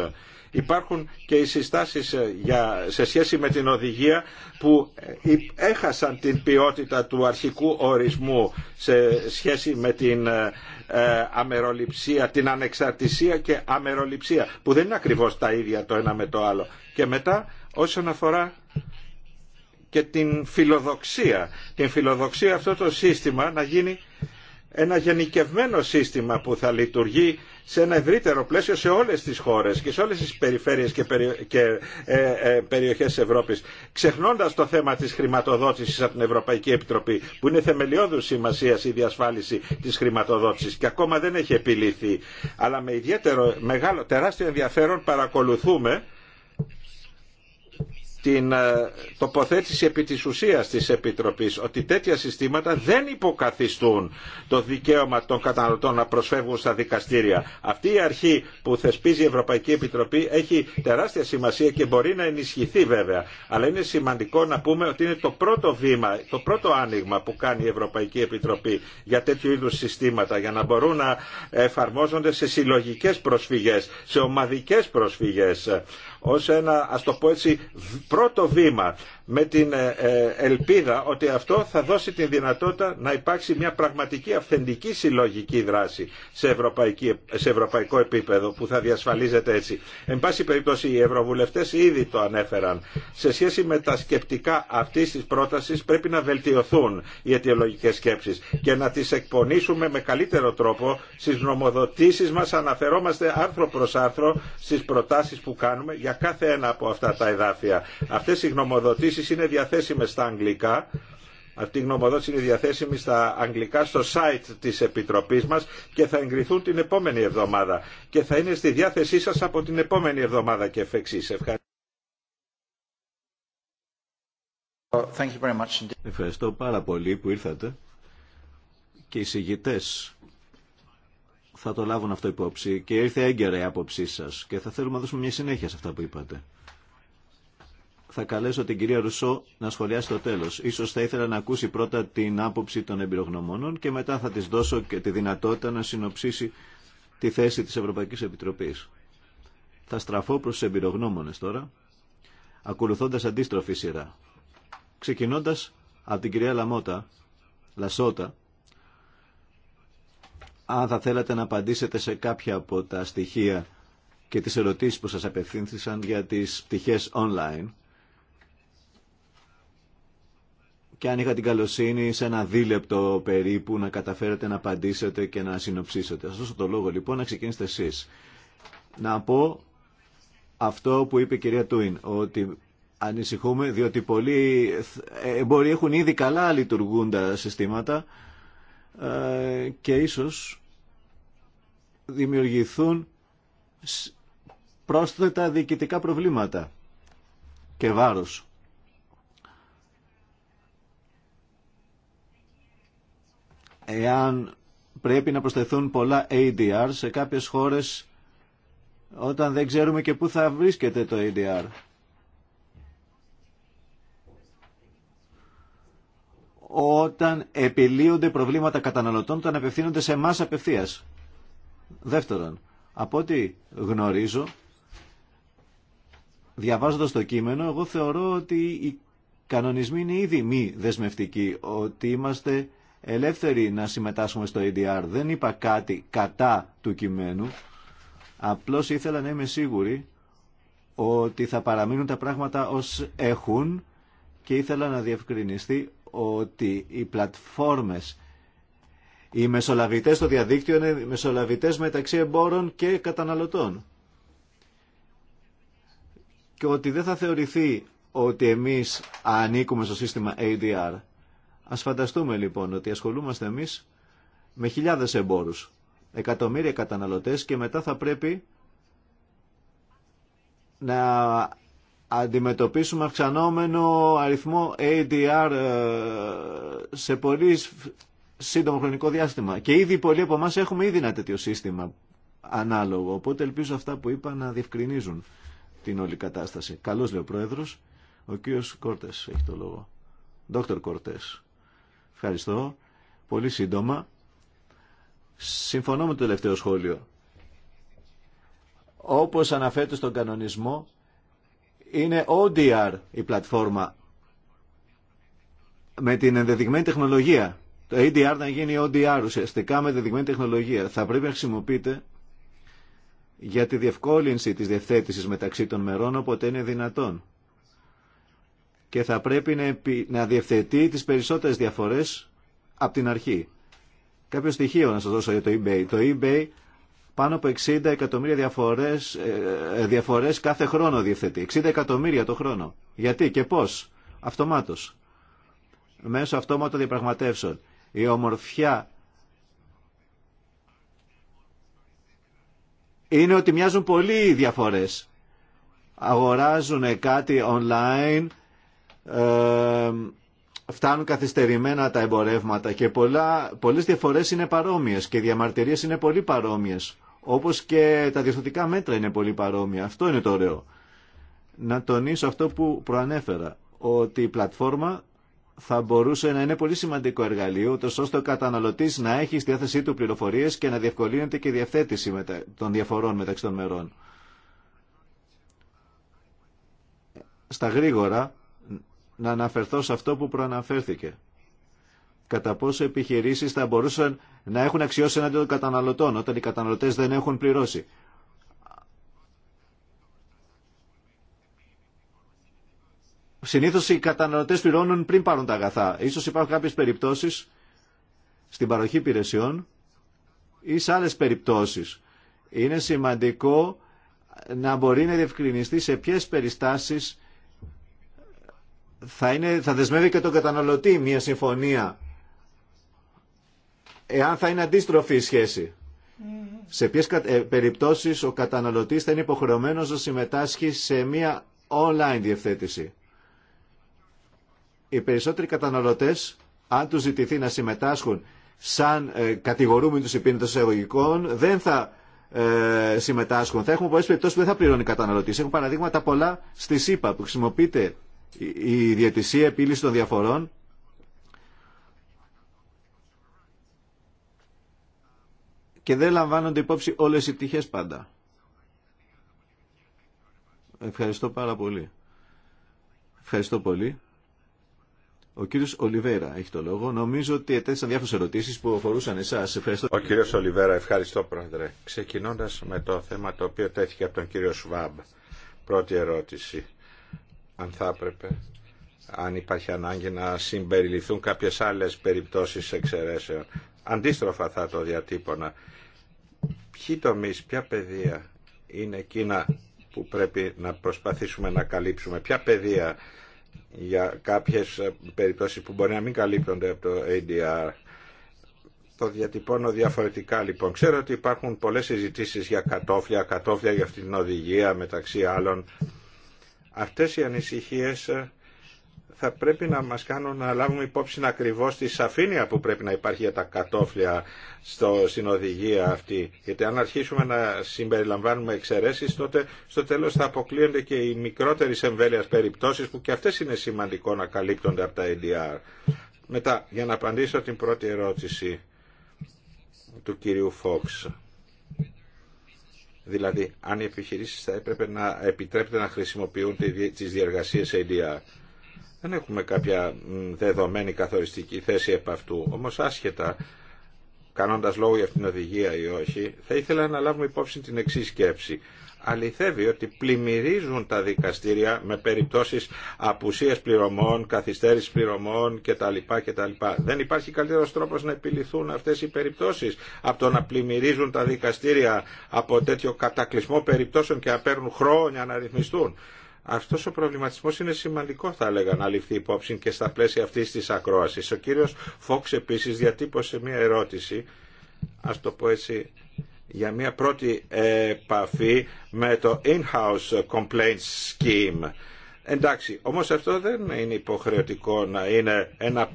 Υπάρχουν και οι συστάσεις ε, για, σε σχέση με την οδηγία που ε, έχασαν την ποιότητα του αρχικού ορισμού σε σχέση με την ε, αμεροληψία, την ανεξαρτησία και αμεροληψία που δεν είναι ακριβώς τα ίδια το ένα με το άλλο. Και μετά όσον αφορά και την φιλοδοξία, την φιλοδοξία αυτό το σύστημα να γίνει ένα γενικευμένο σύστημα που θα λειτουργεί σε ένα ευρύτερο πλαίσιο σε όλες τις χώρες και σε όλες τις περιφέρειες και, ε, ε, περιοχές της Ευρώπης, ξεχνώντας το θέμα της χρηματοδότησης από την Ευρωπαϊκή Επιτροπή, που είναι θεμελιώδους σημασίας η διασφάλιση της χρηματοδότησης και ακόμα δεν έχει επιληθεί. Αλλά με ιδιαίτερο μεγάλο, τεράστιο ενδιαφέρον παρακολουθούμε την ε, τοποθέτηση επί της ουσίας της Επιτροπής ότι τέτοια συστήματα δεν υποκαθιστούν το δικαίωμα των καταναλωτών να προσφεύγουν στα δικαστήρια. Αυτή η αρχή που θεσπίζει η Ευρωπαϊκή Επιτροπή έχει τεράστια σημασία και μπορεί να ενισχυθεί βέβαια. Αλλά είναι σημαντικό να πούμε ότι είναι το πρώτο βήμα, το πρώτο άνοιγμα που κάνει η Ευρωπαϊκή Επιτροπή για τέτοιου είδους συστήματα για να μπορούν να εφαρμόζονται σε συλλογικές προσφυγές, σε ομαδικές προσφυγές ως ένα, ας το πω έτσι, πρώτο βήμα με την ε, ε, ελπίδα ότι αυτό θα δώσει την δυνατότητα να υπάρξει μια πραγματική αυθεντική συλλογική δράση σε, ευρωπαϊκή, σε ευρωπαϊκό επίπεδο που θα διασφαλίζεται έτσι. Εν πάση περίπτωση οι ευρωβουλευτές ήδη το ανέφεραν. Σε σχέση με τα σκεπτικά αυτής της πρότασης πρέπει να βελτιωθούν οι αιτιολογικές σκέψεις και να τις εκπονήσουμε με καλύτερο τρόπο στις νομοδοτήσεις μας αναφερόμαστε άρθρο προς άρθρο στις προτάσεις που κάνουμε για κάθε ένα από αυτά τα εδάφια. Αυτές οι επίση είναι διαθέσιμε στα αγγλικά. Αυτή η γνωμοδότηση είναι διαθέσιμη στα αγγλικά στο site της Επιτροπής μας και θα εγκριθούν την επόμενη εβδομάδα και θα είναι στη διάθεσή σας από την επόμενη εβδομάδα και εφ' Ευχαριστώ. πάρα πολύ που ήρθατε και οι συγγητές θα το λάβουν αυτό υπόψη και ήρθε έγκαιρα η άποψή σας και θα θέλουμε να δώσουμε μια συνέχεια σε αυτά που είπατε θα καλέσω την κυρία Ρουσό να σχολιάσει το τέλος. Ίσως θα ήθελα να ακούσει πρώτα την άποψη των εμπειρογνωμόνων και μετά θα τη δώσω και τη δυνατότητα να συνοψίσει τη θέση της Ευρωπαϊκής Επιτροπής. Θα στραφώ προς του εμπειρογνώμονε τώρα, ακολουθώντας αντίστροφη σειρά. Ξεκινώντας από την κυρία Λαμότα, Λασότα, αν θα θέλατε να απαντήσετε σε κάποια από τα στοιχεία και τις ερωτήσεις που σας απευθύνθησαν για τις πτυχές online και αν είχα την καλοσύνη σε ένα δίλεπτο περίπου να καταφέρετε να απαντήσετε και να συνοψίσετε. Σας δώσω το λόγο λοιπόν να ξεκινήσετε εσείς. Να πω αυτό που είπε η κυρία Τούιν, ότι ανησυχούμε διότι πολλοί μπορεί έχουν ήδη καλά λειτουργούν τα συστήματα ε, και ίσως δημιουργηθούν πρόσθετα διοικητικά προβλήματα και βάρος εάν πρέπει να προσθεθούν πολλά ADR σε κάποιες χώρες όταν δεν ξέρουμε και πού θα βρίσκεται το ADR. Όταν επιλύονται προβλήματα καταναλωτών, όταν απευθύνονται σε εμά απευθεία. Δεύτερον, από ό,τι γνωρίζω, διαβάζοντας το κείμενο, εγώ θεωρώ ότι οι κανονισμοί είναι ήδη μη δεσμευτικοί, ότι είμαστε ελεύθεροι να συμμετάσχουμε στο ADR. Δεν είπα κάτι κατά του κειμένου. Απλώς ήθελα να είμαι σίγουρη ότι θα παραμείνουν τα πράγματα ως έχουν και ήθελα να διευκρινιστεί ότι οι πλατφόρμες, οι μεσολαβητές στο διαδίκτυο είναι μεσολαβητές μεταξύ εμπόρων και καταναλωτών. Και ότι δεν θα θεωρηθεί ότι εμείς ανήκουμε στο σύστημα ADR. Ας φανταστούμε λοιπόν ότι ασχολούμαστε εμείς με χιλιάδες εμπόρους, εκατομμύρια καταναλωτές και μετά θα πρέπει να αντιμετωπίσουμε αυξανόμενο αριθμό ADR ε, σε πολύ σύντομο χρονικό διάστημα. Και ήδη πολλοί από εμά έχουμε ήδη ένα τέτοιο σύστημα ανάλογο. Οπότε ελπίζω αυτά που είπα να διευκρινίζουν την όλη κατάσταση. Καλώς λέει ο Πρόεδρος, ο κύριος Κόρτες έχει το λόγο. Δόκτωρ Κόρτες. Ευχαριστώ. Πολύ σύντομα. Συμφωνώ με το τελευταίο σχόλιο. Όπως αναφέρεται στον κανονισμό, είναι ODR η πλατφόρμα με την ενδεδειγμένη τεχνολογία. Το ADR να γίνει ODR ουσιαστικά με ενδεδειγμένη τεχνολογία. Θα πρέπει να χρησιμοποιείται για τη διευκόλυνση της διευθέτησης μεταξύ των μερών όποτε είναι δυνατόν και θα πρέπει να διευθετεί τις περισσότερες διαφορές από την αρχή. Κάποιο στοιχείο να σας δώσω για το eBay. Το eBay πάνω από 60 εκατομμύρια διαφορές, ε, ε, διαφορές κάθε χρόνο διευθετεί. 60 εκατομμύρια το χρόνο. Γιατί και πώς. Αυτομάτως. Μέσω αυτόματων διαπραγματεύσεων. Η ομορφιά είναι ότι μοιάζουν πολύ οι διαφορές. Αγοράζουν κάτι online ε, φτάνουν καθυστερημένα τα εμπορεύματα και πολλά, πολλές διαφορές είναι παρόμοιες και οι διαμαρτυρίες είναι πολύ παρόμοιες. Όπως και τα διευθυντικά μέτρα είναι πολύ παρόμοια. Αυτό είναι το ωραίο. Να τονίσω αυτό που προανέφερα, ότι η πλατφόρμα θα μπορούσε να είναι πολύ σημαντικό εργαλείο, ούτως ώστε ο καταναλωτής να έχει στη διάθεσή του πληροφορίες και να διευκολύνεται και η διευθέτηση των διαφορών μεταξύ των μερών. Στα γρήγορα, να αναφερθώ σε αυτό που προαναφέρθηκε. Κατά πόσο επιχειρήσεις θα μπορούσαν να έχουν αξιώσει έναντι των καταναλωτών όταν οι καταναλωτές δεν έχουν πληρώσει. Συνήθω, οι καταναλωτές πληρώνουν πριν πάρουν τα αγαθά. Ίσως υπάρχουν κάποιες περιπτώσεις στην παροχή υπηρεσιών ή σε άλλε περιπτώσεις. Είναι σημαντικό να μπορεί να διευκρινιστεί σε ποιε περιστάσει θα, είναι, θα δεσμεύει και τον καταναλωτή μια συμφωνία εάν θα είναι αντίστροφη η σχέση. Σε ποιες ε, περιπτώσεις ο καταναλωτής θα είναι υποχρεωμένος να συμμετάσχει σε μια online διευθέτηση. Οι περισσότεροι καταναλωτές, αν τους ζητηθεί να συμμετάσχουν σαν ε, κατηγορούμενοι τους υπήρντες εισαγωγικών, δεν θα ε, συμμετάσχουν. Θα έχουμε πολλές περιπτώσεις που δεν θα πληρώνει καταναλωτής. Έχουν παραδείγματα πολλά στη ΣΥΠΑ που χρησιμοποιείται η διατησία επίλυση των διαφορών και δεν λαμβάνονται υπόψη όλες οι τυχές πάντα. Ευχαριστώ πάρα πολύ. Ευχαριστώ πολύ. Ο κύριος Ολιβέρα έχει το λόγο. Νομίζω ότι ετέθησαν διάφορες ερωτήσεις που αφορούσαν εσάς. Ευχαριστώ. Ο κύριος Ολιβέρα, ευχαριστώ πρόεδρε. Ξεκινώντας με το θέμα το οποίο τέθηκε από τον κύριο Σουβάμπ, Πρώτη ερώτηση αν θα έπρεπε, αν υπάρχει ανάγκη να συμπεριληφθούν κάποιες άλλες περιπτώσεις εξαιρέσεων. Αντίστροφα θα το διατύπωνα. Ποιοι τομείς, ποια πεδία είναι εκείνα που πρέπει να προσπαθήσουμε να καλύψουμε, ποια πεδία για κάποιες περιπτώσεις που μπορεί να μην καλύπτονται από το ADR. Το διατυπώνω διαφορετικά λοιπόν. Ξέρω ότι υπάρχουν πολλές συζητήσεις για κατόφλια, κατόφλια για αυτή την οδηγία μεταξύ άλλων. Αυτές οι ανησυχίες ε, θα πρέπει να μας κάνουν να λάβουμε υπόψη ακριβώς τη σαφήνεια που πρέπει να υπάρχει για τα κατόφλια στο, στην οδηγία αυτή. Γιατί αν αρχίσουμε να συμπεριλαμβάνουμε εξαιρέσεις, τότε στο τέλος θα αποκλείονται και οι μικρότερες εμβέλειας περιπτώσεις που και αυτές είναι σημαντικό να καλύπτονται από τα EDR. Μετά, για να απαντήσω την πρώτη ερώτηση του κυρίου Φόξ. Δηλαδή, αν οι επιχειρήσει θα έπρεπε να επιτρέπεται να χρησιμοποιούν τις διεργασίε ADR. Δεν έχουμε κάποια δεδομένη καθοριστική θέση επ' αυτού. Όμως άσχετα, κάνοντας λόγο για αυτήν την οδηγία ή όχι, θα ήθελα να λάβουμε υπόψη την εξή σκέψη αληθεύει ότι πλημμυρίζουν τα δικαστήρια με περιπτώσεις απουσίας πληρωμών, καθυστέρησης πληρωμών κτλ. κτλ. Δεν υπάρχει καλύτερος τρόπος να επιληθούν αυτές οι περιπτώσεις από το να πλημμυρίζουν τα δικαστήρια από τέτοιο κατακλυσμό περιπτώσεων και να παίρνουν χρόνια να ρυθμιστούν. Αυτός ο προβληματισμός είναι σημαντικό θα έλεγα να ληφθεί υπόψη και στα πλαίσια αυτής της ακρόασης. Ο κύριος Φόξ επίσης διατύπωσε μια ερώτηση, α το πω έτσι, για μια πρώτη επαφή με το in-house complaint scheme. Εντάξει, όμως αυτό δεν είναι υποχρεωτικό να είναι ένα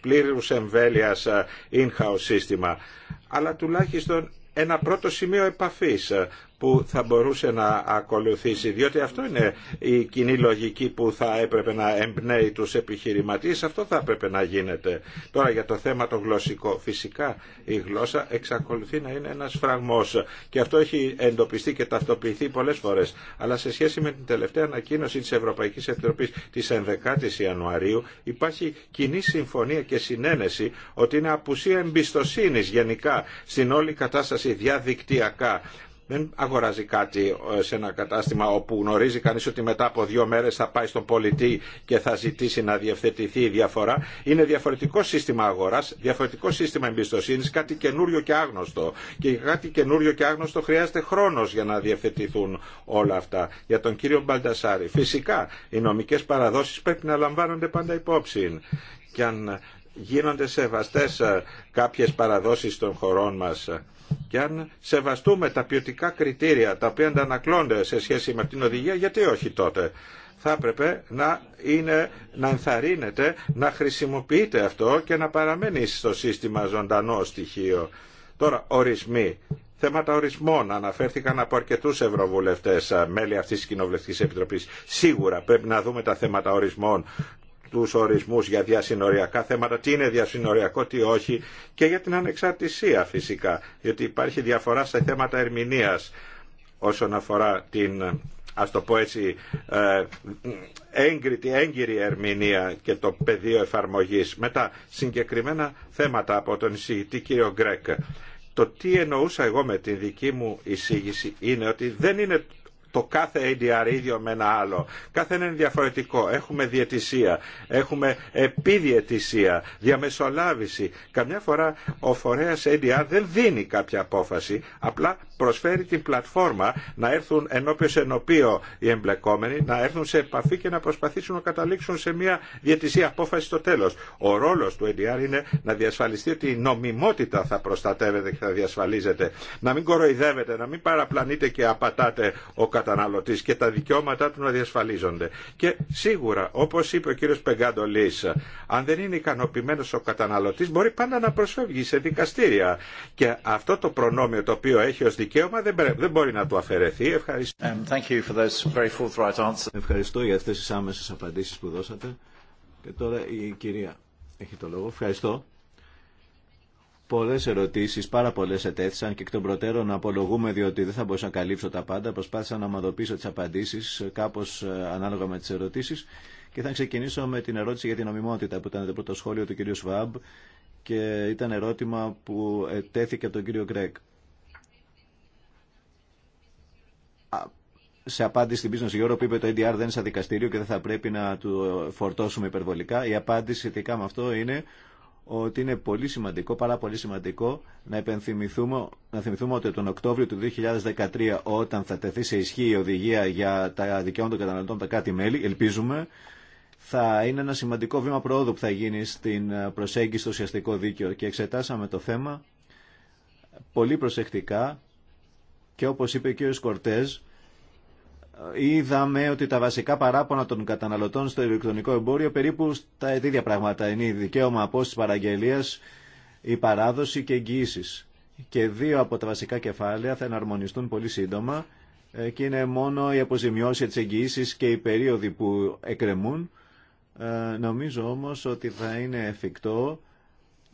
πλήρους εμβέλειας ε, in-house σύστημα, αλλά τουλάχιστον ένα πρώτο σημείο επαφής που θα μπορούσε να ακολουθήσει, διότι αυτό είναι η κοινή λογική που θα έπρεπε να εμπνέει τους επιχειρηματίες, αυτό θα έπρεπε να γίνεται. Τώρα για το θέμα το γλωσσικό, φυσικά η γλώσσα εξακολουθεί να είναι ένας φραγμός και αυτό έχει εντοπιστεί και ταυτοποιηθεί πολλές φορές, αλλά σε σχέση με την τελευταία ανακοίνωση της Ευρωπαϊκής Επιτροπής της 11ης Ιανουαρίου υπάρχει κοινή συμφωνία και συνένεση ότι είναι απουσία εμπιστοσύνης γενικά στην όλη κατάσταση διαδικτυακά δεν αγοράζει κάτι ε, σε ένα κατάστημα όπου γνωρίζει κανείς ότι μετά από δύο μέρες θα πάει στον πολιτή και θα ζητήσει να διευθετηθεί η διαφορά. Είναι διαφορετικό σύστημα αγοράς, διαφορετικό σύστημα εμπιστοσύνης, κάτι καινούριο και άγνωστο. Και κάτι καινούριο και άγνωστο χρειάζεται χρόνος για να διευθετηθούν όλα αυτά. Για τον κύριο Μπαλτασάρη, φυσικά οι νομικές παραδόσεις πρέπει να λαμβάνονται πάντα υπόψη. Και αν γίνονται σεβαστές ε, κάποιες παραδόσεις των χωρών μας, και αν σεβαστούμε τα ποιοτικά κριτήρια τα οποία αντανακλώνται σε σχέση με την οδηγία, γιατί όχι τότε θα έπρεπε να, είναι, να ενθαρρύνεται, να χρησιμοποιείται αυτό και να παραμένει στο σύστημα ζωντανό στοιχείο. Τώρα, ορισμοί. Θέματα ορισμών αναφέρθηκαν από αρκετού ευρωβουλευτέ, μέλη αυτή τη Κοινοβουλευτική Επιτροπή. Σίγουρα πρέπει να δούμε τα θέματα ορισμών τους ορισμούς για διασυνοριακά θέματα, τι είναι διασυνοριακό, τι όχι και για την ανεξαρτησία φυσικά, διότι υπάρχει διαφορά σε θέματα ερμηνεία όσον αφορά την ας το πω έτσι, ε, έγκριτη, έγκυρη ερμηνεία και το πεδίο εφαρμογής. Μετά, συγκεκριμένα θέματα από τον εισηγητή κύριο Γκρέκ. Το τι εννοούσα εγώ με την δική μου εισήγηση είναι ότι δεν είναι το κάθε ADR ίδιο με ένα άλλο. Κάθε ένα είναι διαφορετικό. Έχουμε διαιτησία, έχουμε επιδιαιτησία, διαμεσολάβηση. Καμιά φορά ο φορέας ADR δεν δίνει κάποια απόφαση, απλά προσφέρει την πλατφόρμα να έρθουν ενώπιο σε ενωπίο οι εμπλεκόμενοι, να έρθουν σε επαφή και να προσπαθήσουν να καταλήξουν σε μια διαιτησία απόφαση στο τέλο. Ο ρόλο του EDR είναι να διασφαλιστεί ότι η νομιμότητα θα προστατεύεται και θα διασφαλίζεται. Να μην κοροϊδεύεται, να μην παραπλανείται και απατάται ο καταναλωτή και τα δικαιώματά του να διασφαλίζονται. Και σίγουρα, όπω είπε ο κύριο Πεγκάντολη, αν δεν είναι ικανοποιημένο ο καταναλωτή, μπορεί πάντα να προσφεύγει σε δικαστήρια. Και αυτό το προνόμιο το οποίο έχει ω δικαιώμα δικαίωμα δεν, δεν μπορεί να του αφαιρεθεί. Ευχαριστώ. Um, thank you for Ευχαριστώ για αυτές τις άμεσες απαντήσεις που δώσατε. Και τώρα η κυρία έχει το λόγο. Ευχαριστώ. Πολλές ερωτήσεις, πάρα πολλές ετέθησαν και εκ των προτέρων απολογούμε διότι δεν θα μπορούσα να καλύψω τα πάντα. Προσπάθησα να ομαδοποιήσω τις απαντήσεις κάπως ε, ανάλογα με τις ερωτήσεις και θα ξεκινήσω με την ερώτηση για την νομιμότητα που ήταν το πρώτο σχόλιο του κυρίου Σβάμπ και ήταν ερώτημα που τέθηκε από τον κύριο Γκρέκ. σε απάντηση στην Business Europe είπε το EDR δεν είναι σαν δικαστήριο και δεν θα πρέπει να το φορτώσουμε υπερβολικά. Η απάντηση σχετικά με αυτό είναι ότι είναι πολύ σημαντικό, πάρα πολύ σημαντικό να υπενθυμηθούμε, να θυμηθούμε ότι τον Οκτώβριο του 2013 όταν θα τεθεί σε ισχύ η οδηγία για τα δικαιώματα των καταναλωτών τα κάτι μέλη, ελπίζουμε, θα είναι ένα σημαντικό βήμα προόδου που θα γίνει στην προσέγγιση στο ουσιαστικό δίκαιο και εξετάσαμε το θέμα πολύ προσεκτικά και όπως είπε και ο κ. είδαμε ότι τα βασικά παράπονα των καταναλωτών στο ηλεκτρονικό εμπόριο περίπου στα ίδια πράγματα είναι η δικαίωμα από τις παραγγελίας, η παράδοση και εγγυήσει. Και δύο από τα βασικά κεφάλαια θα εναρμονιστούν πολύ σύντομα ε, και είναι μόνο η αποζημιώση της εγγυήσεις και οι περίοδοι που εκκρεμούν. Ε, νομίζω όμως ότι θα είναι εφικτό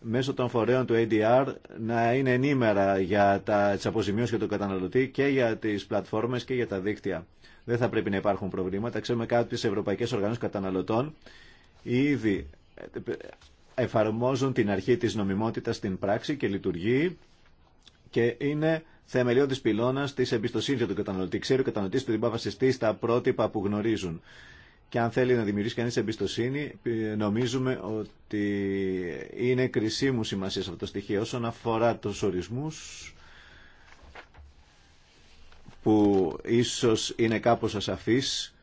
μέσω των φορέων του ADR να είναι ενήμερα για τα, τις αποζημιώσεις για τον καταναλωτή και για τις πλατφόρμες και για τα δίκτυα. Δεν θα πρέπει να υπάρχουν προβλήματα. Ξέρουμε κάποιες ευρωπαϊκές οργανώσεις καταναλωτών ήδη ε, εφαρμόζουν την αρχή της νομιμότητας στην πράξη και λειτουργεί και είναι θεμελιώδης πυλώνας της εμπιστοσύνης για τον καταναλωτή. Ξέρει ο καταναλωτής ότι δεν βασιστεί στα πρότυπα που γνωρίζουν και αν θέλει να δημιουργήσει κανείς εμπιστοσύνη, ε, νομίζουμε ότι είναι κρισίμου σημασία σε αυτό το στοιχείο. Όσον αφορά τους ορισμούς, που ίσως είναι κάπως ασαφείς,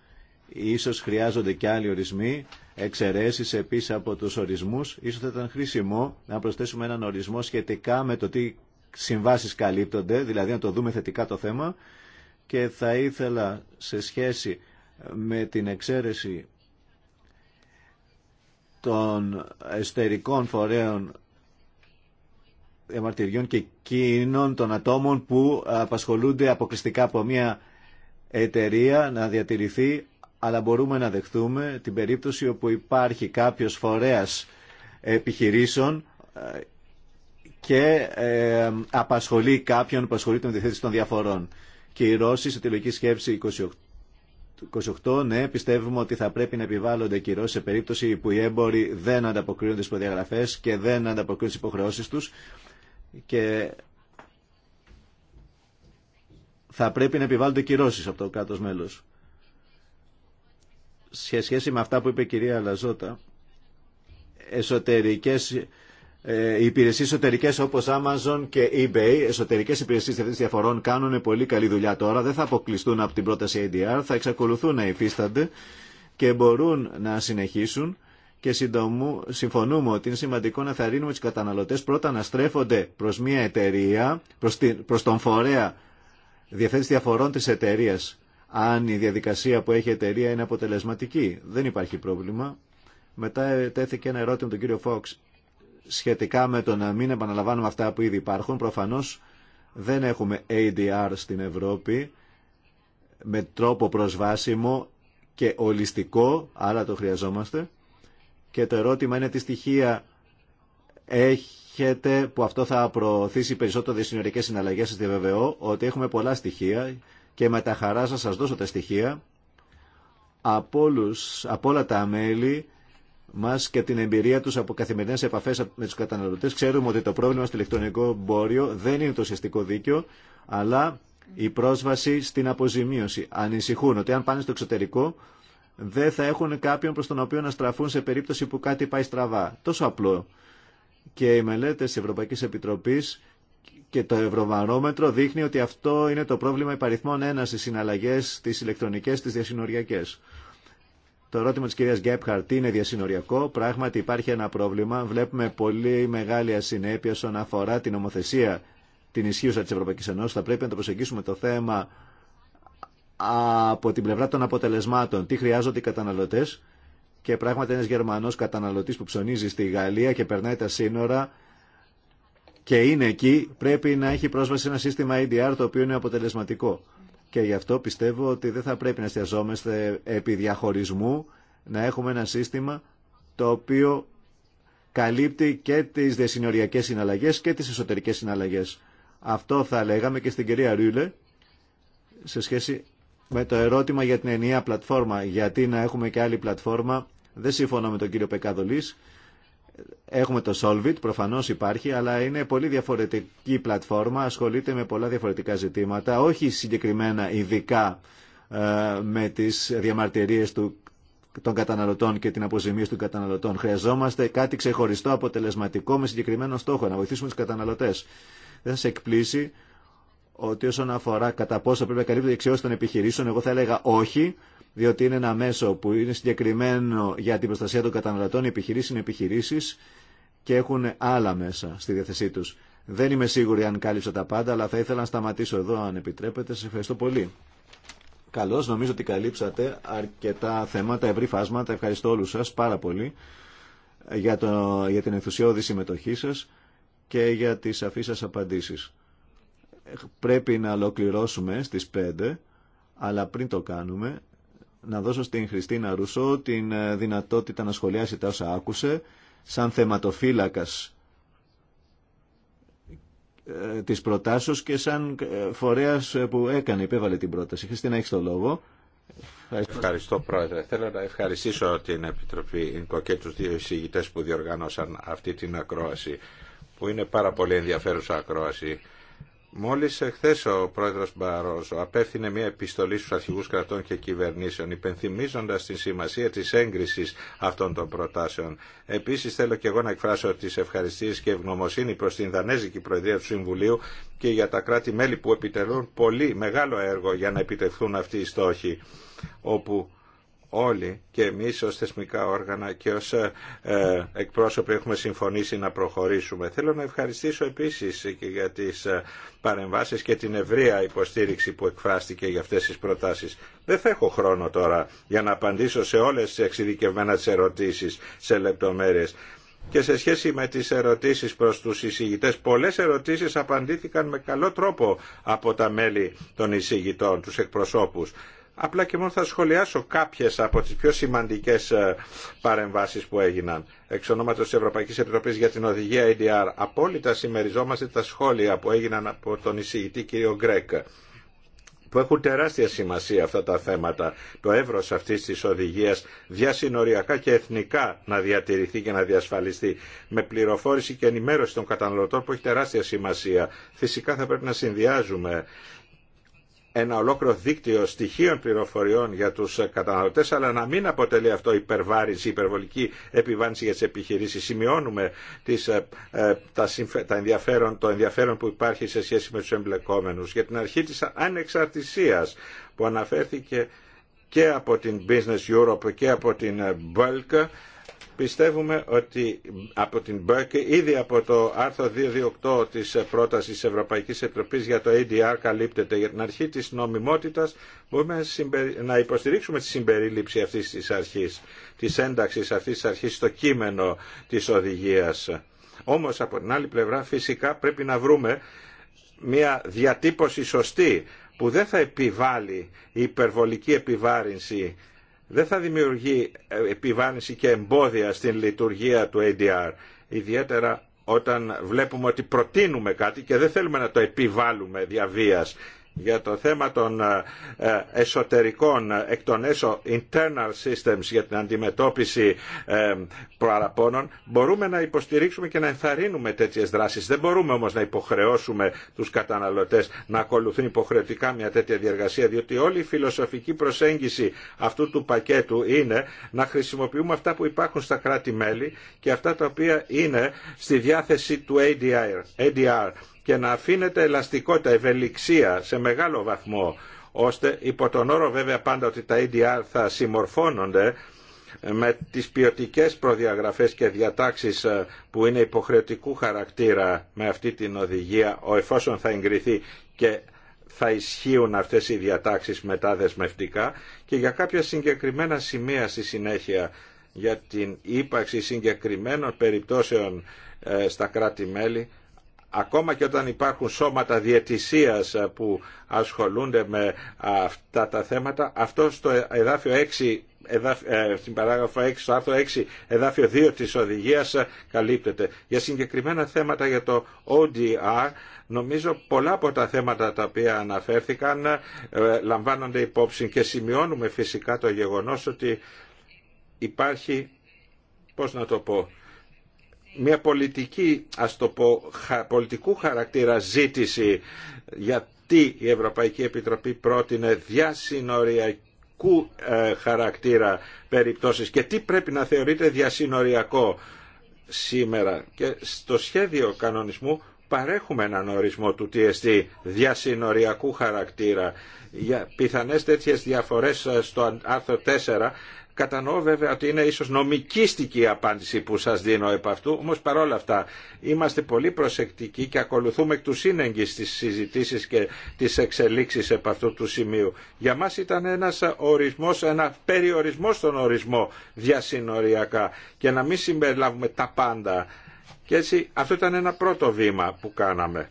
ίσως χρειάζονται και άλλοι ορισμοί, εξαιρέσεις επίσης από τους ορισμούς, ίσως θα ήταν χρήσιμο να προσθέσουμε έναν ορισμό σχετικά με το τι συμβάσεις καλύπτονται, δηλαδή να το δούμε θετικά το θέμα και θα ήθελα σε σχέση με την εξαίρεση των εστερικών φορέων διαμαρτυριών και εκείνων των ατόμων που απασχολούνται αποκλειστικά από μια εταιρεία να διατηρηθεί αλλά μπορούμε να δεχθούμε την περίπτωση όπου υπάρχει κάποιος φορέας επιχειρήσεων ε, και ε, απασχολεί κάποιον που ασχολείται με τη θέση των διαφορών. Και οι Ρώσοι σε τη λογική σκέψη 28, ναι, πιστεύουμε ότι θα πρέπει να επιβάλλονται κυρώσει σε περίπτωση που οι έμποροι δεν ανταποκρίνονται στι προδιαγραφέ και δεν ανταποκρίνονται στι υποχρεώσει του. Και θα πρέπει να επιβάλλονται κυρώσει από το κάτω μέλο. Σε σχέση με αυτά που είπε η κυρία Λαζότα, εσωτερικές ε, οι υπηρεσίε εσωτερικέ όπω Amazon και eBay, εσωτερικέ υπηρεσίε διαφορών, κάνουν πολύ καλή δουλειά τώρα. Δεν θα αποκλειστούν από την πρόταση ADR, θα εξακολουθούν να υφίστανται και μπορούν να συνεχίσουν. Και συντομού, συμφωνούμε ότι είναι σημαντικό να θαρρύνουμε του καταναλωτέ πρώτα να στρέφονται προ μια εταιρεία, προ τον φορέα διευθύνση διαφορών τη εταιρεία. Αν η διαδικασία που έχει η εταιρεία είναι αποτελεσματική, δεν υπάρχει πρόβλημα. Μετά τέθηκε ένα ερώτημα τον κύριο Φόξ σχετικά με το να μην επαναλαμβάνουμε αυτά που ήδη υπάρχουν. Προφανώς δεν έχουμε ADR στην Ευρώπη με τρόπο προσβάσιμο και ολιστικό, άρα το χρειαζόμαστε. Και το ερώτημα είναι τι στοιχεία έχετε που αυτό θα προωθήσει περισσότερο δυσυνορικές συναλλαγές. στη διαβεβαιώ ότι έχουμε πολλά στοιχεία και με τα χαρά σας σας δώσω τα στοιχεία από, από όλα τα μέλη μα και την εμπειρία του από καθημερινέ επαφέ με του καταναλωτέ, ξέρουμε ότι το πρόβλημα στο ηλεκτρονικό εμπόριο δεν είναι το ουσιαστικό δίκαιο, αλλά η πρόσβαση στην αποζημίωση. Ανησυχούν ότι αν πάνε στο εξωτερικό δεν θα έχουν κάποιον προ τον οποίο να στραφούν σε περίπτωση που κάτι πάει στραβά. Τόσο απλό. Και οι μελέτε τη Ευρωπαϊκή Επιτροπή και το ευρωβαρόμετρο δείχνει ότι αυτό είναι το πρόβλημα υπαριθμών ένα στι συναλλαγέ, τι ηλεκτρονικέ, τι διασυνοριακέ. Το ερώτημα τη κυρία Γκέπχαρτ είναι διασυνοριακό. Πράγματι υπάρχει ένα πρόβλημα. Βλέπουμε πολύ μεγάλη ασυνέπεια όσον αφορά την νομοθεσία την ισχύουσα τη Ευρωπαϊκή Ένωση. Θα πρέπει να το προσεγγίσουμε το θέμα από την πλευρά των αποτελεσμάτων. Τι χρειάζονται οι καταναλωτέ, και πράγματι ένα Γερμανό καταναλωτή που ψωνίζει στη Γαλλία και περνάει τα σύνορα και είναι εκεί πρέπει να έχει πρόσβαση σε ένα σύστημα EDR το οποίο είναι αποτελεσματικό και γι' αυτό πιστεύω ότι δεν θα πρέπει να εστιαζόμαστε επί διαχωρισμού, να έχουμε ένα σύστημα το οποίο καλύπτει και τις διασυνοριακές συναλλαγές και τις εσωτερικές συναλλαγές. Αυτό θα λέγαμε και στην κυρία Ρούλε σε σχέση με το ερώτημα για την ενιαία πλατφόρμα. Γιατί να έχουμε και άλλη πλατφόρμα, δεν συμφωνώ με τον κύριο Πεκάδολης Έχουμε το Solvit, προφανώς υπάρχει, αλλά είναι πολύ διαφορετική πλατφόρμα, ασχολείται με πολλά διαφορετικά ζητήματα, όχι συγκεκριμένα ειδικά ε, με τις διαμαρτυρίες του, των καταναλωτών και την αποζημίωση των καταναλωτών. Χρειαζόμαστε κάτι ξεχωριστό, αποτελεσματικό, με συγκεκριμένο στόχο, να βοηθήσουμε τους καταναλωτέ. Δεν θα σε εκπλήσει ότι όσον αφορά κατά πόσο πρέπει να καλύπτει των επιχειρήσεων, εγώ θα έλεγα όχι, διότι είναι ένα μέσο που είναι συγκεκριμένο για την προστασία των καταναλωτών, οι επιχειρήσει είναι επιχειρήσει και έχουν άλλα μέσα στη διάθεσή του. Δεν είμαι σίγουρη αν κάλυψα τα πάντα, αλλά θα ήθελα να σταματήσω εδώ αν επιτρέπετε. Σα ευχαριστώ πολύ. Καλώ, νομίζω ότι καλύψατε αρκετά θέματα, ευρύ φάσματα. Ευχαριστώ όλου σα πάρα πολύ για, το, για την ενθουσιώδη συμμετοχή σα και για τι σαφείς σα απαντήσει. Πρέπει να ολοκληρώσουμε στις 5, αλλά πριν το κάνουμε να δώσω στην Χριστίνα Ρουσό την ε, δυνατότητα να σχολιάσει τα όσα άκουσε σαν θεματοφύλακας ε, της προτάσεως και σαν ε, φορέας που έκανε, υπέβαλε την πρόταση. Χριστίνα, έχεις το λόγο. Ευχαριστώ Πρόεδρε. Θέλω να ευχαριστήσω την Επιτροπή ΙΝΚΟ και τους δύο εισηγητές που διοργάνωσαν αυτή την ακρόαση που είναι πάρα πολύ ενδιαφέρουσα ακρόαση Μόλις εχθέ ο πρόεδρος Μπαρόζο απέφθινε μια επιστολή στους αρχηγούς κρατών και κυβερνήσεων υπενθυμίζοντας την σημασία της έγκρισης αυτών των προτάσεων. Επίσης θέλω και εγώ να εκφράσω τις ευχαριστίες και ευγνωμοσύνη προς την Δανέζικη Προεδρία του Συμβουλίου και για τα κράτη-μέλη που επιτελούν πολύ μεγάλο έργο για να επιτευχθούν αυτοί οι στόχοι όπου όλοι και εμείς ως θεσμικά όργανα και ως ε, ε, εκπρόσωποι έχουμε συμφωνήσει να προχωρήσουμε. Θέλω να ευχαριστήσω επίσης και για τις ε, παρεμβάσεις και την ευρεία υποστήριξη που εκφράστηκε για αυτές τις προτάσεις. Δεν θα έχω χρόνο τώρα για να απαντήσω σε όλες τις εξειδικευμένα τις ερωτήσεις σε λεπτομέρειες. Και σε σχέση με τις ερωτήσεις προς τους εισηγητές, πολλές ερωτήσεις απαντήθηκαν με καλό τρόπο από τα μέλη των εισηγητών, τους εκπροσώπους. Απλά και μόνο θα σχολιάσω κάποιες από τις πιο σημαντικές ε, παρεμβάσεις που έγιναν εξ ονόματος της Ευρωπαϊκής Επιτροπής για την οδηγία EDR. Απόλυτα συμμεριζόμαστε τα σχόλια που έγιναν από τον εισηγητή κ. Γκρέκ που έχουν τεράστια σημασία αυτά τα θέματα, το εύρος αυτής της οδηγίας διασυνοριακά και εθνικά να διατηρηθεί και να διασφαλιστεί με πληροφόρηση και ενημέρωση των καταναλωτών που έχει τεράστια σημασία. Φυσικά θα πρέπει να συνδυάζουμε ένα ολόκληρο δίκτυο στοιχείων πληροφοριών για του καταναλωτέ, αλλά να μην αποτελεί αυτό υπερβάρηση, υπερβολική επιβάρηση για τι επιχειρήσει. Σημειώνουμε τις, ε, ε, τα, τα ενδιαφέρον, το ενδιαφέρον που υπάρχει σε σχέση με του εμπλεκόμενου Για την αρχή τη ανεξαρτησία που αναφέρθηκε και από την Business Europe και από την BULK, Πιστεύουμε ότι από την Μπεκ, ήδη από το άρθρο 228 της πρότασης Ευρωπαϊκής Επιτροπής για το ADR καλύπτεται για την αρχή της νομιμότητας, μπορούμε να υποστηρίξουμε τη συμπερίληψη αυτής της αρχής, της ένταξης αυτής της αρχής στο κείμενο της οδηγίας. Όμως από την άλλη πλευρά φυσικά πρέπει να βρούμε μια διατύπωση σωστή που δεν θα επιβάλλει η υπερβολική επιβάρυνση δεν θα δημιουργεί ε, επιβάρυνση και εμπόδια στην λειτουργία του ADR. Ιδιαίτερα όταν βλέπουμε ότι προτείνουμε κάτι και δεν θέλουμε να το επιβάλλουμε διαβίας για το θέμα των ε, ε, εσωτερικών εκ των έσω internal systems για την αντιμετώπιση ε, προαραπώνων μπορούμε να υποστηρίξουμε και να ενθαρρύνουμε τέτοιες δράσεις. Δεν μπορούμε όμως να υποχρεώσουμε τους καταναλωτές να ακολουθούν υποχρεωτικά μια τέτοια διεργασία διότι όλη η φιλοσοφική προσέγγιση αυτού του πακέτου είναι να χρησιμοποιούμε αυτά που υπάρχουν στα κράτη-μέλη και αυτά τα οποία είναι στη διάθεση του ADR. ADR και να αφήνεται ελαστικότητα, ευελιξία σε μεγάλο βαθμό, ώστε υπό τον όρο βέβαια πάντα ότι τα EDR θα συμμορφώνονται με τις ποιοτικές προδιαγραφές και διατάξεις ε, που είναι υποχρεωτικού χαρακτήρα με αυτή την οδηγία, ο εφόσον θα εγκριθεί και θα ισχύουν αυτές οι διατάξεις μετά δεσμευτικά και για κάποια συγκεκριμένα σημεία στη συνέχεια για την ύπαρξη συγκεκριμένων περιπτώσεων ε, στα κράτη-μέλη ακόμα και όταν υπάρχουν σώματα διαιτησίας ε, που ασχολούνται με ε, αυτά τα θέματα, αυτό στο εδάφιο 6 ε, στην παράγραφο 6, στο άρθρο 6, εδάφιο 2 της οδηγίας καλύπτεται. Για συγκεκριμένα θέματα για το ODR, νομίζω πολλά από τα θέματα τα οποία αναφέρθηκαν λαμβάνονται υπόψη και σημειώνουμε φυσικά το γεγονός ότι υπάρχει, πώς να το πω, μια πολιτική, ας το πω, πολιτικού χαρακτήρα ζήτηση γιατί η Ευρωπαϊκή Επιτροπή πρότεινε διασυνοριακού ε, χαρακτήρα περιπτώσεις και τι πρέπει να θεωρείται διασυνοριακό σήμερα. Και στο σχέδιο κανονισμού παρέχουμε έναν ορισμό του TST διασυνοριακού χαρακτήρα για πιθανές τέτοιες διαφορές ε, στο άρθρο 4 Κατανοώ βέβαια ότι είναι ίσως νομικίστικη η απάντηση που σας δίνω επ' αυτού, όμως παρόλα αυτά είμαστε πολύ προσεκτικοί και ακολουθούμε εκ του σύνεγγυς τις συζητήσεις και τις εξελίξεις επ' αυτού του σημείου. Για μας ήταν ένας ορισμός, ένα περιορισμό στον ορισμό διασυνοριακά και να μην συμπεριλάβουμε τα πάντα. Και έτσι αυτό ήταν ένα πρώτο βήμα που κάναμε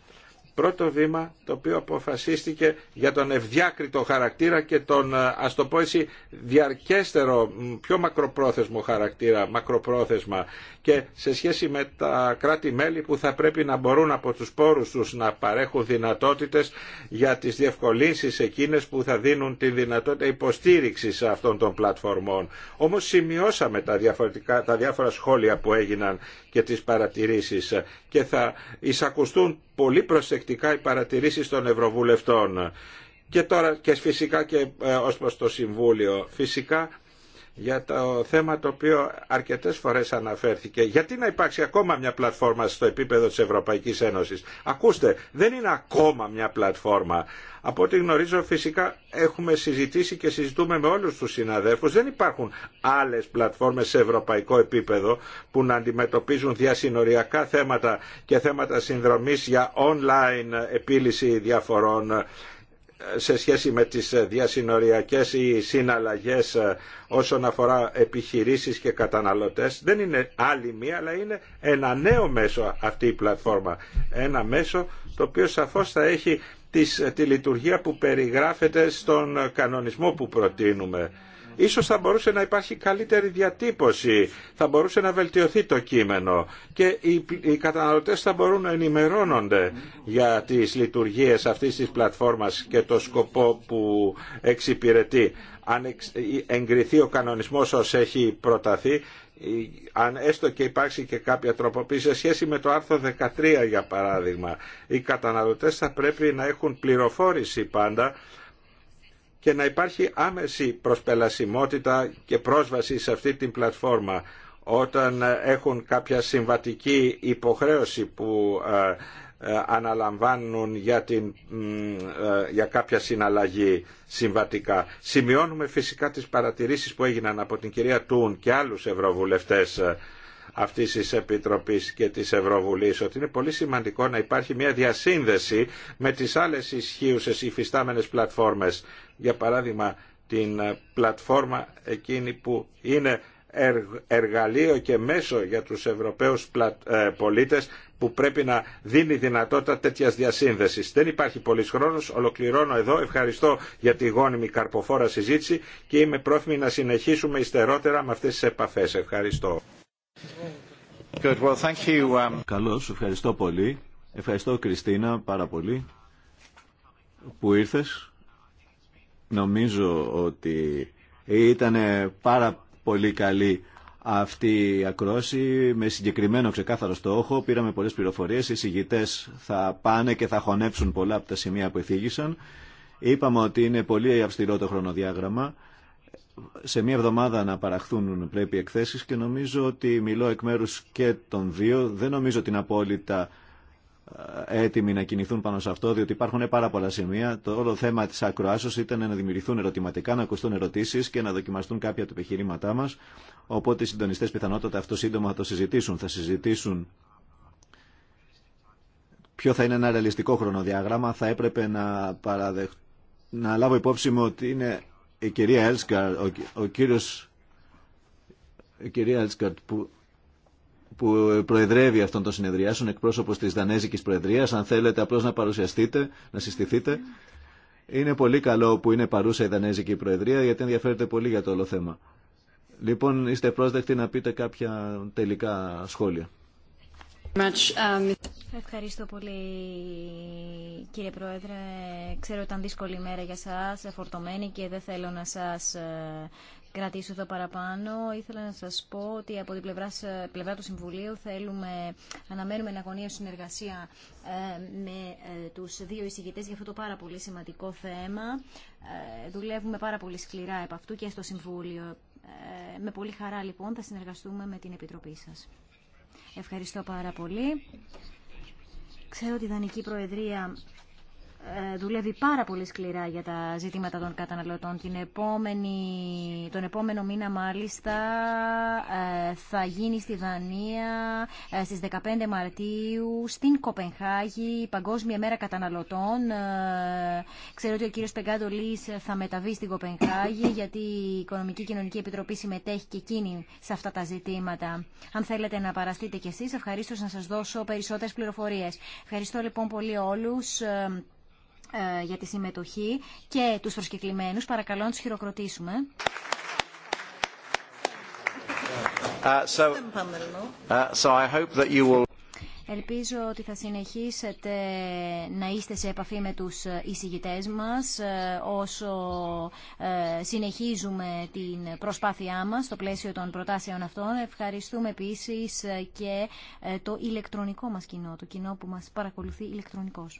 πρώτο βήμα το οποίο αποφασίστηκε για τον ευδιάκριτο χαρακτήρα και τον ε, ας το πω έτσι διαρκέστερο πιο μακροπρόθεσμο χαρακτήρα μακροπρόθεσμα και σε σχέση με τα κράτη-μέλη που θα πρέπει να μπορούν από τους πόρους τους να παρέχουν δυνατότητες για τις διευκολύνσεις εκείνες που θα δίνουν τη δυνατότητα υποστήριξης αυτών των πλατφορμών. Όμως σημειώσαμε τα, διαφορετικά, τα διάφορα σχόλια που έγιναν και τις παρατηρήσεις και θα εισακουστούν πολύ προσεκτικά οι παρατηρήσεις των Ευρωβουλευτών. Και τώρα και φυσικά και ε, ως προς το Συμβούλιο. Φυσικά για το θέμα το οποίο αρκετές φορές αναφέρθηκε. Γιατί να υπάρξει ακόμα μια πλατφόρμα στο επίπεδο της Ευρωπαϊκής Ένωσης. Ακούστε, δεν είναι ακόμα μια πλατφόρμα. Από ό,τι γνωρίζω φυσικά έχουμε συζητήσει και συζητούμε με όλους τους συναδέλφους. Δεν υπάρχουν άλλες πλατφόρμες σε ευρωπαϊκό επίπεδο που να αντιμετωπίζουν διασυνοριακά θέματα και θέματα συνδρομής για online επίλυση διαφορών σε σχέση με τις διασυνοριακές ή συναλλαγές ε, όσον αφορά επιχειρήσεις και καταναλωτές δεν είναι άλλη μία αλλά είναι ένα νέο μέσο αυτή η πλατφόρμα. Ένα μέσο το οποίο σαφώς θα έχει τη λειτουργία που περιγράφεται στον κανονισμό που προτείνουμε Ίσως θα μπορούσε να υπάρχει καλύτερη διατύπωση, θα μπορούσε να βελτιωθεί το κείμενο και οι καταναλωτές θα μπορούν να ενημερώνονται για τις λειτουργίες αυτής της πλατφόρμας και το σκοπό που εξυπηρετεί. Αν εγκριθεί ο κανονισμός ως έχει προταθεί, αν έστω και υπάρξει και κάποια τροποποίηση σε σχέση με το άρθρο 13 για παράδειγμα, οι καταναλωτές θα πρέπει να έχουν πληροφόρηση πάντα και να υπάρχει άμεση προσπελασιμότητα και πρόσβαση σε αυτή την πλατφόρμα όταν έχουν κάποια συμβατική υποχρέωση που ε, ε, αναλαμβάνουν για, την, ε, κάποια συναλλαγή συμβατικά. Σημειώνουμε φυσικά τις παρατηρήσεις που έγιναν από την κυρία Τούν και άλλους ευρωβουλευτές αυτής της Επιτροπής και της Ευρωβουλής ότι είναι πολύ σημαντικό να υπάρχει μια διασύνδεση με τις άλλες ισχύουσες υφιστάμενες πλατφόρμες. Για παράδειγμα την ε, πλατφόρμα εκείνη που είναι εργαλείο και μέσο για τους Ευρωπαίους ε, πολίτες που πρέπει να δίνει δυνατότητα τέτοια διασύνδεση. Δεν υπάρχει πολλή χρόνο. Ολοκληρώνω εδώ. Ευχαριστώ για τη γόνιμη καρποφόρα συζήτηση και είμαι πρόθυμη να συνεχίσουμε υστερότερα με αυτέ τι επαφέ. Ευχαριστώ. Good. Um, Καλώς, ευχαριστώ πολύ. Ευχαριστώ Κριστίνα πάρα πολύ που ήρθες. Νομίζω ότι ήταν πάρα πολύ καλή αυτή η ακρόση με συγκεκριμένο ξεκάθαρο στόχο. Πήραμε πολλές πληροφορίες, οι συγγητές θα πάνε και θα χωνέψουν πολλά από τα σημεία που εθίγησαν. Είπαμε ότι είναι πολύ αυστηρό το χρονοδιάγραμμα σε μία εβδομάδα να παραχθούν πρέπει εκθέσεις και νομίζω ότι μιλώ εκ μέρους και των δύο. Δεν νομίζω ότι είναι απόλυτα ε, έτοιμοι να κινηθούν πάνω σε αυτό, διότι υπάρχουν πάρα πολλά σημεία. Το όλο θέμα της ακροάσεως ήταν να δημιουργηθούν ερωτηματικά, να ακουστούν ερωτήσεις και να δοκιμαστούν κάποια από τα επιχειρήματά μας. Οπότε οι συντονιστές πιθανότατα αυτό σύντομα θα το συζητήσουν. Θα συζητήσουν ποιο θα είναι ένα ρεαλιστικό χρονοδιάγραμμα. Θα έπρεπε να, παραδεχ... να λάβω υπόψη μου ότι είναι η κυρία Έλσκαρτ, ο, κύριος, η κυρία που, που προεδρεύει αυτόν τον είναι εκπρόσωπος της Δανέζικης Προεδρίας, αν θέλετε απλώς να παρουσιαστείτε, να συστηθείτε. Είναι πολύ καλό που είναι παρούσα η Δανέζικη Προεδρία, γιατί ενδιαφέρεται πολύ για το όλο θέμα. Λοιπόν, είστε πρόσδεκτοι να πείτε κάποια τελικά σχόλια. Um, Ευχαριστώ πολύ κύριε Πρόεδρε. Ξέρω ότι ήταν δύσκολη ημέρα για σας, εφορτωμένη και δεν θέλω να σας ε, κρατήσω εδώ παραπάνω. Ήθελα να σας πω ότι από την πλευρά, του Συμβουλίου θέλουμε, αναμένουμε εναγωνία συνεργασία ε, με ε, τους δύο εισηγητές για αυτό το πάρα πολύ σημαντικό θέμα. δουλεύουμε πάρα πολύ σκληρά επ' αυτού και στο Συμβούλιο. με πολύ χαρά λοιπόν θα συνεργαστούμε με την Επιτροπή σας. Ευχαριστώ πάρα πολύ. Ξέρω ότι η Δανική Προεδρία ε, δουλεύει πάρα πολύ σκληρά για τα ζητήματα των καταναλωτών. Την επόμενη, τον επόμενο μήνα μάλιστα ε, θα γίνει στη Δανία ε, στις 15 Μαρτίου στην Κοπενχάγη Παγκόσμια Μέρα Καταναλωτών. Ξέρω ότι ο κύριος Πεγκάντολής θα μεταβεί στην Κοπενχάγη γιατί η Οικονομική Κοινωνική Επιτροπή συμμετέχει και εκείνη σε αυτά τα ζητήματα. Αν θέλετε να παραστείτε κι εσείς, ευχαρίστω να σας δώσω περισσότερες πληροφορίες. Ευχαριστώ λοιπόν πολύ όλους. Ε, για τη συμμετοχή και τους προσκεκλημένους. Παρακαλώ να τους χειροκροτήσουμε. Uh, uh, Ελπίζω ότι θα συνεχίσετε να είστε σε επαφή με τους ε, εισηγητές μας ε, όσο συνεχίζουμε την προσπάθειά μας στο πλαίσιο των προτάσεων αυτών. Ευχαριστούμε επίσης και το ηλεκτρονικό μας κοινό, το κοινό που μας παρακολουθεί ηλεκτρονικός.